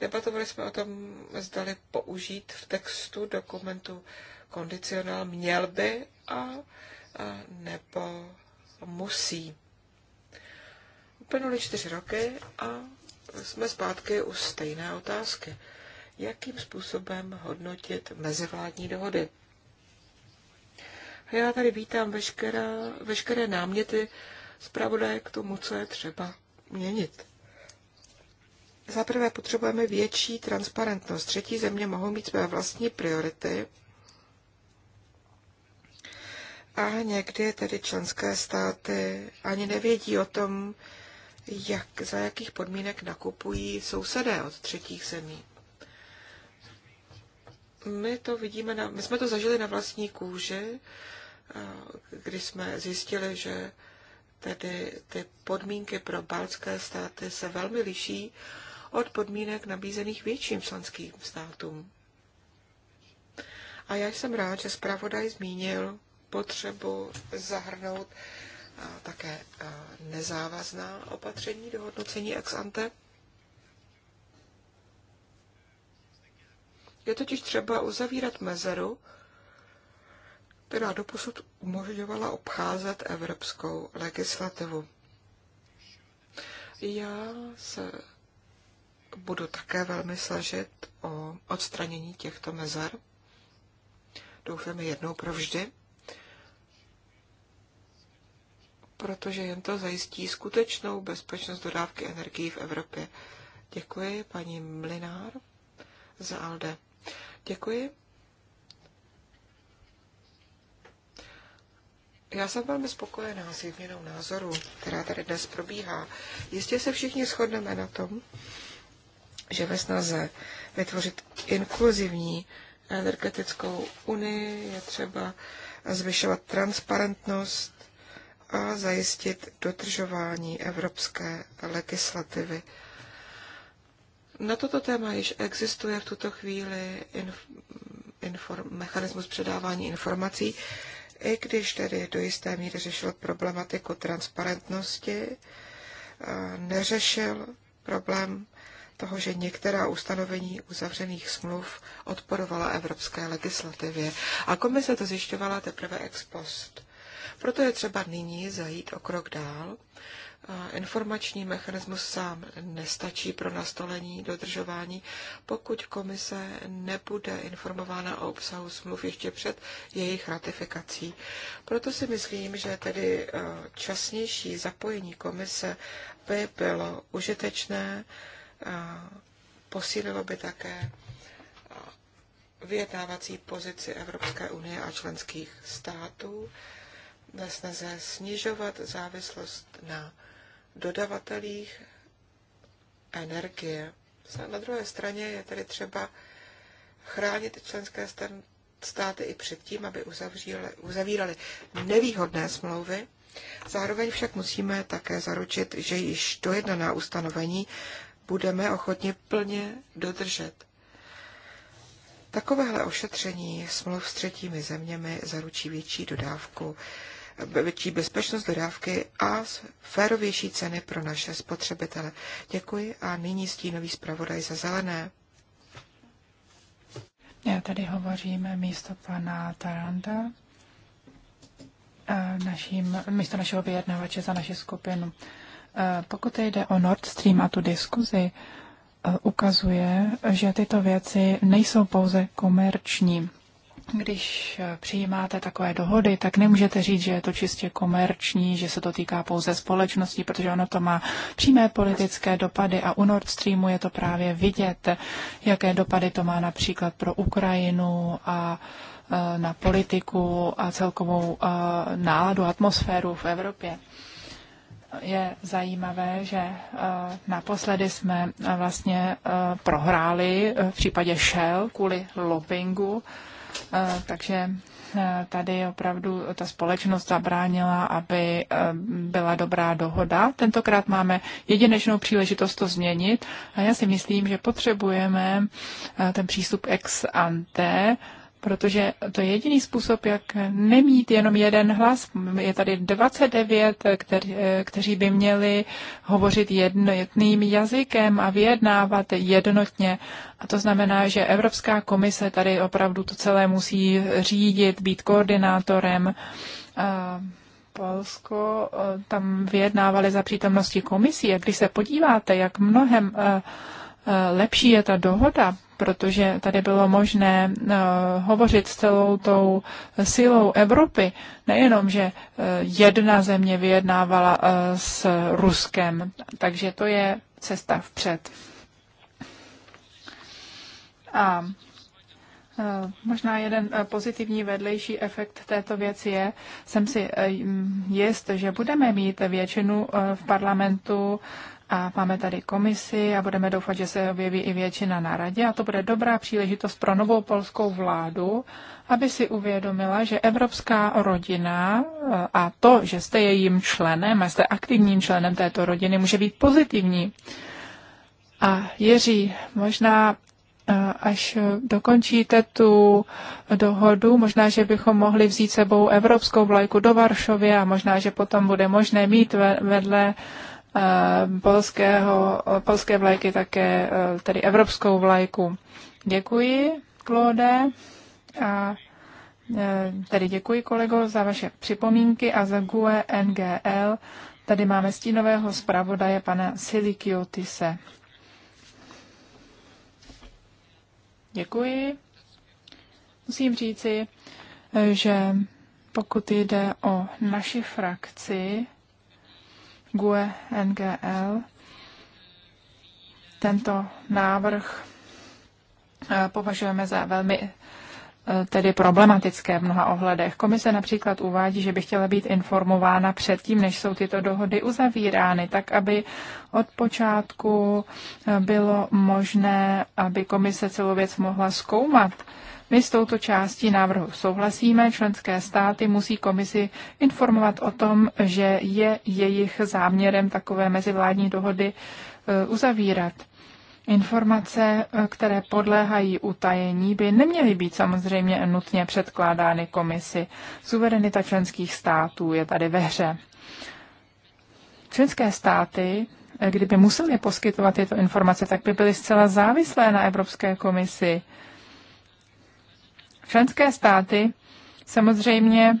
debatovali jsme o tom, zdali použít v textu dokumentu kondicionál měl by a, a nebo musí. Uplynuly čtyři roky a jsme zpátky u stejné otázky. Jakým způsobem hodnotit mezivládní dohody? Já tady vítám veškerá, veškeré náměty zpravodaje k tomu, co je třeba měnit. Za prvé potřebujeme větší transparentnost. Třetí země mohou mít své vlastní priority a někdy tedy členské státy ani nevědí o tom, jak, za jakých podmínek nakupují sousedé od třetích zemí. My to vidíme, na, my jsme to zažili na vlastní kůži, když jsme zjistili, že tedy ty podmínky pro baltské státy se velmi liší od podmínek nabízených větším členským státům. A já jsem rád, že zpravodaj zmínil potřebu zahrnout také nezávazná opatření do hodnocení ex ante. Je totiž třeba uzavírat mezeru, která doposud umožňovala obcházet evropskou legislativu. Já se budu také velmi snažit o odstranění těchto mezer. Doufám jednou provždy. protože jen to zajistí skutečnou bezpečnost dodávky energii v Evropě. Děkuji paní Mlinár za Alde. Děkuji. Já jsem velmi spokojená s výměnou názoru, která tady dnes probíhá. Jistě se všichni shodneme na tom, že ve snaze vytvořit inkluzivní energetickou unii je třeba zvyšovat transparentnost a zajistit dodržování evropské legislativy. Na toto téma již existuje v tuto chvíli inform, mechanismus předávání informací, i když tedy do jisté míry řešil problematiku transparentnosti, neřešil problém toho, že některá ustanovení uzavřených smluv odporovala evropské legislativě. A komise to zjišťovala teprve ex post. Proto je třeba nyní zajít o krok dál. Informační mechanismus sám nestačí pro nastolení dodržování, pokud komise nebude informována o obsahu smluv ještě před jejich ratifikací. Proto si myslím, že tedy e, časnější zapojení komise by bylo užitečné, posílilo by také e, vyjednávací pozici Evropské unie a členských států ve snaze snižovat závislost na dodavatelích energie. Na druhé straně je tedy třeba chránit členské státy i předtím, aby uzavíraly uzavírali nevýhodné smlouvy. Zároveň však musíme také zaručit, že již dojednaná ustanovení budeme ochotně plně dodržet. Takovéhle ošetření smluv s třetími zeměmi zaručí větší dodávku větší bezpečnost dodávky a férovější ceny pro naše spotřebitele. Děkuji a nyní stínový zpravodaj za zelené. Já tady hovořím místo pana Taranta, eh, naším, místo našeho vyjednavače za naši skupinu. Eh, pokud jde o Nord Stream a tu diskuzi, eh, ukazuje, že tyto věci nejsou pouze komerční když eh, přijímáte takové dohody, tak nemůžete říct, že je to čistě komerční, že se to týká pouze společnosti, protože ono to má přímé politické dopady a u Nord Streamu je to právě vidět, jaké dopady to má například pro Ukrajinu a eh, na politiku a celkovou eh, náladu, atmosféru v Evropě je zajímavé, že naposledy jsme vlastně prohráli v případě Shell kvůli lobbingu Eh, takže eh, tady opravdu ta společnost zabránila, aby eh, byla dobrá dohoda. Tentokrát máme jedinečnou příležitost to změnit a já si myslím, že potřebujeme ten přístup ex ante, protože to je jediný způsob, jak nemít jenom jeden hlas. Je tady 29, který, kteří by měli hovořit jednotným jazykem a vyjednávat jednotně. A to znamená, že Evropská komise tady opravdu to celé musí řídit, být koordinátorem. A Polsko e, tam vyjednávali za přítomnosti komisí. A když se podíváte, jak mnohem e, e, lepší je ta dohoda protože tady bylo možné eh, hovořit s celou tou silou Evropy. Nejenom, že eh, jedna země vyjednávala eh, s Ruskem, takže to je cesta vpřed. A Možná jeden pozitivní vedlejší efekt této věci je, jsem si jist, že budeme mít většinu v parlamentu a máme tady komisi a budeme doufat, že se objeví i většina na radě a to bude dobrá příležitost pro novou polskou vládu, aby si uvědomila, že evropská rodina eh, a to, že jste jejím členem a jste aktivním členem této rodiny, může být pozitivní. A Jiří, možná eh, až dokončíte tu dohodu, možná, že bychom mohli vzít sebou evropskou vlajku do Varšovy a možná, že potom bude možné mít vedle Ehm, polského, polské vlajky také eh, tedy evropskou vlajku. Děkuji, Klode, A eh, Tady děkuji, kolego, za vaše připomínky a za GUE NGL. Tady máme stínového zpravodaje pana Silikiotise. Děkuji. Musím říci, eh, že pokud jde o naši frakci, GUE NGL tento návrh eh, považujeme za velmi eh, tedy problematické v mnoha ohledech. Komise například uvádí, že by chtěla být informována předtím, než jsou tyto dohody uzavírány, tak aby od počátku eh, bylo možné, aby komise celou věc mohla zkoumat. My s touto částí návrhu souhlasíme. Členské státy musí komisi informovat o tom, že je jejich záměrem takové mezivládní dohody e, uzavírat. Informace, e, které podléhají utajení, by neměly být samozřejmě nutně předkládány komisi. Suverenita členských států je tady ve hře. Členské státy, e, kdyby museli poskytovat tyto informace, tak by byly zcela závislé na Evropské komisi. Členské státy samozřejmě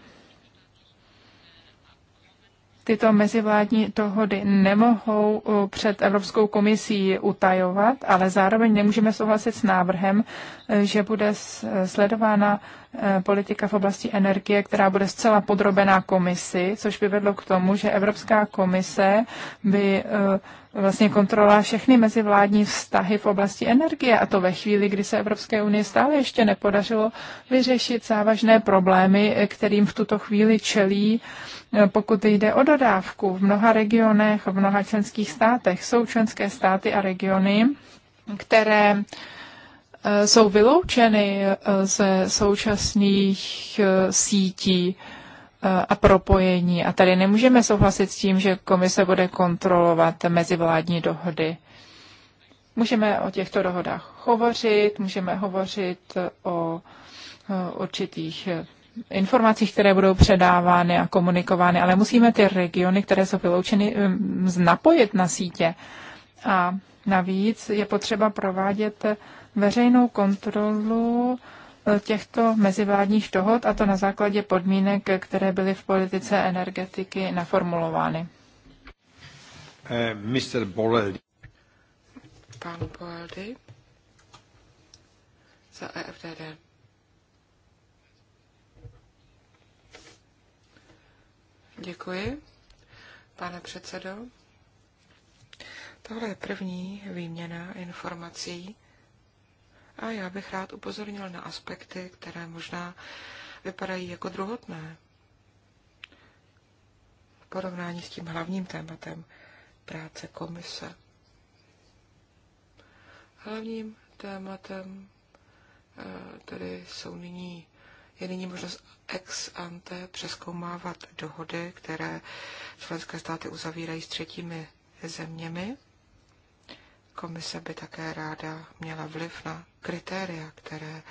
tyto mezivládní dohody nemohou uh, před Evropskou komisí utajovat, ale zároveň nemůžeme souhlasit s návrhem, uh, že bude uh, sledována Eh, politika v oblasti energie, která bude zcela podrobená komisi, což by vedlo k tomu, že Evropská komise by eh, vlastně kontrolovala všechny mezivládní vztahy v oblasti energie a to ve chvíli, kdy se Evropské unie stále ještě nepodařilo vyřešit závažné problémy, eh, kterým v tuto chvíli čelí pokud jde o dodávku, v mnoha regionech, v mnoha členských státech jsou členské státy a regiony, které Eh, jsou vyloučeny eh, ze současných eh, sítí a propojení. A tady nemůžeme souhlasit s tím, že komise bude kontrolovat mezivládní dohody. Můžeme o těchto dohodách hovořit, můžeme hovořit o určitých informacích, které budou předávány a komunikovány, ale musíme ty regiony, které jsou vyloučeny, napojit na sítě. A navíc je potřeba provádět veřejnou kontrolu eh, těchto mezivládních dohod, a to na základě podmínek, které byly v politice energetiky naformulovány. Eh, Mr. Boleldi. Pan Boleldi za EFDD. Děkuji, pane předsedo. Tohle je první výměna informací a já bych rád upozornil na aspekty, které možná vypadají jako druhotné v porovnání s tím hlavním tématem práce komise. Hlavním tématem eh, tedy jsou nyní, je nyní možnost ex ante přeskoumávat dohody, které členské státy uzavírají s třetími zeměmi. Komise by také ráda měla vliv na kritéria, které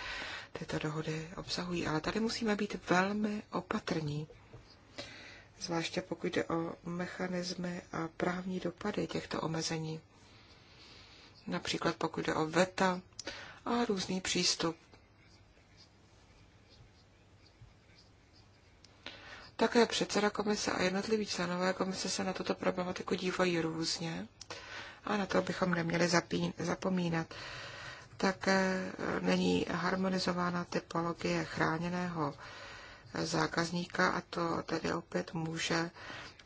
tyto dohody obsahují. Ale tady musíme být velmi opatrní, zvláště pokud jde o mechanismy a právní dopady těchto omezení. Například pokud jde o veta a různý přístup. Také předseda komise a jednotliví členové komise se na tuto problematiku dívají různě a na to bychom neměli zapín, zapomínat. Také e, není harmonizována typologie chráněného e, zákazníka a to tedy opět může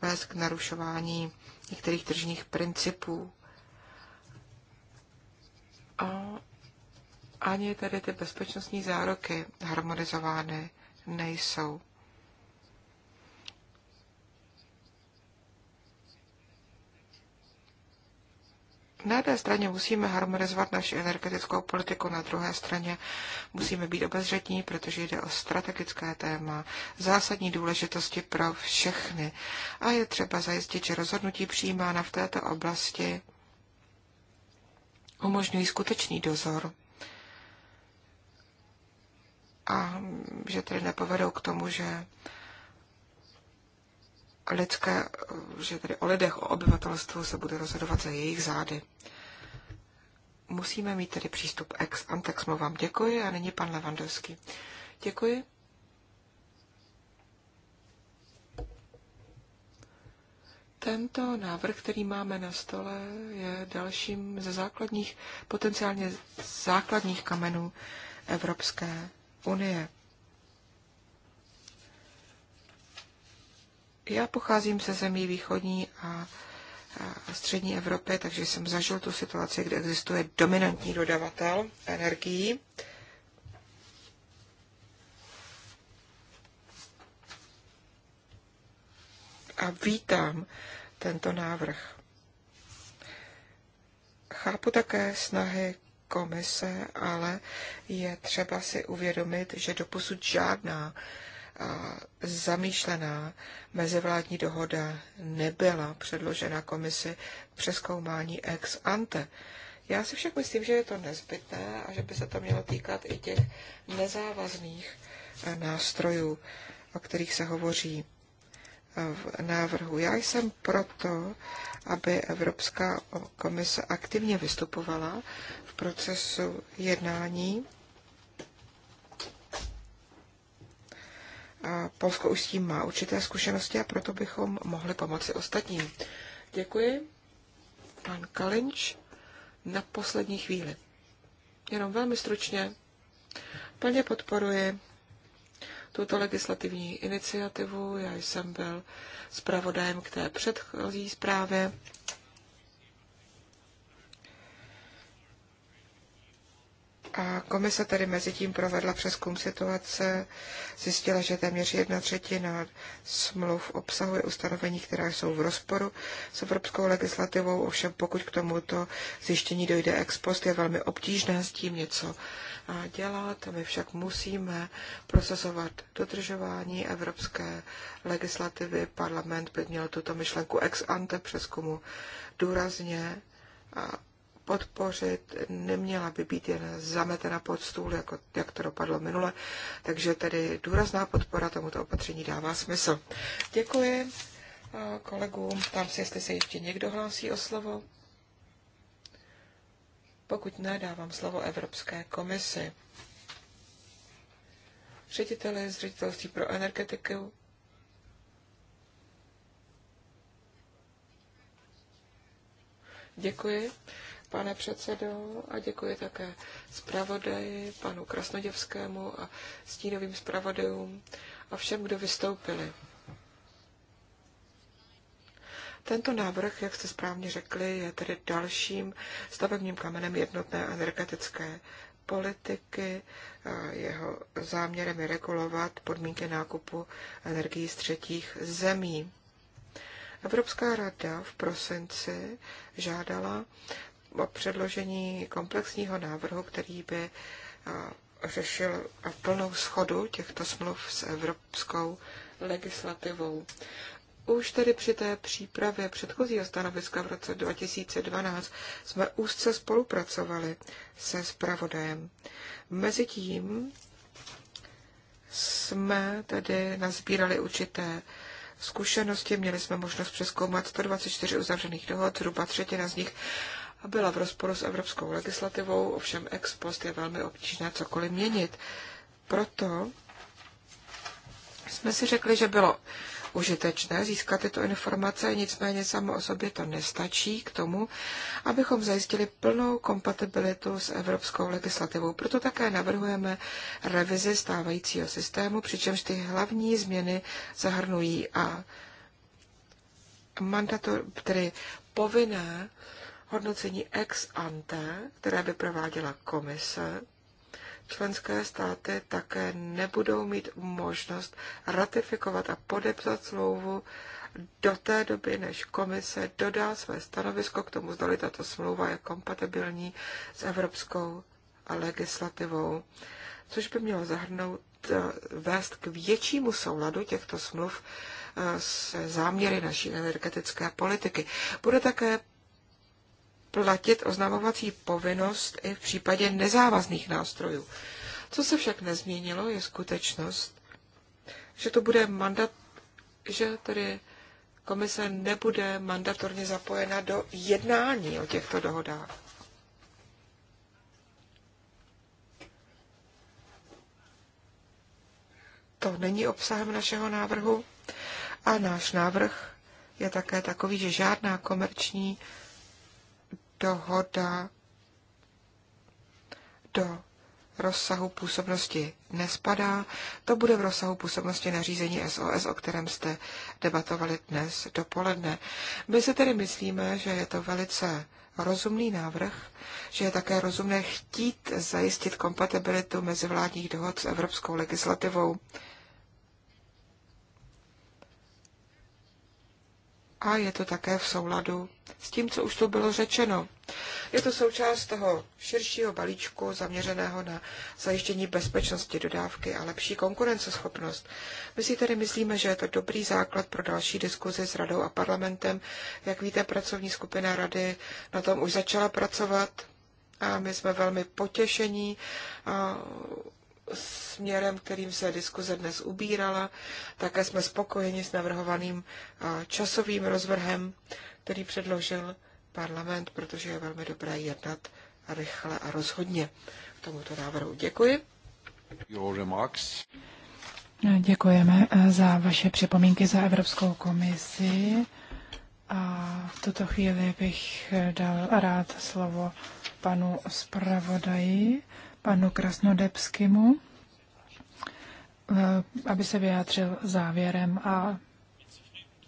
vést k narušování některých tržních principů. A ani tedy ty bezpečnostní zároky harmonizovány nejsou. na jedné straně musíme harmonizovat naši energetickou politiku, na druhé straně musíme být obezřetní, protože jde o strategické téma zásadní důležitosti pro všechny. A je třeba zajistit, že rozhodnutí přijímána v této oblasti umožňují skutečný dozor a že tedy nepovedou k tomu, že lidské, že tedy o lidech, o obyvatelstvu se bude rozhodovat za jejich zády. Musíme mít tedy přístup ex ante k Děkuji a nyní pan Levandovský. Děkuji. Tento návrh, který máme na stole, je dalším ze základních, potenciálně základních kamenů Evropské unie. Já pocházím ze zemí východní a střední Evropy, takže jsem zažil tu situaci, kde existuje dominantní dodavatel energií. A vítám tento návrh. Chápu také snahy komise, ale je třeba si uvědomit, že doposud žádná zamýšlená mezivládní dohoda nebyla předložena komisi přeskoumání ex ante. Já si však myslím, že je to nezbytné a že by se to mělo týkat i těch nezávazných eh, nástrojů, o kterých se hovoří eh, v návrhu. Já jsem proto, aby Evropská komise aktivně vystupovala v procesu jednání Polsko už s tím má určité zkušenosti a proto bychom mohli pomoci ostatním. Děkuji. Pan Kalinč na poslední chvíli. Jenom velmi stručně. Plně podporuji tuto legislativní iniciativu. Já jsem byl zpravodajem k té předchozí zprávě A komise tedy mezi tím provedla přeskum situace, zjistila, že téměř jedna třetina smluv obsahuje ustanovení, která jsou v rozporu s evropskou legislativou, ovšem pokud k tomuto zjištění dojde ex post, je velmi obtížné s tím něco dělat. My však musíme procesovat dodržování evropské legislativy. Parlament by měl tuto myšlenku ex ante přeskumu důrazně podpořit, neměla by být jen zametena pod stůl, jako, jak to dopadlo minule. Takže tedy důrazná podpora tomuto opatření dává smysl. Děkuji eh, kolegům. Tam si, jestli se ještě někdo hlásí o slovo. Pokud ne, dávám slovo Evropské komisi. Řediteli z ředitelství pro energetiku Děkuji pane předsedo, a děkuji také zpravodaji, panu Krasnoděvskému a stínovým zpravodajům a všem, kdo vystoupili. Tento návrh, jak jste správně řekli, je tedy dalším stavebním kamenem jednotné energetické politiky. Jeho záměrem je regulovat podmínky nákupu energií z třetích zemí. Evropská rada v prosinci žádala o předložení komplexního návrhu, který by řešil plnou schodu těchto smluv s evropskou legislativou. Už tedy při té přípravě předchozího stanoviska v roce 2012 jsme úzce spolupracovali se zpravodajem. Mezitím jsme tedy nazbírali určité zkušenosti, měli jsme možnost přeskoumat 124 uzavřených dohod, zhruba třetina z nich a byla v rozporu s evropskou legislativou, ovšem ex post je velmi obtížné cokoliv měnit. Proto jsme si řekli, že bylo užitečné získat tyto informace, nicméně samo o sobě to nestačí k tomu, abychom zajistili plnou kompatibilitu s evropskou legislativou. Proto také navrhujeme revizi stávajícího systému, přičemž ty hlavní změny zahrnují a mandatory tedy povinné hodnocení ex ante, které by prováděla komise, členské státy také nebudou mít možnost ratifikovat a podepsat smlouvu do té doby, než komise dodá své stanovisko k tomu, zda tato smlouva je kompatibilní s evropskou legislativou, což by mělo zahrnout eh, vést k většímu souladu těchto smluv eh, s záměry naší energetické politiky. Bude také platit oznamovací povinnost i v případě nezávazných nástrojů. Co se však nezměnilo, je skutečnost, že to bude mandat, že tedy komise nebude mandatorně zapojena do jednání o těchto dohodách. To není obsahem našeho návrhu a náš návrh je také takový, že žádná komerční dohoda do rozsahu působnosti nespadá. To bude v rozsahu působnosti nařízení SOS, o kterém jste debatovali dnes dopoledne. My se tedy myslíme, že je to velice rozumný návrh, že je také rozumné chtít zajistit kompatibilitu mezi vládních dohod s evropskou legislativou. a je to také v souladu s tím, co už tu bylo řečeno. Je to součást toho širšího balíčku zaměřeného na zajištění bezpečnosti dodávky a lepší konkurenceschopnost. My si tedy myslíme, že je to dobrý základ pro další diskuzi s radou a parlamentem. Jak víte, pracovní skupina rady na tom už začala pracovat a my jsme velmi potěšení směrem, kterým se diskuze dnes ubírala. Také jsme spokojeni s navrhovaným časovým rozvrhem, který předložil parlament, protože je velmi dobré jednat rychle a rozhodně. K tomuto návrhu děkuji. No, děkujeme e, za vaše připomínky za Evropskou komisi. A v tuto chvíli bych e, dal rád slovo panu zpravodaji panu Krasnodebskému, eh, aby se vyjádřil závěrem a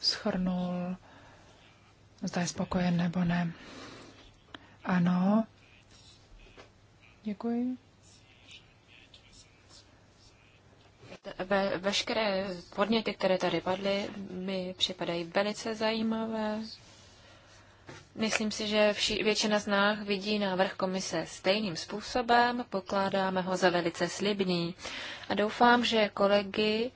schrnul, zda je spokojen nebo ne. Ano. Děkuji. Ve, veškeré podněty, které tady padly, mi připadají velice zajímavé, Myslím si, že vši, většina z nás vidí návrh komise stejným způsobem, pokládáme ho za velice slibný a doufám, že kolegy,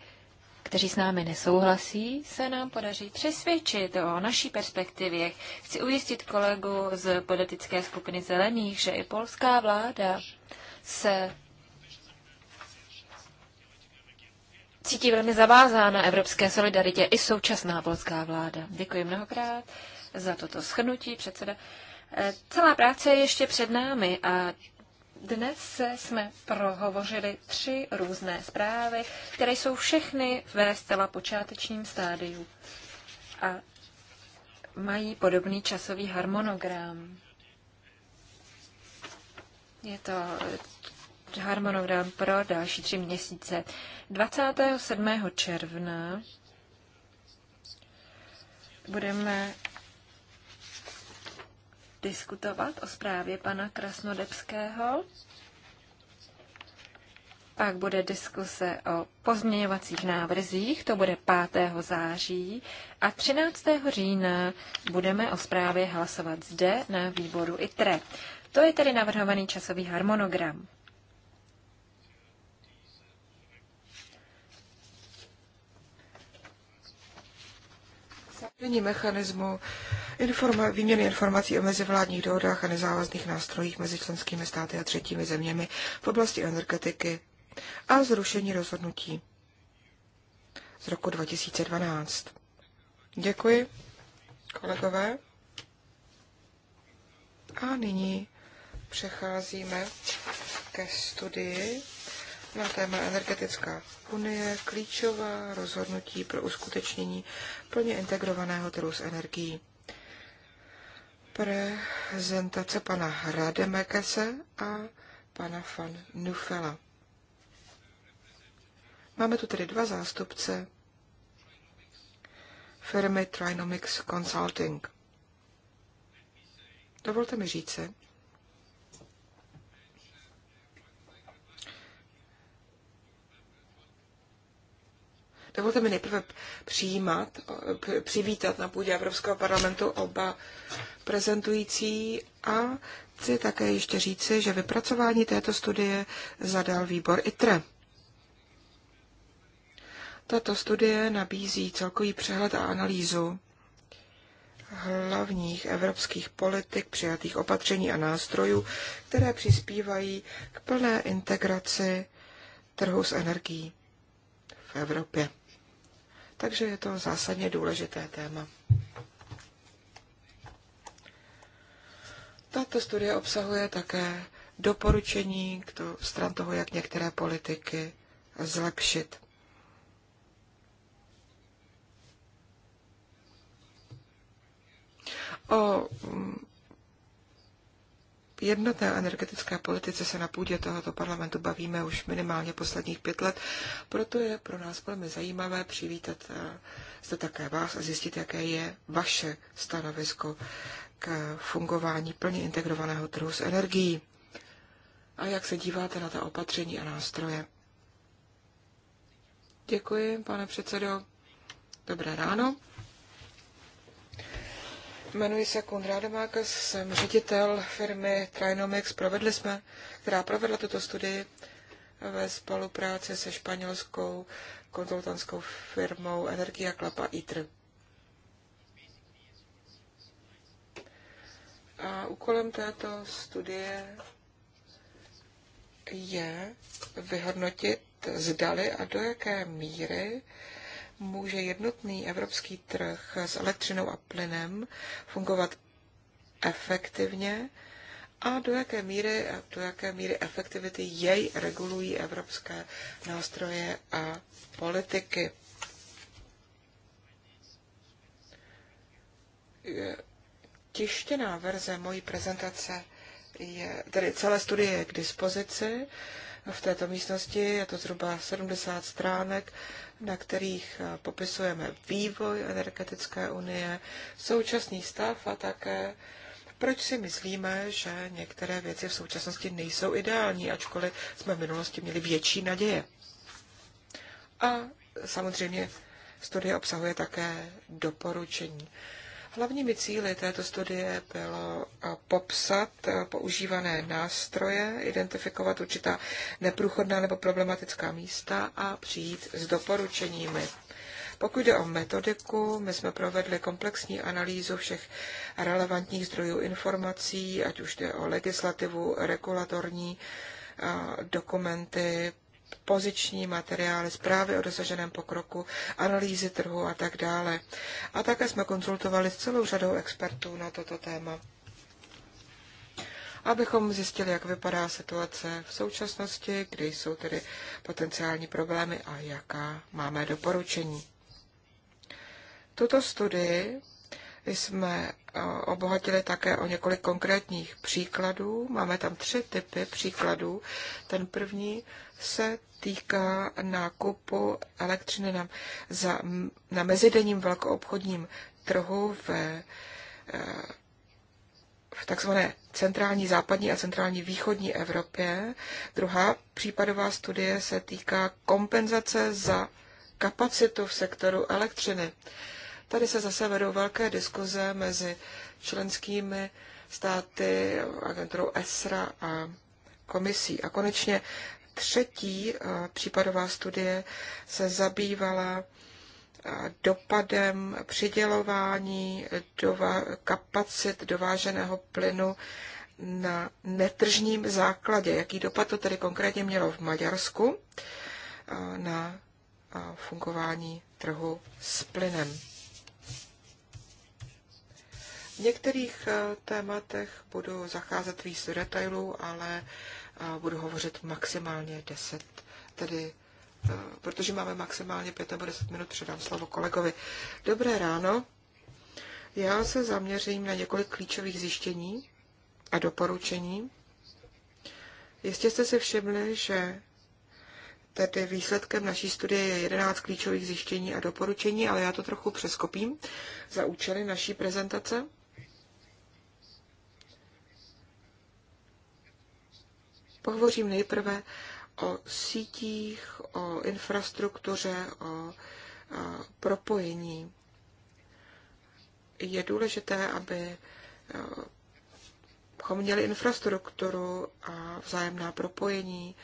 kteří s námi nesouhlasí, se nám podaří přesvědčit o naší perspektivě. Chci ujistit kolegu z politické skupiny zelených, že i polská vláda se cítí velmi zavázána evropské solidaritě i současná polská vláda. Děkuji mnohokrát za toto shrnutí, předseda. E, celá práce je ještě před námi a dnes jsme prohovořili tři různé zprávy, které jsou všechny ve zcela počátečním stádiu a mají podobný časový harmonogram. Je to harmonogram pro další tři měsíce. 27. června budeme diskutovat o zprávě pana Krasnodebského. Pak bude diskuse o pozměňovacích návrzích, to bude 5. září a 13. října budeme o zprávě hlasovat zde na výboru ITRE. To je tedy navrhovaný časový harmonogram. Není mechanismu informa- výměny informací o mezivládních dohodách a nezávazných nástrojích mezi členskými státy a třetími zeměmi v oblasti energetiky a zrušení rozhodnutí z roku 2012. Děkuji, kolegové. A nyní přecházíme ke studii na no, téma energetická unie, klíčová rozhodnutí pro uskutečnění plně integrovaného trhu s energií. Prezentace pana Rademekese a pana van Nufela. Máme tu tedy dva zástupce firmy Trinomics Consulting. Dovolte mi říci, Dovolte mi nejprve přijímat, přivítat na půdě Evropského parlamentu oba prezentující a chci také ještě říci, že vypracování této studie zadal výbor ITRE. Tato studie nabízí celkový přehled a analýzu hlavních evropských politik, přijatých opatření a nástrojů, které přispívají k plné integraci trhu s energií v Evropě takže je to zásadně důležité téma. Tato studie obsahuje také doporučení k to, stran toho, jak některé politiky zlepšit. O mm, jednotné energetické politice se na půdě tohoto parlamentu bavíme už minimálně posledních pět let, proto je pro nás velmi zajímavé přivítat eh, zde také vás a zjistit, jaké je vaše stanovisko k fungování plně integrovaného trhu s energií a jak se díváte na ta opatření a nástroje. Děkuji, pane předsedo. Dobré ráno. Jmenuji se Konráda Mákas, jsem ředitel firmy Trinomics. Provedli jsme, která provedla tuto studii ve spolupráci se španělskou konzultantskou firmou Energia Klapa ITR. A úkolem této studie je vyhodnotit, zdali a do jaké míry může jednotný evropský trh s elektřinou a plynem fungovat efektivně a do jaké míry, do jaké míry efektivity jej regulují evropské nástroje a politiky. Tištěná verze mojí prezentace je, tedy celé studie je k dispozici v této místnosti. Je to zhruba 70 stránek, na kterých eh, popisujeme vývoj energetické unie, současný stav a také proč si myslíme, že některé věci v současnosti nejsou ideální, ačkoliv jsme v minulosti měli větší naděje. A samozřejmě studie obsahuje také doporučení. Hlavními cíly této studie bylo eh, popsat eh, používané nástroje, identifikovat určitá neprůchodná nebo problematická místa a přijít s doporučeními. Pokud jde o metodiku, my jsme provedli komplexní analýzu všech relevantních zdrojů informací, ať už jde o legislativu, regulatorní eh, dokumenty, poziční materiály, zprávy o dosaženém pokroku, analýzy trhu a tak dále. A také jsme konzultovali s celou řadou expertů na toto téma abychom zjistili, jak vypadá situace v současnosti, kde jsou tedy potenciální problémy a jaká máme doporučení. Tuto studii jsme eh, obohatili také o několik konkrétních příkladů. Máme tam tři typy příkladů. Ten první se týká nákupu elektřiny na, za, na mezidenním velkoobchodním trhu v, eh, v takzvané centrální západní a centrální východní Evropě. Druhá případová studie se týká kompenzace za kapacitu v sektoru elektřiny. Tady se zase vedou velké diskuze mezi členskými státy, agenturou ESRA a komisí. A konečně třetí eh, případová studie se zabývala eh, dopadem přidělování dova, kapacit dováženého plynu na netržním základě. Jaký dopad to tedy konkrétně mělo v Maďarsku eh, na fungování trhu s plynem? V některých tématech budu zacházet víc do detailů, ale budu hovořit maximálně 10, tedy eh, protože máme maximálně 5 nebo 10 minut, předám slovo kolegovi. Dobré ráno. Já se zaměřím na několik klíčových zjištění a doporučení. Jistě jste si všimli, že tedy výsledkem naší studie je 11 klíčových zjištění a doporučení, ale já to trochu přeskopím za účely naší prezentace. Pohovořím nejprve o sítích, o infrastruktuře, o propojení. Je důležité, aby abychom měli infrastrukturu a vzájemná propojení,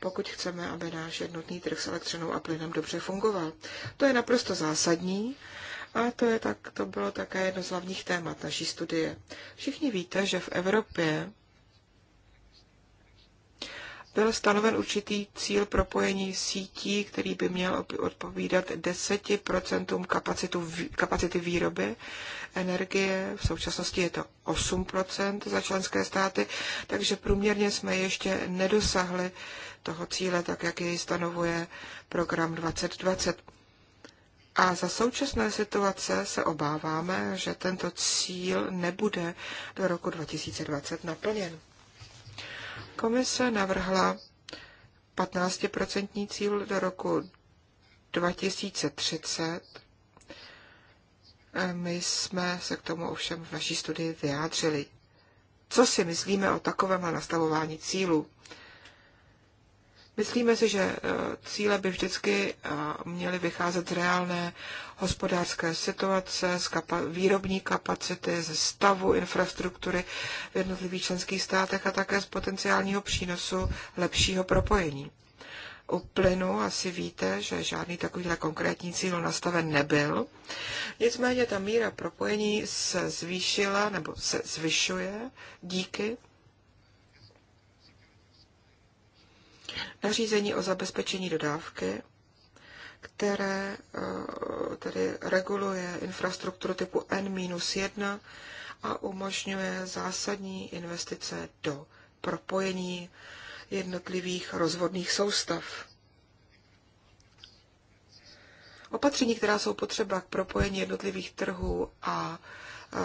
pokud chceme, aby náš jednotný trh s elektřinou a plynem dobře fungoval. To je naprosto zásadní a to, je tak, to bylo také jedno z hlavních témat naší studie. Všichni víte, že v Evropě byl stanoven určitý cíl propojení sítí, který by měl odpovídat 10% kapacitu, kapacity výroby energie. V současnosti je to 8% za členské státy, takže průměrně jsme ještě nedosahli toho cíle, tak jak jej stanovuje program 2020. A za současné situace se obáváme, že tento cíl nebude do roku 2020 naplněn. Komise navrhla 15% cíl do roku 2030. My jsme se k tomu ovšem v naší studii vyjádřili. Co si myslíme o takovém nastavování cílu? Myslíme si, že eh, cíle by vždycky eh, měly vycházet z reálné hospodářské situace, z kapa- výrobní kapacity, ze stavu infrastruktury v jednotlivých členských státech a také z potenciálního přínosu lepšího propojení. U plynu asi víte, že žádný takovýhle konkrétní cíl nastaven nebyl. Nicméně ta míra propojení se zvýšila nebo se zvyšuje díky nařízení o zabezpečení dodávky, které eh, tedy reguluje infrastrukturu typu N-1 a umožňuje zásadní investice do propojení jednotlivých rozvodných soustav. Opatření, která jsou potřeba k propojení jednotlivých trhů a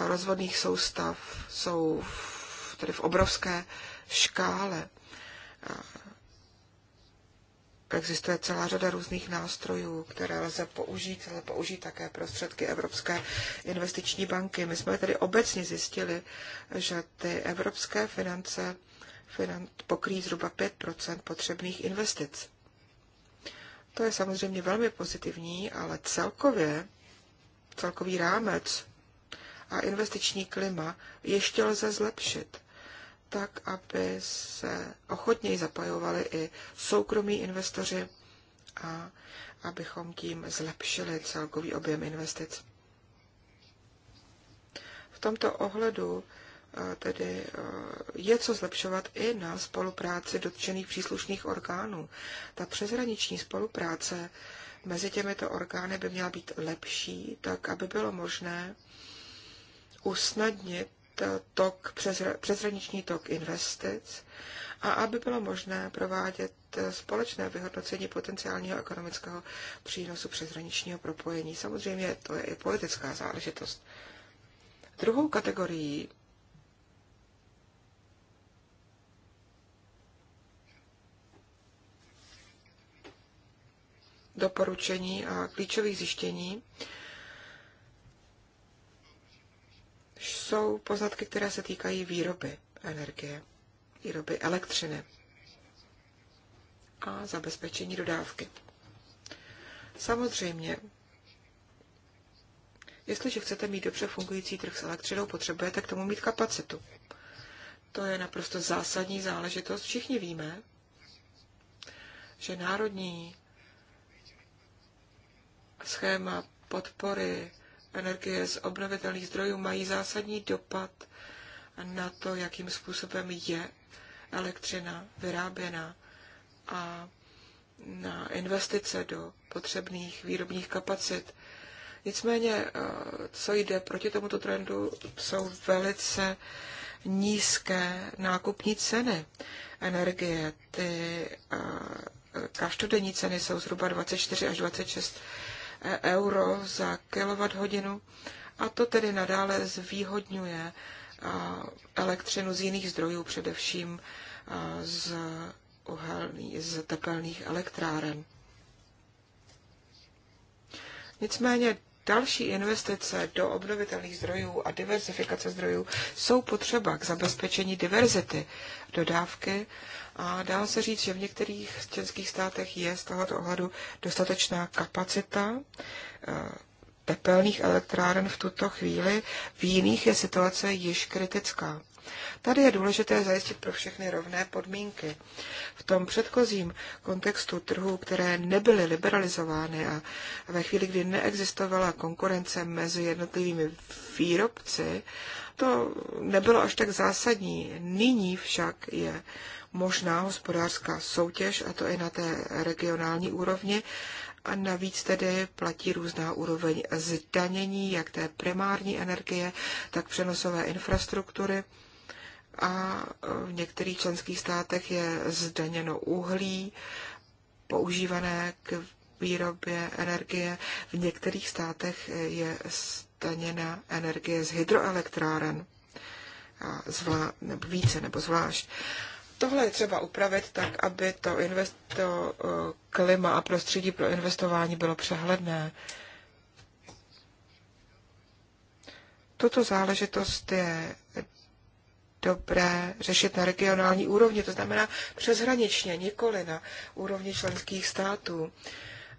eh, rozvodných soustav, jsou v, tedy v obrovské škále. Eh, existuje celá řada různých nástrojů, které lze použít, ale použít také prostředky Evropské investiční banky. My jsme tedy obecně zjistili, že ty evropské finance finan, pokryjí zhruba 5 potřebných investic. To je samozřejmě velmi pozitivní, ale celkově, celkový rámec a investiční klima ještě lze zlepšit tak aby se ochotněji zapojovali i soukromí investoři a abychom tím zlepšili celkový objem investic. V tomto ohledu eh, tedy eh, je co zlepšovat i na spolupráci dotčených příslušných orgánů. Ta přeshraniční spolupráce mezi těmito orgány by měla být lepší, tak aby bylo možné usnadnit tok, přeshraniční tok investic a aby bylo možné provádět eh, společné vyhodnocení potenciálního ekonomického přínosu přeshraničního propojení. Samozřejmě to je i politická záležitost. Druhou kategorií doporučení a klíčových zjištění jsou poznatky, které se týkají výroby energie, výroby elektřiny a zabezpečení dodávky. Samozřejmě, jestliže chcete mít dobře fungující trh s elektřinou, potřebujete k tomu mít kapacitu. To je naprosto zásadní záležitost. Všichni víme, že národní schéma podpory energie z obnovitelných zdrojů mají zásadní dopad na to, jakým způsobem je elektřina vyráběna a na investice do potřebných výrobních kapacit. Nicméně, eh, co jde proti tomuto trendu, jsou velice nízké nákupní ceny energie. Ty eh, každodenní ceny jsou zhruba 24 až 26 euro za kilowatt hodinu a to tedy nadále zvýhodňuje elektřinu z jiných zdrojů, především z, uhelný, z tepelných elektráren. Nicméně další investice do obnovitelných zdrojů a diversifikace zdrojů jsou potřeba k zabezpečení diverzity dodávky a dá se říct, že v některých členských státech je z tohoto ohledu dostatečná kapacita eh, tepelných elektráren v tuto chvíli, v jiných je situace již kritická. Tady je důležité zajistit pro všechny rovné podmínky. V tom předchozím kontextu trhů, které nebyly liberalizovány a ve chvíli, kdy neexistovala konkurence mezi jednotlivými výrobci, to nebylo až tak zásadní. Nyní však je možná hospodářská soutěž, a to i na té regionální úrovni. A navíc tedy platí různá úroveň zdanění, jak té primární energie, tak přenosové infrastruktury. A v některých členských státech je zdaněno uhlí používané k výrobě energie. V některých státech je daněna energie z hydroelektráren, zvlá, nebo více nebo zvlášť. Tohle je třeba upravit tak, aby to, to e, klima a prostředí pro investování bylo přehledné. Tuto záležitost je dobré řešit na regionální úrovni, to znamená přeshraničně, nikoli na úrovni členských států. Uh,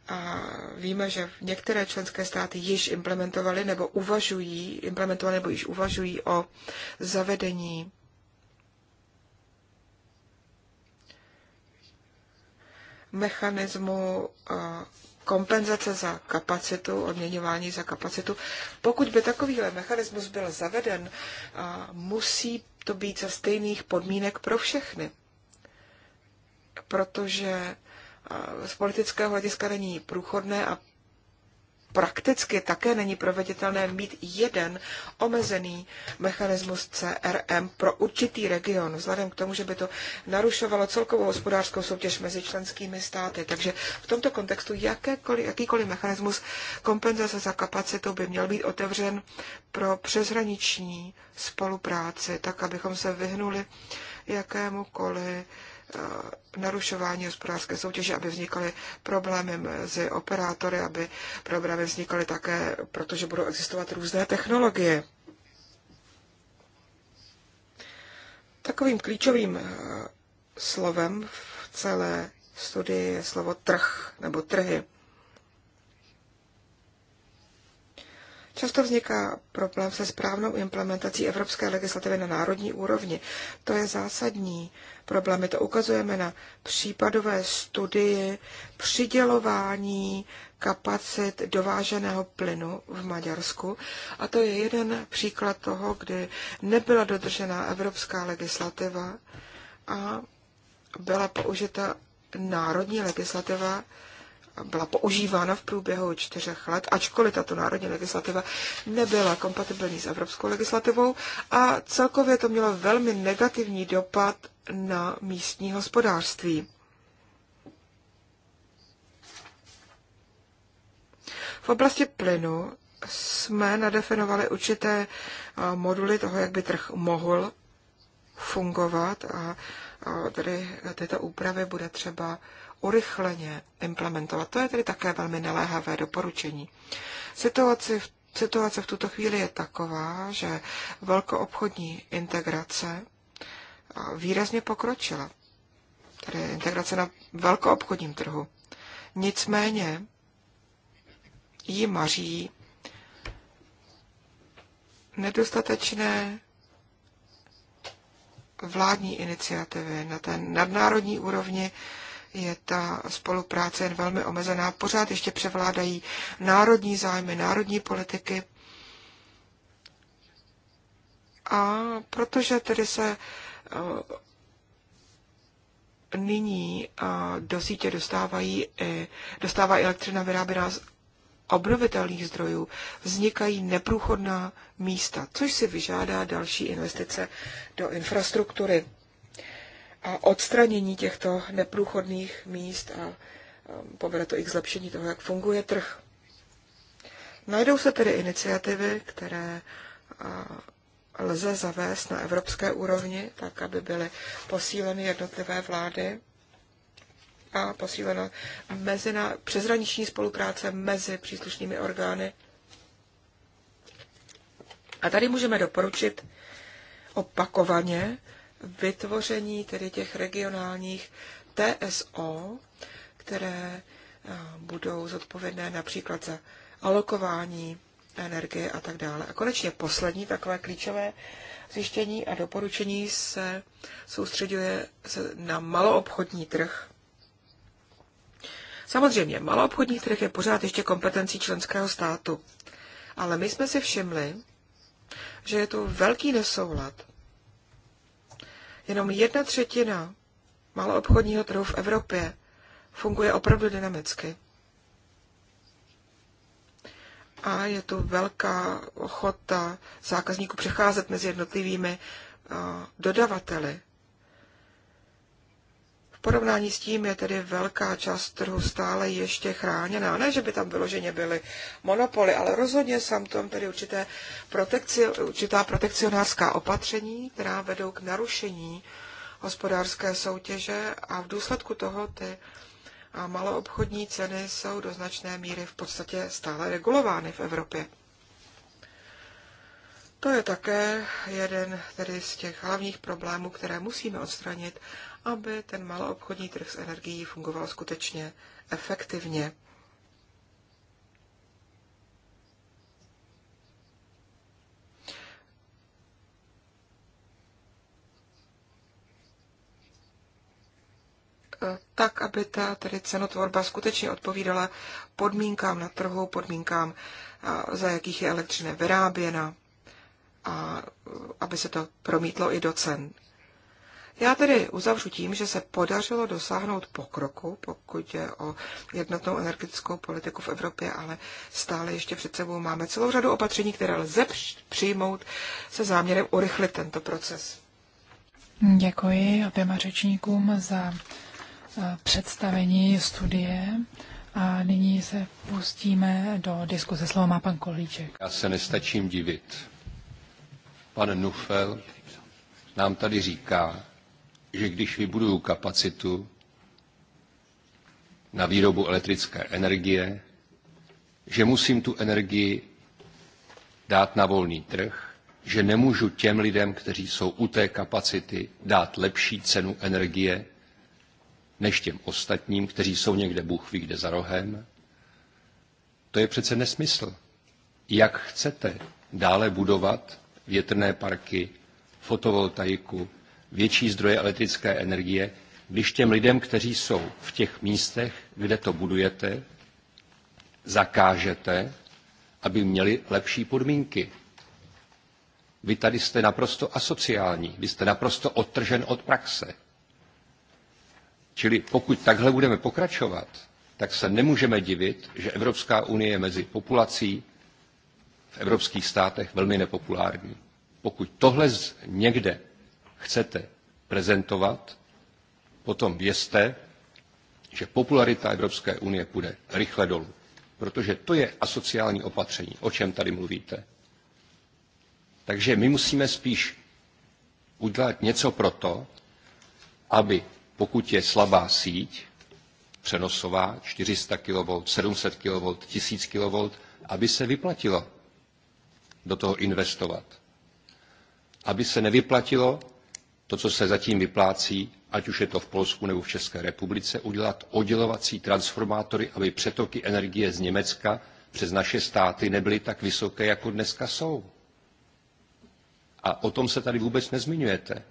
a víme, že některé členské státy již implementovaly nebo uvažují, implementovaly nebo již uvažují o zavedení mechanismu eh, kompenzace za kapacitu, odměňování za kapacitu. Pokud by takovýhle mechanismus byl zaveden, eh, musí to být za stejných podmínek pro všechny. Protože z politického hlediska není průchodné a prakticky také není proveditelné mít jeden omezený mechanismus CRM pro určitý region, vzhledem k tomu, že by to narušovalo celkovou hospodářskou soutěž mezi členskými státy. Takže v tomto kontextu jakékoliv, jakýkoliv mechanismus kompenzace za kapacitu by měl být otevřen pro přeshraniční spolupráci, tak abychom se vyhnuli jakémukoliv Eh, narušování hospodářské soutěže, aby vznikaly problémy mezi operátory, aby problémy vznikaly také, protože budou existovat různé technologie. Takovým klíčovým eh, slovem v celé studii je slovo trh nebo trhy. Často vzniká problém se správnou implementací evropské legislativy na národní úrovni. To je zásadní problém. My to ukazujeme na případové studii přidělování kapacit dováženého plynu v Maďarsku. A to je jeden příklad toho, kdy nebyla dodržena evropská legislativa a byla použita národní legislativa, byla používána v průběhu čtyřech let, ačkoliv tato národní legislativa nebyla kompatibilní s evropskou legislativou a celkově to mělo velmi negativní dopad na místní hospodářství. V oblasti plynu jsme nadefinovali určité moduly toho, jak by trh mohl fungovat a tedy tyto úpravy bude třeba urychleně implementovat. To je tedy také velmi naléhavé doporučení. Situace v Situace v tuto chvíli je taková, že velkoobchodní integrace výrazně pokročila, tedy integrace na velkoobchodním trhu. Nicméně jí maří nedostatečné vládní iniciativy na té nadnárodní úrovni je ta spolupráce jen velmi omezená. Pořád ještě převládají národní zájmy, národní politiky. A protože tedy se eh, nyní eh, do sítě dostávají, dostává elektřina vyráběná z obnovitelných zdrojů, vznikají neprůchodná místa, což si vyžádá další investice do infrastruktury a odstranění těchto neprůchodných míst a um, povede to i k zlepšení toho, jak funguje trh. Najdou se tedy iniciativy, které lze zavést na evropské úrovni, tak aby byly posíleny jednotlivé vlády a posílena mezina, přezraniční spolupráce mezi příslušnými orgány. A tady můžeme doporučit opakovaně vytvoření tedy těch regionálních TSO, které eh, budou zodpovědné například za alokování energie a tak dále. A konečně poslední takové klíčové zjištění a doporučení se soustředuje na maloobchodní trh. Samozřejmě, maloobchodní trh je pořád ještě kompetencí členského státu, ale my jsme si všimli, že je tu velký nesoulad Jenom jedna třetina maloobchodního trhu v Evropě funguje opravdu dynamicky. A je tu velká ochota zákazníků přecházet mezi jednotlivými dodavateli porovnání s tím je tedy velká část trhu stále ještě chráněná. Ne, že by tam vyloženě byly monopoly, ale rozhodně jsou tam tedy určité protekci- určitá protekcionářská opatření, která vedou k narušení hospodářské soutěže a v důsledku toho ty maloobchodní ceny jsou do značné míry v podstatě stále regulovány v Evropě. To je také jeden tedy z těch hlavních problémů, které musíme odstranit aby ten maloobchodní trh s energií fungoval skutečně efektivně. tak, aby ta tedy cenotvorba skutečně odpovídala podmínkám na trhu, podmínkám, za jakých je elektřina vyráběna a aby se to promítlo i do cen. Já tedy uzavřu tím, že se podařilo dosáhnout pokroku, pokud je o jednotnou energetickou politiku v Evropě, ale stále ještě před sebou máme celou řadu opatření, které lze přijmout se záměrem urychlit tento proces. Děkuji oběma řečníkům za eh, představení studie. A nyní se pustíme do diskuze. Slovo má pan Kolíček. Já se nestačím divit. Pan Nufel nám tady říká, že když vybuduju kapacitu na výrobu elektrické energie, že musím tu energii dát na volný trh, že nemůžu těm lidem, kteří jsou u té kapacity, dát lepší cenu energie než těm ostatním, kteří jsou někde Bůh ví kde za rohem. To je přece nesmysl. Jak chcete dále budovat větrné parky, fotovoltaiku, větší zdroje elektrické energie, když těm lidem, kteří jsou v těch místech, kde to budujete, zakážete, aby měli lepší podmínky. Vy tady jste naprosto asociální, vy jste naprosto odtržen od praxe. Čili pokud takhle budeme pokračovat, tak se nemůžeme divit, že Evropská unie je mezi populací v evropských státech velmi nepopulární. Pokud tohle někde chcete prezentovat, potom vězte, že popularita Evropské unie půjde rychle dolů. Protože to je asociální opatření, o čem tady mluvíte. Takže my musíme spíš udělat něco pro to, aby pokud je slabá síť, přenosová, 400 kV, 700 kV, 1000 kV, aby se vyplatilo do toho investovat. Aby se nevyplatilo to, co se zatím vyplácí, ať už je to v Polsku nebo v České republice, udělat oddělovací transformátory, aby přetoky energie z Německa přes naše státy nebyly tak vysoké, jako dneska jsou. A o tom se tady vůbec nezmiňujete.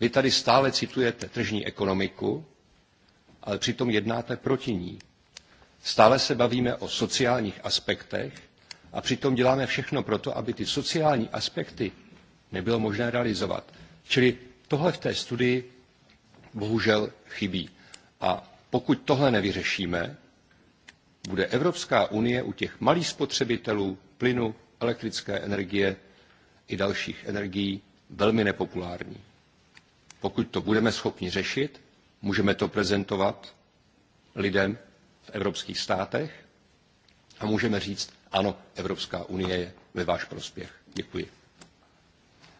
Vy tady stále citujete tržní ekonomiku, ale přitom jednáte proti ní. Stále se bavíme o sociálních aspektech a přitom děláme všechno pro to, aby ty sociální aspekty nebylo možné realizovat. Čili tohle v té studii bohužel chybí. A pokud tohle nevyřešíme, bude Evropská unie u těch malých spotřebitelů plynu, elektrické energie i dalších energií velmi nepopulární. Pokud to budeme schopni řešit, můžeme to prezentovat lidem v evropských státech a můžeme říct, ano, Evropská unie je ve váš prospěch. Děkuji.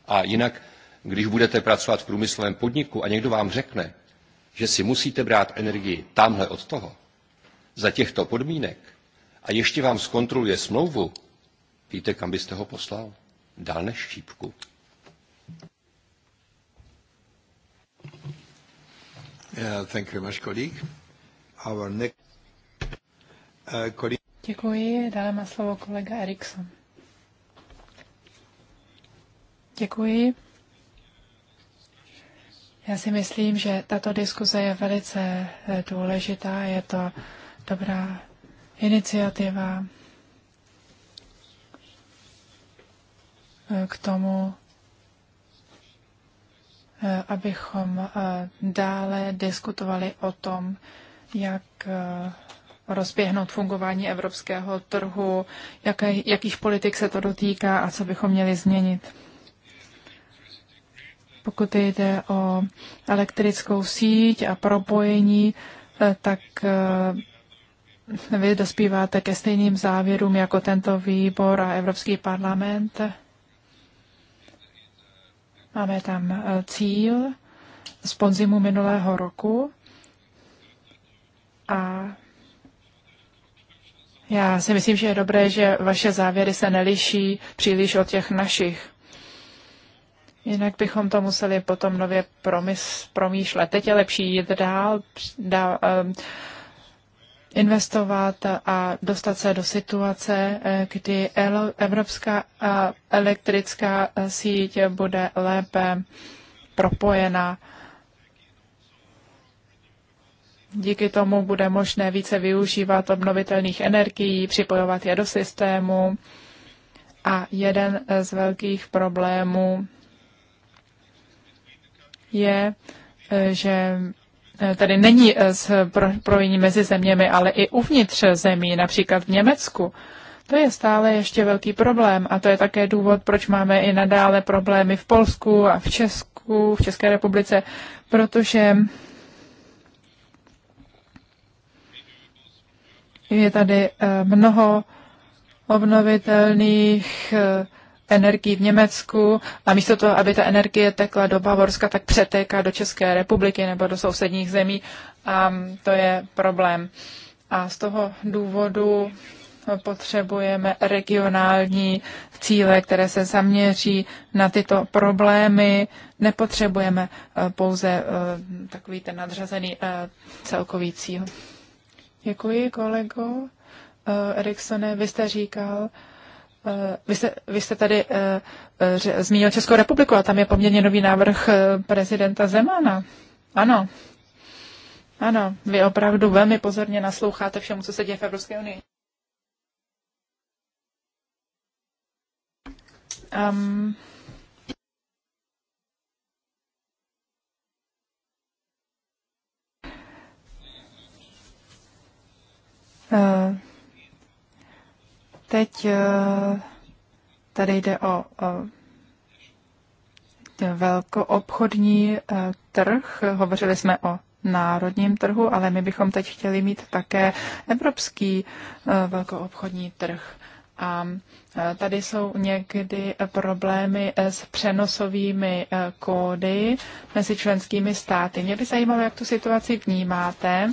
A jinak když budete pracovat v průmyslovém podniku a někdo vám řekne, že si musíte brát energii tamhle od toho, za těchto podmínek, a ještě vám zkontroluje smlouvu, víte, kam byste ho poslal? Dál než štípku. Uh, Děkuji. Dále má slovo kolega Erikson. Děkuji. Já si myslím, že tato diskuze je velice eh, důležitá, je to dobrá iniciativa eh, k tomu, eh, abychom dále diskutovali o tom, jak rozběhnout fungování evropského trhu, jaké, jakých politik se to dotýká a co bychom měli změnit. Pokud jde o elektrickou síť a propojení, eh, tak eh, vy dospíváte ke stejným závěrům jako tento výbor a Evropský parlament. Máme tam eh, cíl z podzimu minulého roku a já si myslím, že je dobré, že vaše závěry se neliší příliš od těch našich. Jinak bychom to museli potom nově promys, promýšlet. Teď je lepší jít dál, dál um, ehm, investovat a dostat se do situace, eh, kdy evropská elektrická eh, síť bude lépe propojena. Díky tomu bude možné více využívat obnovitelných energií, připojovat je do systému. A jeden z velkých problémů je, eh, že eh, tady není eh, propojení mezi zeměmi, ale i uvnitř zemí, například v Německu. To je stále ještě velký problém a to je také důvod, proč máme i nadále problémy v Polsku a v Česku, v České republice, protože je tady mnoho obnovitelných energii v Německu a místo toho, aby ta energie tekla do Bavorska, tak přetéká do České republiky nebo do sousedních zemí a to je problém. A z toho důvodu potřebujeme regionální cíle, které se zaměří na tyto problémy. Nepotřebujeme eh, pouze eh, takový ten nadřazený eh, celkový cíl. Děkuji, kolego. Eriksone, vy jste říkal, Eh, vy jste, vy jste tady eh, eh, zmínil Českou republiku a tam je poměrně nový návrh prezidenta Zemana. Ano. Ano, vy opravdu velmi pozorně nasloucháte všemu, co se děje v Evropské unii. Um, uh, Teď eh, tady jde o, o velkoobchodní eh, trh. Hovořili jsme o národním trhu, ale my bychom teď chtěli mít také evropský eh, velkoobchodní trh. A tady jsou někdy problémy s přenosovými kódy mezi členskými státy. Mě by zajímalo, jak tu situaci vnímáte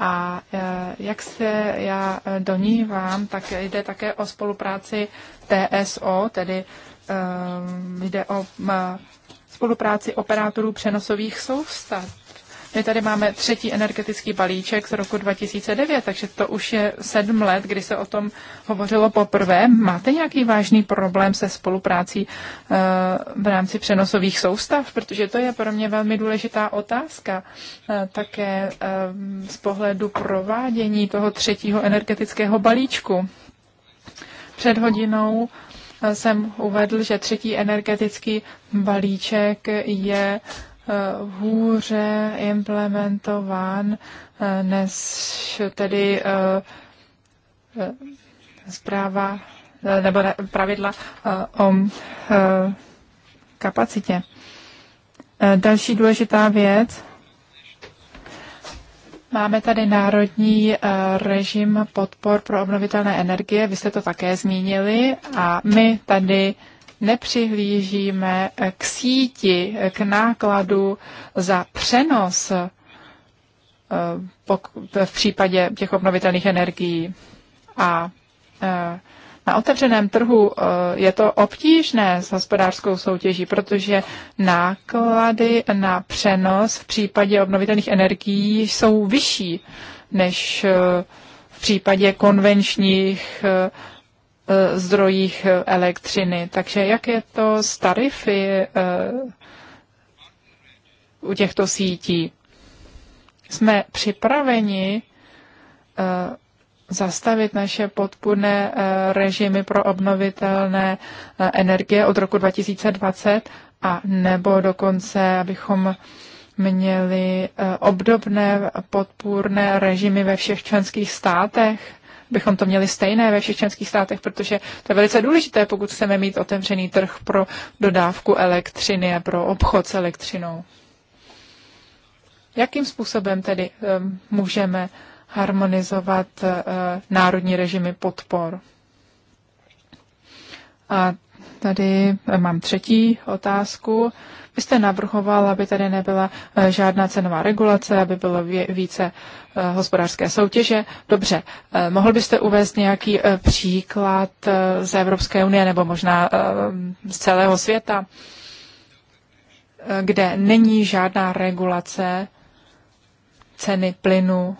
a e, jak se já donívám, tak jde také o spolupráci TSO, tedy e, jde o e, spolupráci operátorů přenosových soustav. My tady máme třetí energetický balíček z roku 2009, takže to už je sedm let, kdy se o tom hovořilo poprvé. Máte nějaký vážný problém se spoluprácí eh, v rámci přenosových soustav? Protože to je pro mě velmi důležitá otázka. Eh, také eh, z pohledu provádění toho třetího energetického balíčku. Před hodinou jsem uvedl, že třetí energetický balíček je hůře implementován, než tedy eh, zpráva eh, nebo pravidla eh, o kapacitě. Další důležitá věc. Máme tady národní režim podpor pro obnovitelné energie, vy jste to také zmínili, a my tady nepřihlížíme k síti, k nákladu za přenos eh, v případě těch obnovitelných energií. A eh, na otevřeném trhu eh, je to obtížné s hospodářskou soutěží, protože náklady na přenos v případě obnovitelných energií jsou vyšší než v případě konvenčních Eh, zdrojích eh, elektřiny. Takže jak je to s tarify eh, u těchto sítí? Jsme připraveni zastavit naše podpůrné režimy pro obnovitelné energie od roku 2020 a nebo dokonce, abychom měli obdobné podpůrné režimy ve všech členských státech? bychom to měli stejné ve všech členských státech, protože to je velice důležité, pokud chceme mít otevřený trh pro dodávku elektřiny a pro obchod s elektřinou. Jakým způsobem tedy um, můžeme harmonizovat uh, národní režimy podpor? A Tady eh, mám třetí otázku. Vy jste navrhoval, aby tady nebyla eh, žádná cenová regulace, aby bylo více eh, hospodářské soutěže. Dobře, mohl byste uvést nějaký příklad z Evropské unie nebo možná z celého světa, kde není žádná regulace ceny plynu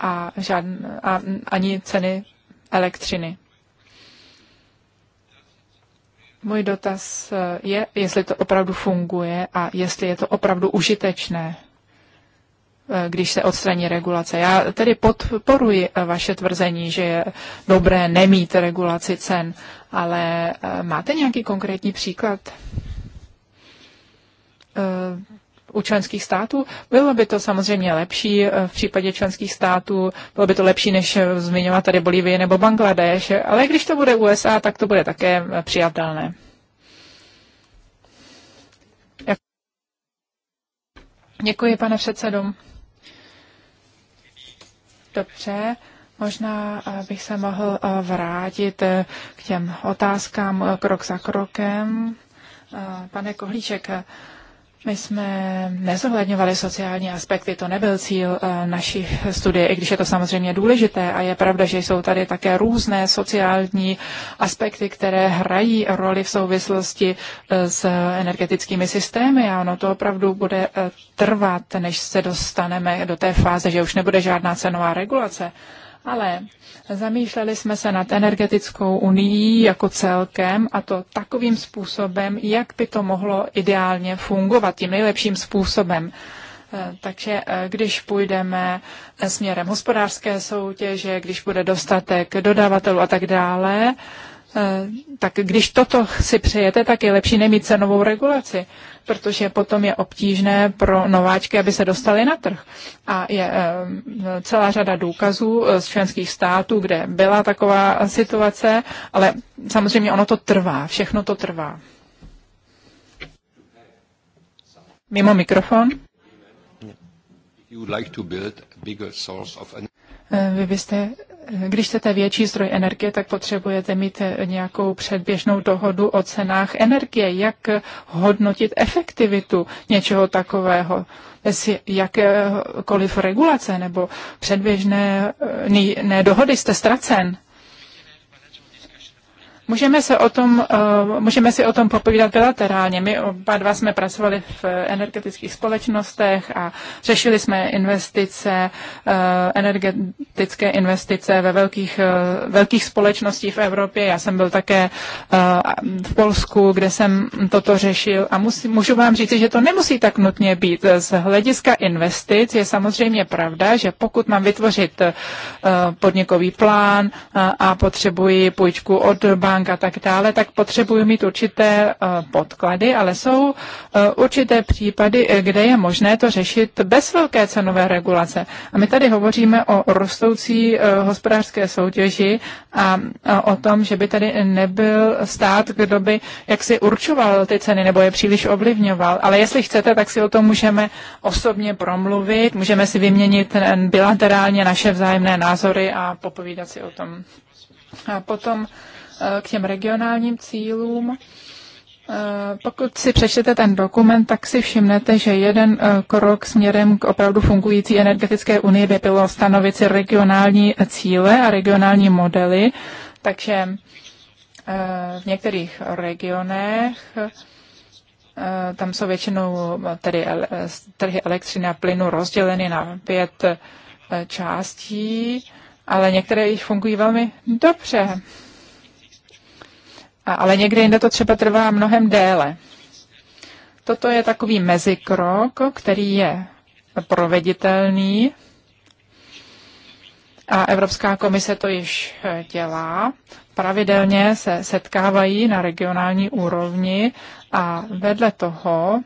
a, žádn, a ani ceny elektřiny? Můj dotaz eh, je, jestli to opravdu funguje a jestli je to opravdu užitečné, eh, když se odstraní regulace. Já tedy podporuji eh, vaše tvrzení, že je dobré nemít regulaci cen, ale máte nějaký konkrétní příklad u členských států. Bylo by to samozřejmě lepší eh, v případě členských států, bylo by to lepší, než eh, zmiňovat tady Bolívie nebo Bangladeš, ale když to bude USA, tak to bude také eh, přijatelné. Děkuji, pane předsedo. Dobře, možná bych se mohl vrátit k těm otázkám krok za krokem. Pane Kohlíček, my jsme nezohledňovali sociální aspekty, to nebyl cíl eh, naší studie, i když je to samozřejmě důležité a je pravda, že jsou tady také různé sociální aspekty, které hrají roli v souvislosti eh, s energetickými systémy a ono to opravdu bude eh, trvat, než se dostaneme do té fáze, že už nebude žádná cenová regulace ale zamýšleli jsme se nad energetickou unii jako celkem a to takovým způsobem, jak by to mohlo ideálně fungovat, tím nejlepším způsobem. Eh, takže eh, když půjdeme eh, směrem hospodářské soutěže, když bude dostatek dodavatelů a tak dále, Eh, tak když toto si přejete, tak je lepší nemít cenovou regulaci, protože potom je obtížné pro nováčky, aby se dostali na trh. A je eh, celá řada důkazů eh, z členských států, kde byla taková situace, ale samozřejmě ono to trvá, všechno to trvá. Mimo mikrofon. Vy byste když chcete větší zdroj energie, tak potřebujete mít nějakou předběžnou dohodu o cenách energie. Jak hodnotit efektivitu něčeho takového? Bez jakékoliv regulace nebo předběžné ne, ne dohody jste ztracen. Můžeme, se o tom, eh, můžeme si o tom popovídat bilaterálně. My oba dva jsme pracovali v eh, energetických společnostech a řešili jsme investice, eh, energetické investice ve velkých, velkých společnostech v Evropě. Já jsem byl také v Polsku, kde jsem toto řešil a musí, můžu vám říct, že to nemusí tak nutně být. Z hlediska investic je samozřejmě pravda, že pokud mám vytvořit podnikový plán a potřebuji půjčku od banky bank a tak dále, tak potřebuji mít určité eh, podklady, ale jsou eh, určité případy, eh, kde je možné to řešit bez velké cenové regulace. A my tady hovoříme o rostoucí hospodářské soutěži a o tom, že by tady nebyl stát, kdo by jaksi určoval ty ceny nebo je příliš ovlivňoval. Ale jestli chcete, tak si o tom můžeme osobně promluvit, můžeme si vyměnit bilaterálně naše vzájemné názory a popovídat si o tom. A potom Eh, k těm regionálním cílům. Eh, pokud si přečtete ten dokument, tak si všimnete, že jeden eh, krok směrem k opravdu fungující energetické unii by bylo stanovit si regionální cíle a regionální modely. Takže v některých regionech tam jsou většinou tedy trhy elektřiny a plynu rozděleny na pět částí, ale některé již fungují velmi dobře. A, ale někde jinde to třeba trvá mnohem déle. Toto je takový mezikrok, který je proveditelný. A Evropská komise to již eh, dělá. Pravidelně se setkávají na regionální úrovni a vedle toho,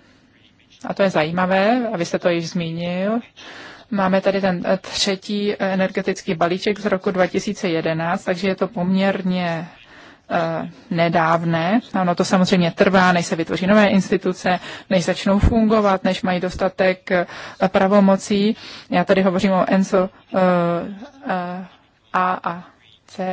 a to je zajímavé, a vy jste to již zmínil, Máme tady ten eh, třetí eh, energetický balíček z roku 2011, takže je to poměrně Eh, nedávné. Ano, to samozřejmě trvá, než se vytvoří nové instituce, než začnou fungovat, než mají dostatek eh, pravomocí. Já tady hovořím o ENSO eh, a, a C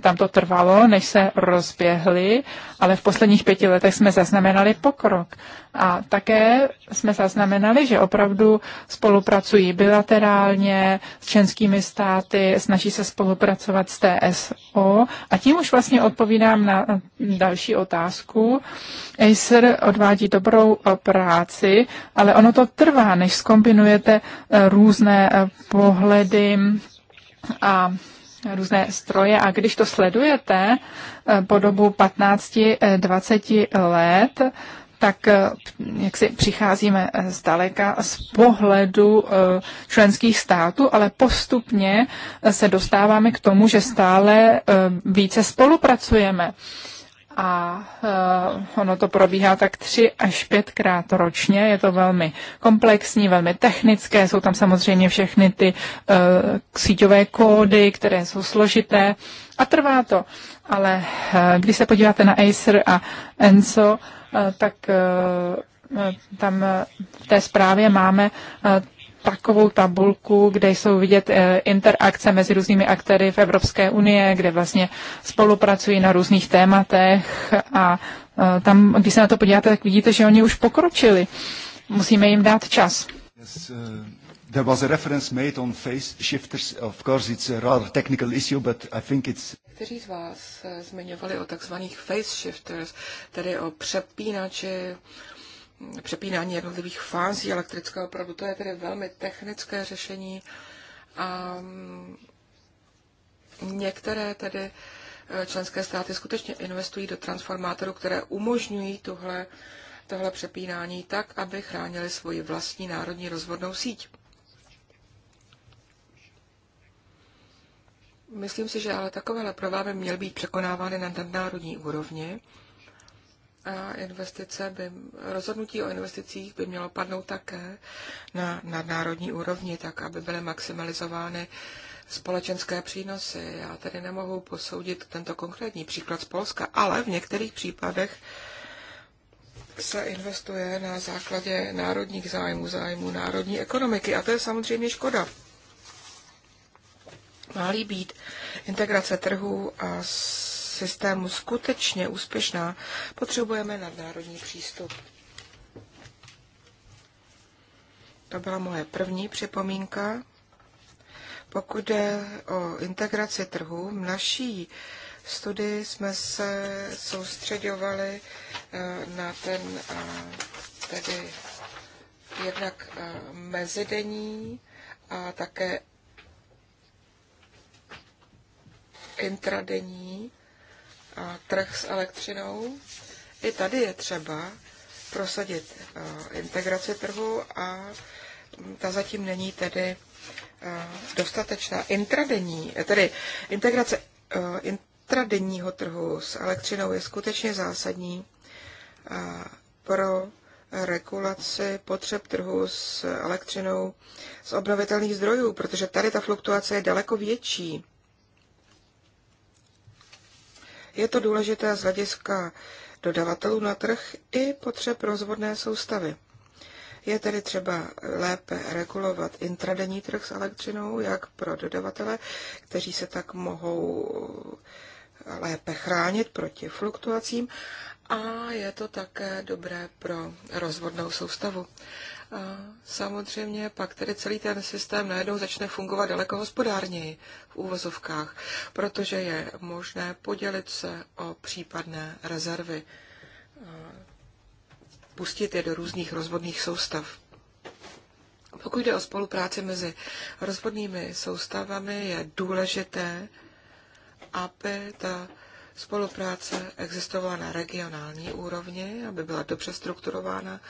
tam to trvalo, než se rozběhly, ale v posledních pěti letech jsme zaznamenali pokrok. A také jsme zaznamenali, že opravdu spolupracují bilaterálně s členskými státy, snaží se spolupracovat s TSO. A tím už vlastně odpovídám na další otázku. Acer odvádí dobrou eh, práci, ale ono to trvá, než skombinujete eh, různé eh, pohledy a různé stroje a když to sledujete eh, po dobu 15-20 eh, let, tak eh, jak si přicházíme zdaleka z pohledu členských států, ale postupně se dostáváme k tomu, že stále více spolupracujeme a eh, ono to probíhá tak tři až pětkrát ročně. Je to velmi komplexní, velmi technické, jsou tam samozřejmě všechny ty eh, síťové kódy, které jsou složité a trvá to. Ale eh, když se podíváte na Acer a Enso, tak tam v té zprávě máme takovou tabulku, kde jsou vidět eh, interakce mezi různými aktéry v Evropské unie, kde vlastně spolupracují na různých tématech a eh, tam, když se na to podíváte, tak vidíte, že oni už pokročili. Musíme jim dát čas. Yes, uh... There was a reference made on phase shifters. Of course, it's a rather technical issue, but I think it's... Někteří z vás eh, zmiňovali o takzvaných phase shifters, tedy o přepínači uh, přepínání jednotlivých fází elektrického proudu. To je tedy velmi technické řešení a mm, některé tedy eh, členské státy skutečně investují do transformátorů, které umožňují tuhle, tohle přepínání tak, aby chránili svoji vlastní národní rozvodnou síť. Myslím si, že ale takovéhle problémy měly být překonávány na nadnárodní úrovni a investice by, rozhodnutí o investicích by mělo padnout také na nadnárodní úrovni, tak aby byly maximalizovány společenské přínosy. Já tedy nemohu posoudit tento konkrétní příklad z Polska, ale v některých případech se investuje na základě národních zájmů, zájmů národní ekonomiky. A to je samozřejmě škoda. Má-li být integrace trhů a s systému skutečně úspěšná, potřebujeme nadnárodní přístup. To byla moje první připomínka. Pokud jde o integraci trhu, v naší studii jsme se soustředovali eh, na ten eh, tedy jednak eh, mezidenní a také intradenní trh s elektřinou. I tady je třeba prosadit eh, integraci trhu a mm, ta zatím není tedy eh, dostatečná. Intradenní, eh, tedy integrace intradenního trhu s elektřinou je skutečně zásadní pro regulaci potřeb trhu s elektřinou z obnovitelných zdrojů, protože tady ta fluktuace je daleko větší. Je to důležité z hlediska dodavatelů na trh i potřeb rozvodné soustavy. Je tedy třeba lépe regulovat intradenní trh s elektřinou, jak pro dodavatele, kteří se tak mohou lépe chránit proti fluktuacím, a je to také dobré pro rozvodnou soustavu samozřejmě pak tedy celý ten systém najednou začne fungovat daleko hospodárněji v úvozovkách, protože je možné podělit se o případné rezervy, pustit je do různých rozvodných soustav. Pokud jde o spolupráci mezi rozvodnými soustavami, je důležité, aby ta spolupráce existovala na regionální úrovni, aby byla dobře strukturována.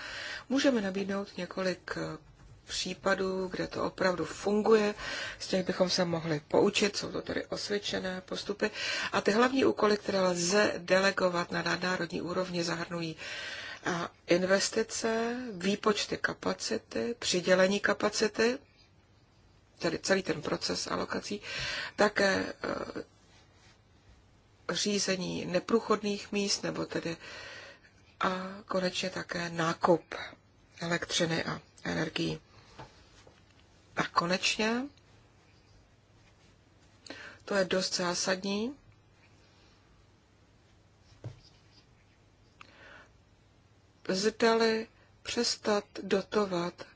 Můžeme nabídnout několik eh, případů, kde to opravdu funguje, z těch bychom se mohli poučit, jsou to tedy osvědčené postupy. A ty hlavní úkoly, které lze delegovat na národní úrovni, zahrnují eh, investice, výpočty kapacity, přidělení kapacity, tedy celý ten proces alokací, také eh, řízení neprůchodných míst, nebo tedy a konečně také nákup elektřiny a energií. A konečně, to je dost zásadní, zdali přestat dotovat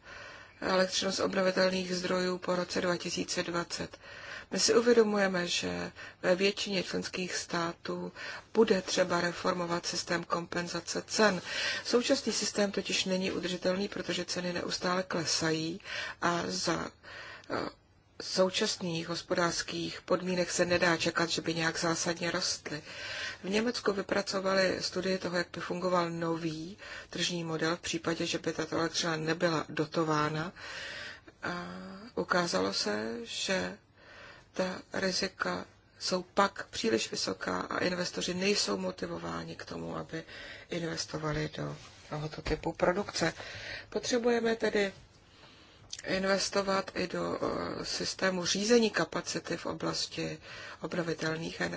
elektřinu z obnovitelných zdrojů po roce 2020. My si uvědomujeme, že ve většině členských států bude třeba reformovat systém kompenzace cen. Současný systém totiž není udržitelný, protože ceny neustále klesají a za eh, současných hospodářských podmínek se nedá čekat, že by nějak zásadně rostly. V Německu vypracovali studie toho, jak by fungoval nový tržní model v případě, že by tato elektřina nebyla dotována. A ukázalo se, že ta rizika jsou pak příliš vysoká a investoři nejsou motivováni k tomu, aby investovali do tohoto typu produkce. Potřebujeme tedy investovat i do eh, systému řízení kapacity v oblasti obnovitelných eh,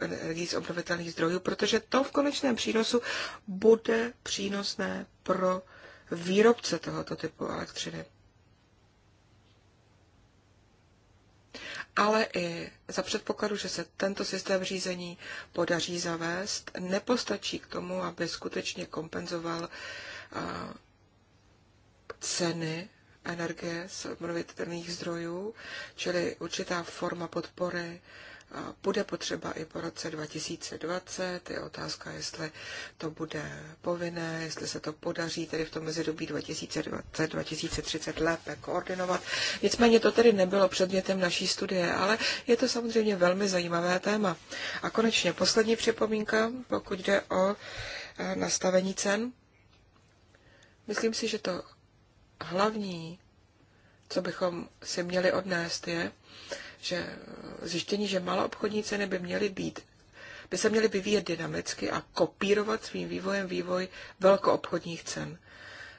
energií z obnovitelných zdrojů, protože to v konečném přínosu bude přínosné pro výrobce tohoto typu elektřiny. ale i za předpokladu, že se tento systém řízení podaří zavést, nepostačí k tomu, aby skutečně kompenzoval ceny energie z obnovitelných zdrojů, čili určitá forma podpory bude potřeba i po roce 2020. Je otázka, jestli to bude povinné, jestli se to podaří tedy v tom mezidobí 2020-2030 lépe koordinovat. Nicméně to tedy nebylo předmětem naší studie, ale je to samozřejmě velmi zajímavé téma. A konečně poslední připomínka, pokud jde o eh, nastavení cen. Myslím si, že to hlavní, co bychom si měli odnést, je, že eh, zjištění, že maloobchodní ceny by měly být by se měly vyvíjet dynamicky a kopírovat svým vývojem vývoj velkoobchodních cen.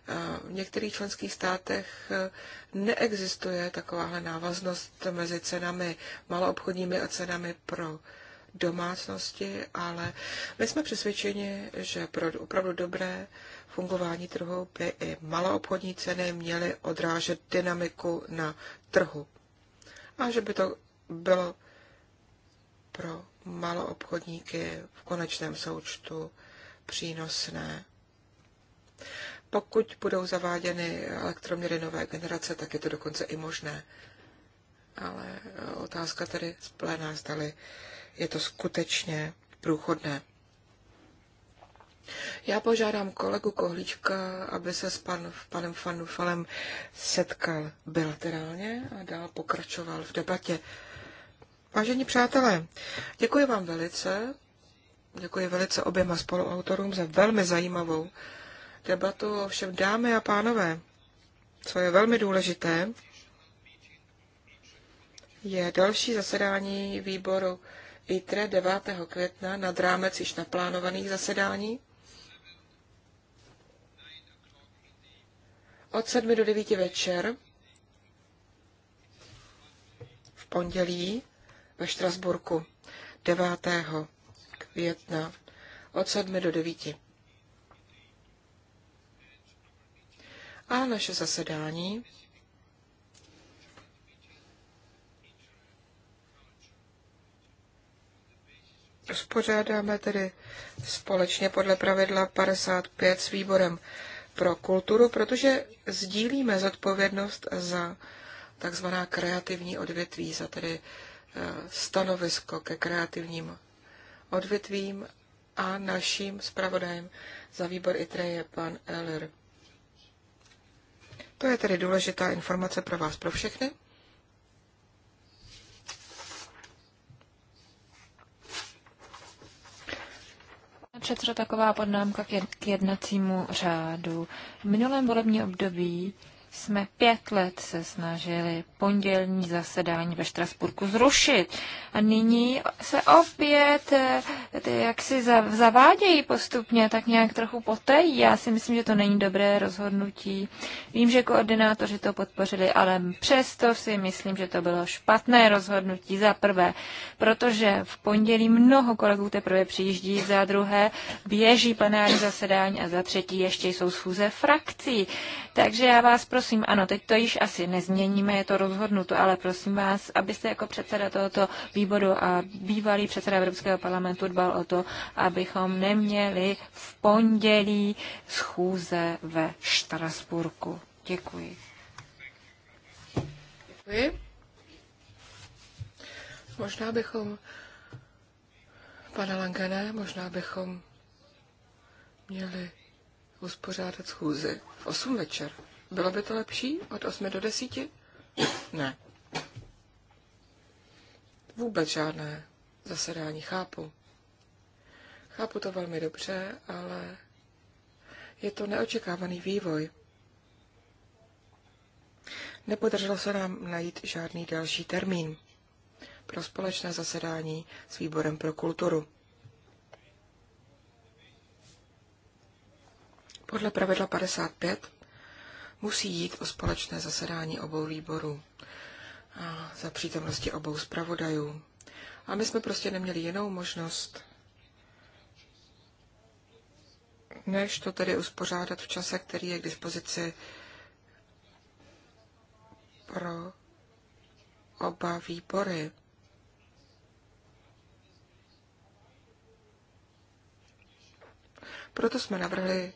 Eh, v některých členských státech eh, neexistuje takováhle návaznost mezi cenami maloobchodními a cenami pro domácnosti, ale my jsme přesvědčeni, že pro opravdu dobré fungování trhu by i maloobchodní ceny měly odrážet dynamiku na trhu a že by to bylo pro maloobchodníky v konečném součtu přínosné. Pokud budou zaváděny elektroměry nové generace, tak je to dokonce i možné. Ale otázka tedy splená, zdali je to skutečně průchodné. Já požádám kolegu Kohlíčka, aby se s pan, panem Fanufalem setkal bilaterálně a dál pokračoval v debatě. Vážení přátelé, děkuji vám velice, děkuji velice oběma spoluautorům za velmi zajímavou debatu. Ovšem, dámy a pánové, co je velmi důležité, je další zasedání výboru ITRE 9. května nad rámec již naplánovaných zasedání. od 7 do 9 večer v pondělí ve Štrasburku 9. května od 7 do 9. A naše zasedání uspořádáme tedy společně podle pravidla 55 s výborem pro kulturu, protože sdílíme zodpovědnost za takzvaná kreativní odvětví, za tedy eh, stanovisko ke kreativním odvětvím a naším zpravodajem za výbor ITRE je pan Eller. To je tedy důležitá informace pro vás, pro všechny. předsedo, taková podnámka k jednacímu řádu. V minulém volebním období jsme pět let se snažili pondělní zasedání ve Štrasburku zrušit. A nyní se opět eh, jak si zavádějí postupně, tak nějak trochu potejí. Já si myslím, že to není dobré rozhodnutí. Vím, že koordinátoři to podpořili, ale přesto si myslím, že to bylo špatné rozhodnutí za prvé, protože v pondělí mnoho kolegů teprve přijíždí, za druhé běží plenární zasedání a za třetí ještě jsou schůze frakcí. Takže já vás prosím, prosím, ano, teď to již asi nezměníme, je to rozhodnuto, ale prosím vás, abyste jako předseda tohoto výboru a bývalý předseda Evropského parlamentu dbal o to, abychom neměli v pondělí schůze ve Štrasburku. Děkuji. Děkuji. Možná bychom, pane Langene, možná bychom měli uspořádat schůzi v 8 večer. Bylo by to lepší od 8 do 10? Ne. Vůbec žádné zasedání, chápu. Chápu to velmi dobře, ale je to neočekávaný vývoj. Nepodařilo se nám najít žádný další termín pro společné zasedání s výborem pro kulturu. Podle pravidla 55 musí jít o společné zasedání obou výborů a za přítomnosti obou zpravodajů. A my jsme prostě neměli jinou možnost, než to tedy uspořádat v čase, který je k dispozici pro oba výbory. Proto jsme navrhli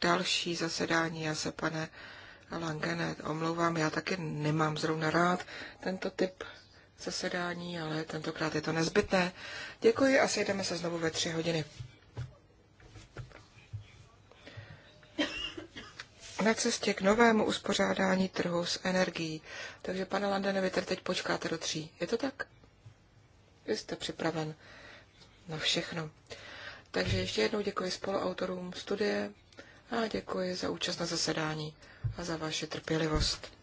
další zasedání. Já se, pane Langene, omlouvám, já taky nemám zrovna rád tento typ zasedání, ale tentokrát je to nezbytné. Děkuji a sejdeme se znovu ve tři hodiny. na cestě k novému uspořádání trhu s energií. Takže, pane Landene, vy teď počkáte do tří. Je to tak? Vy jste připraven na všechno. Takže ještě jednou děkuji spoluautorům studie, a děkuji za účast na zasedání a za vaši trpělivost.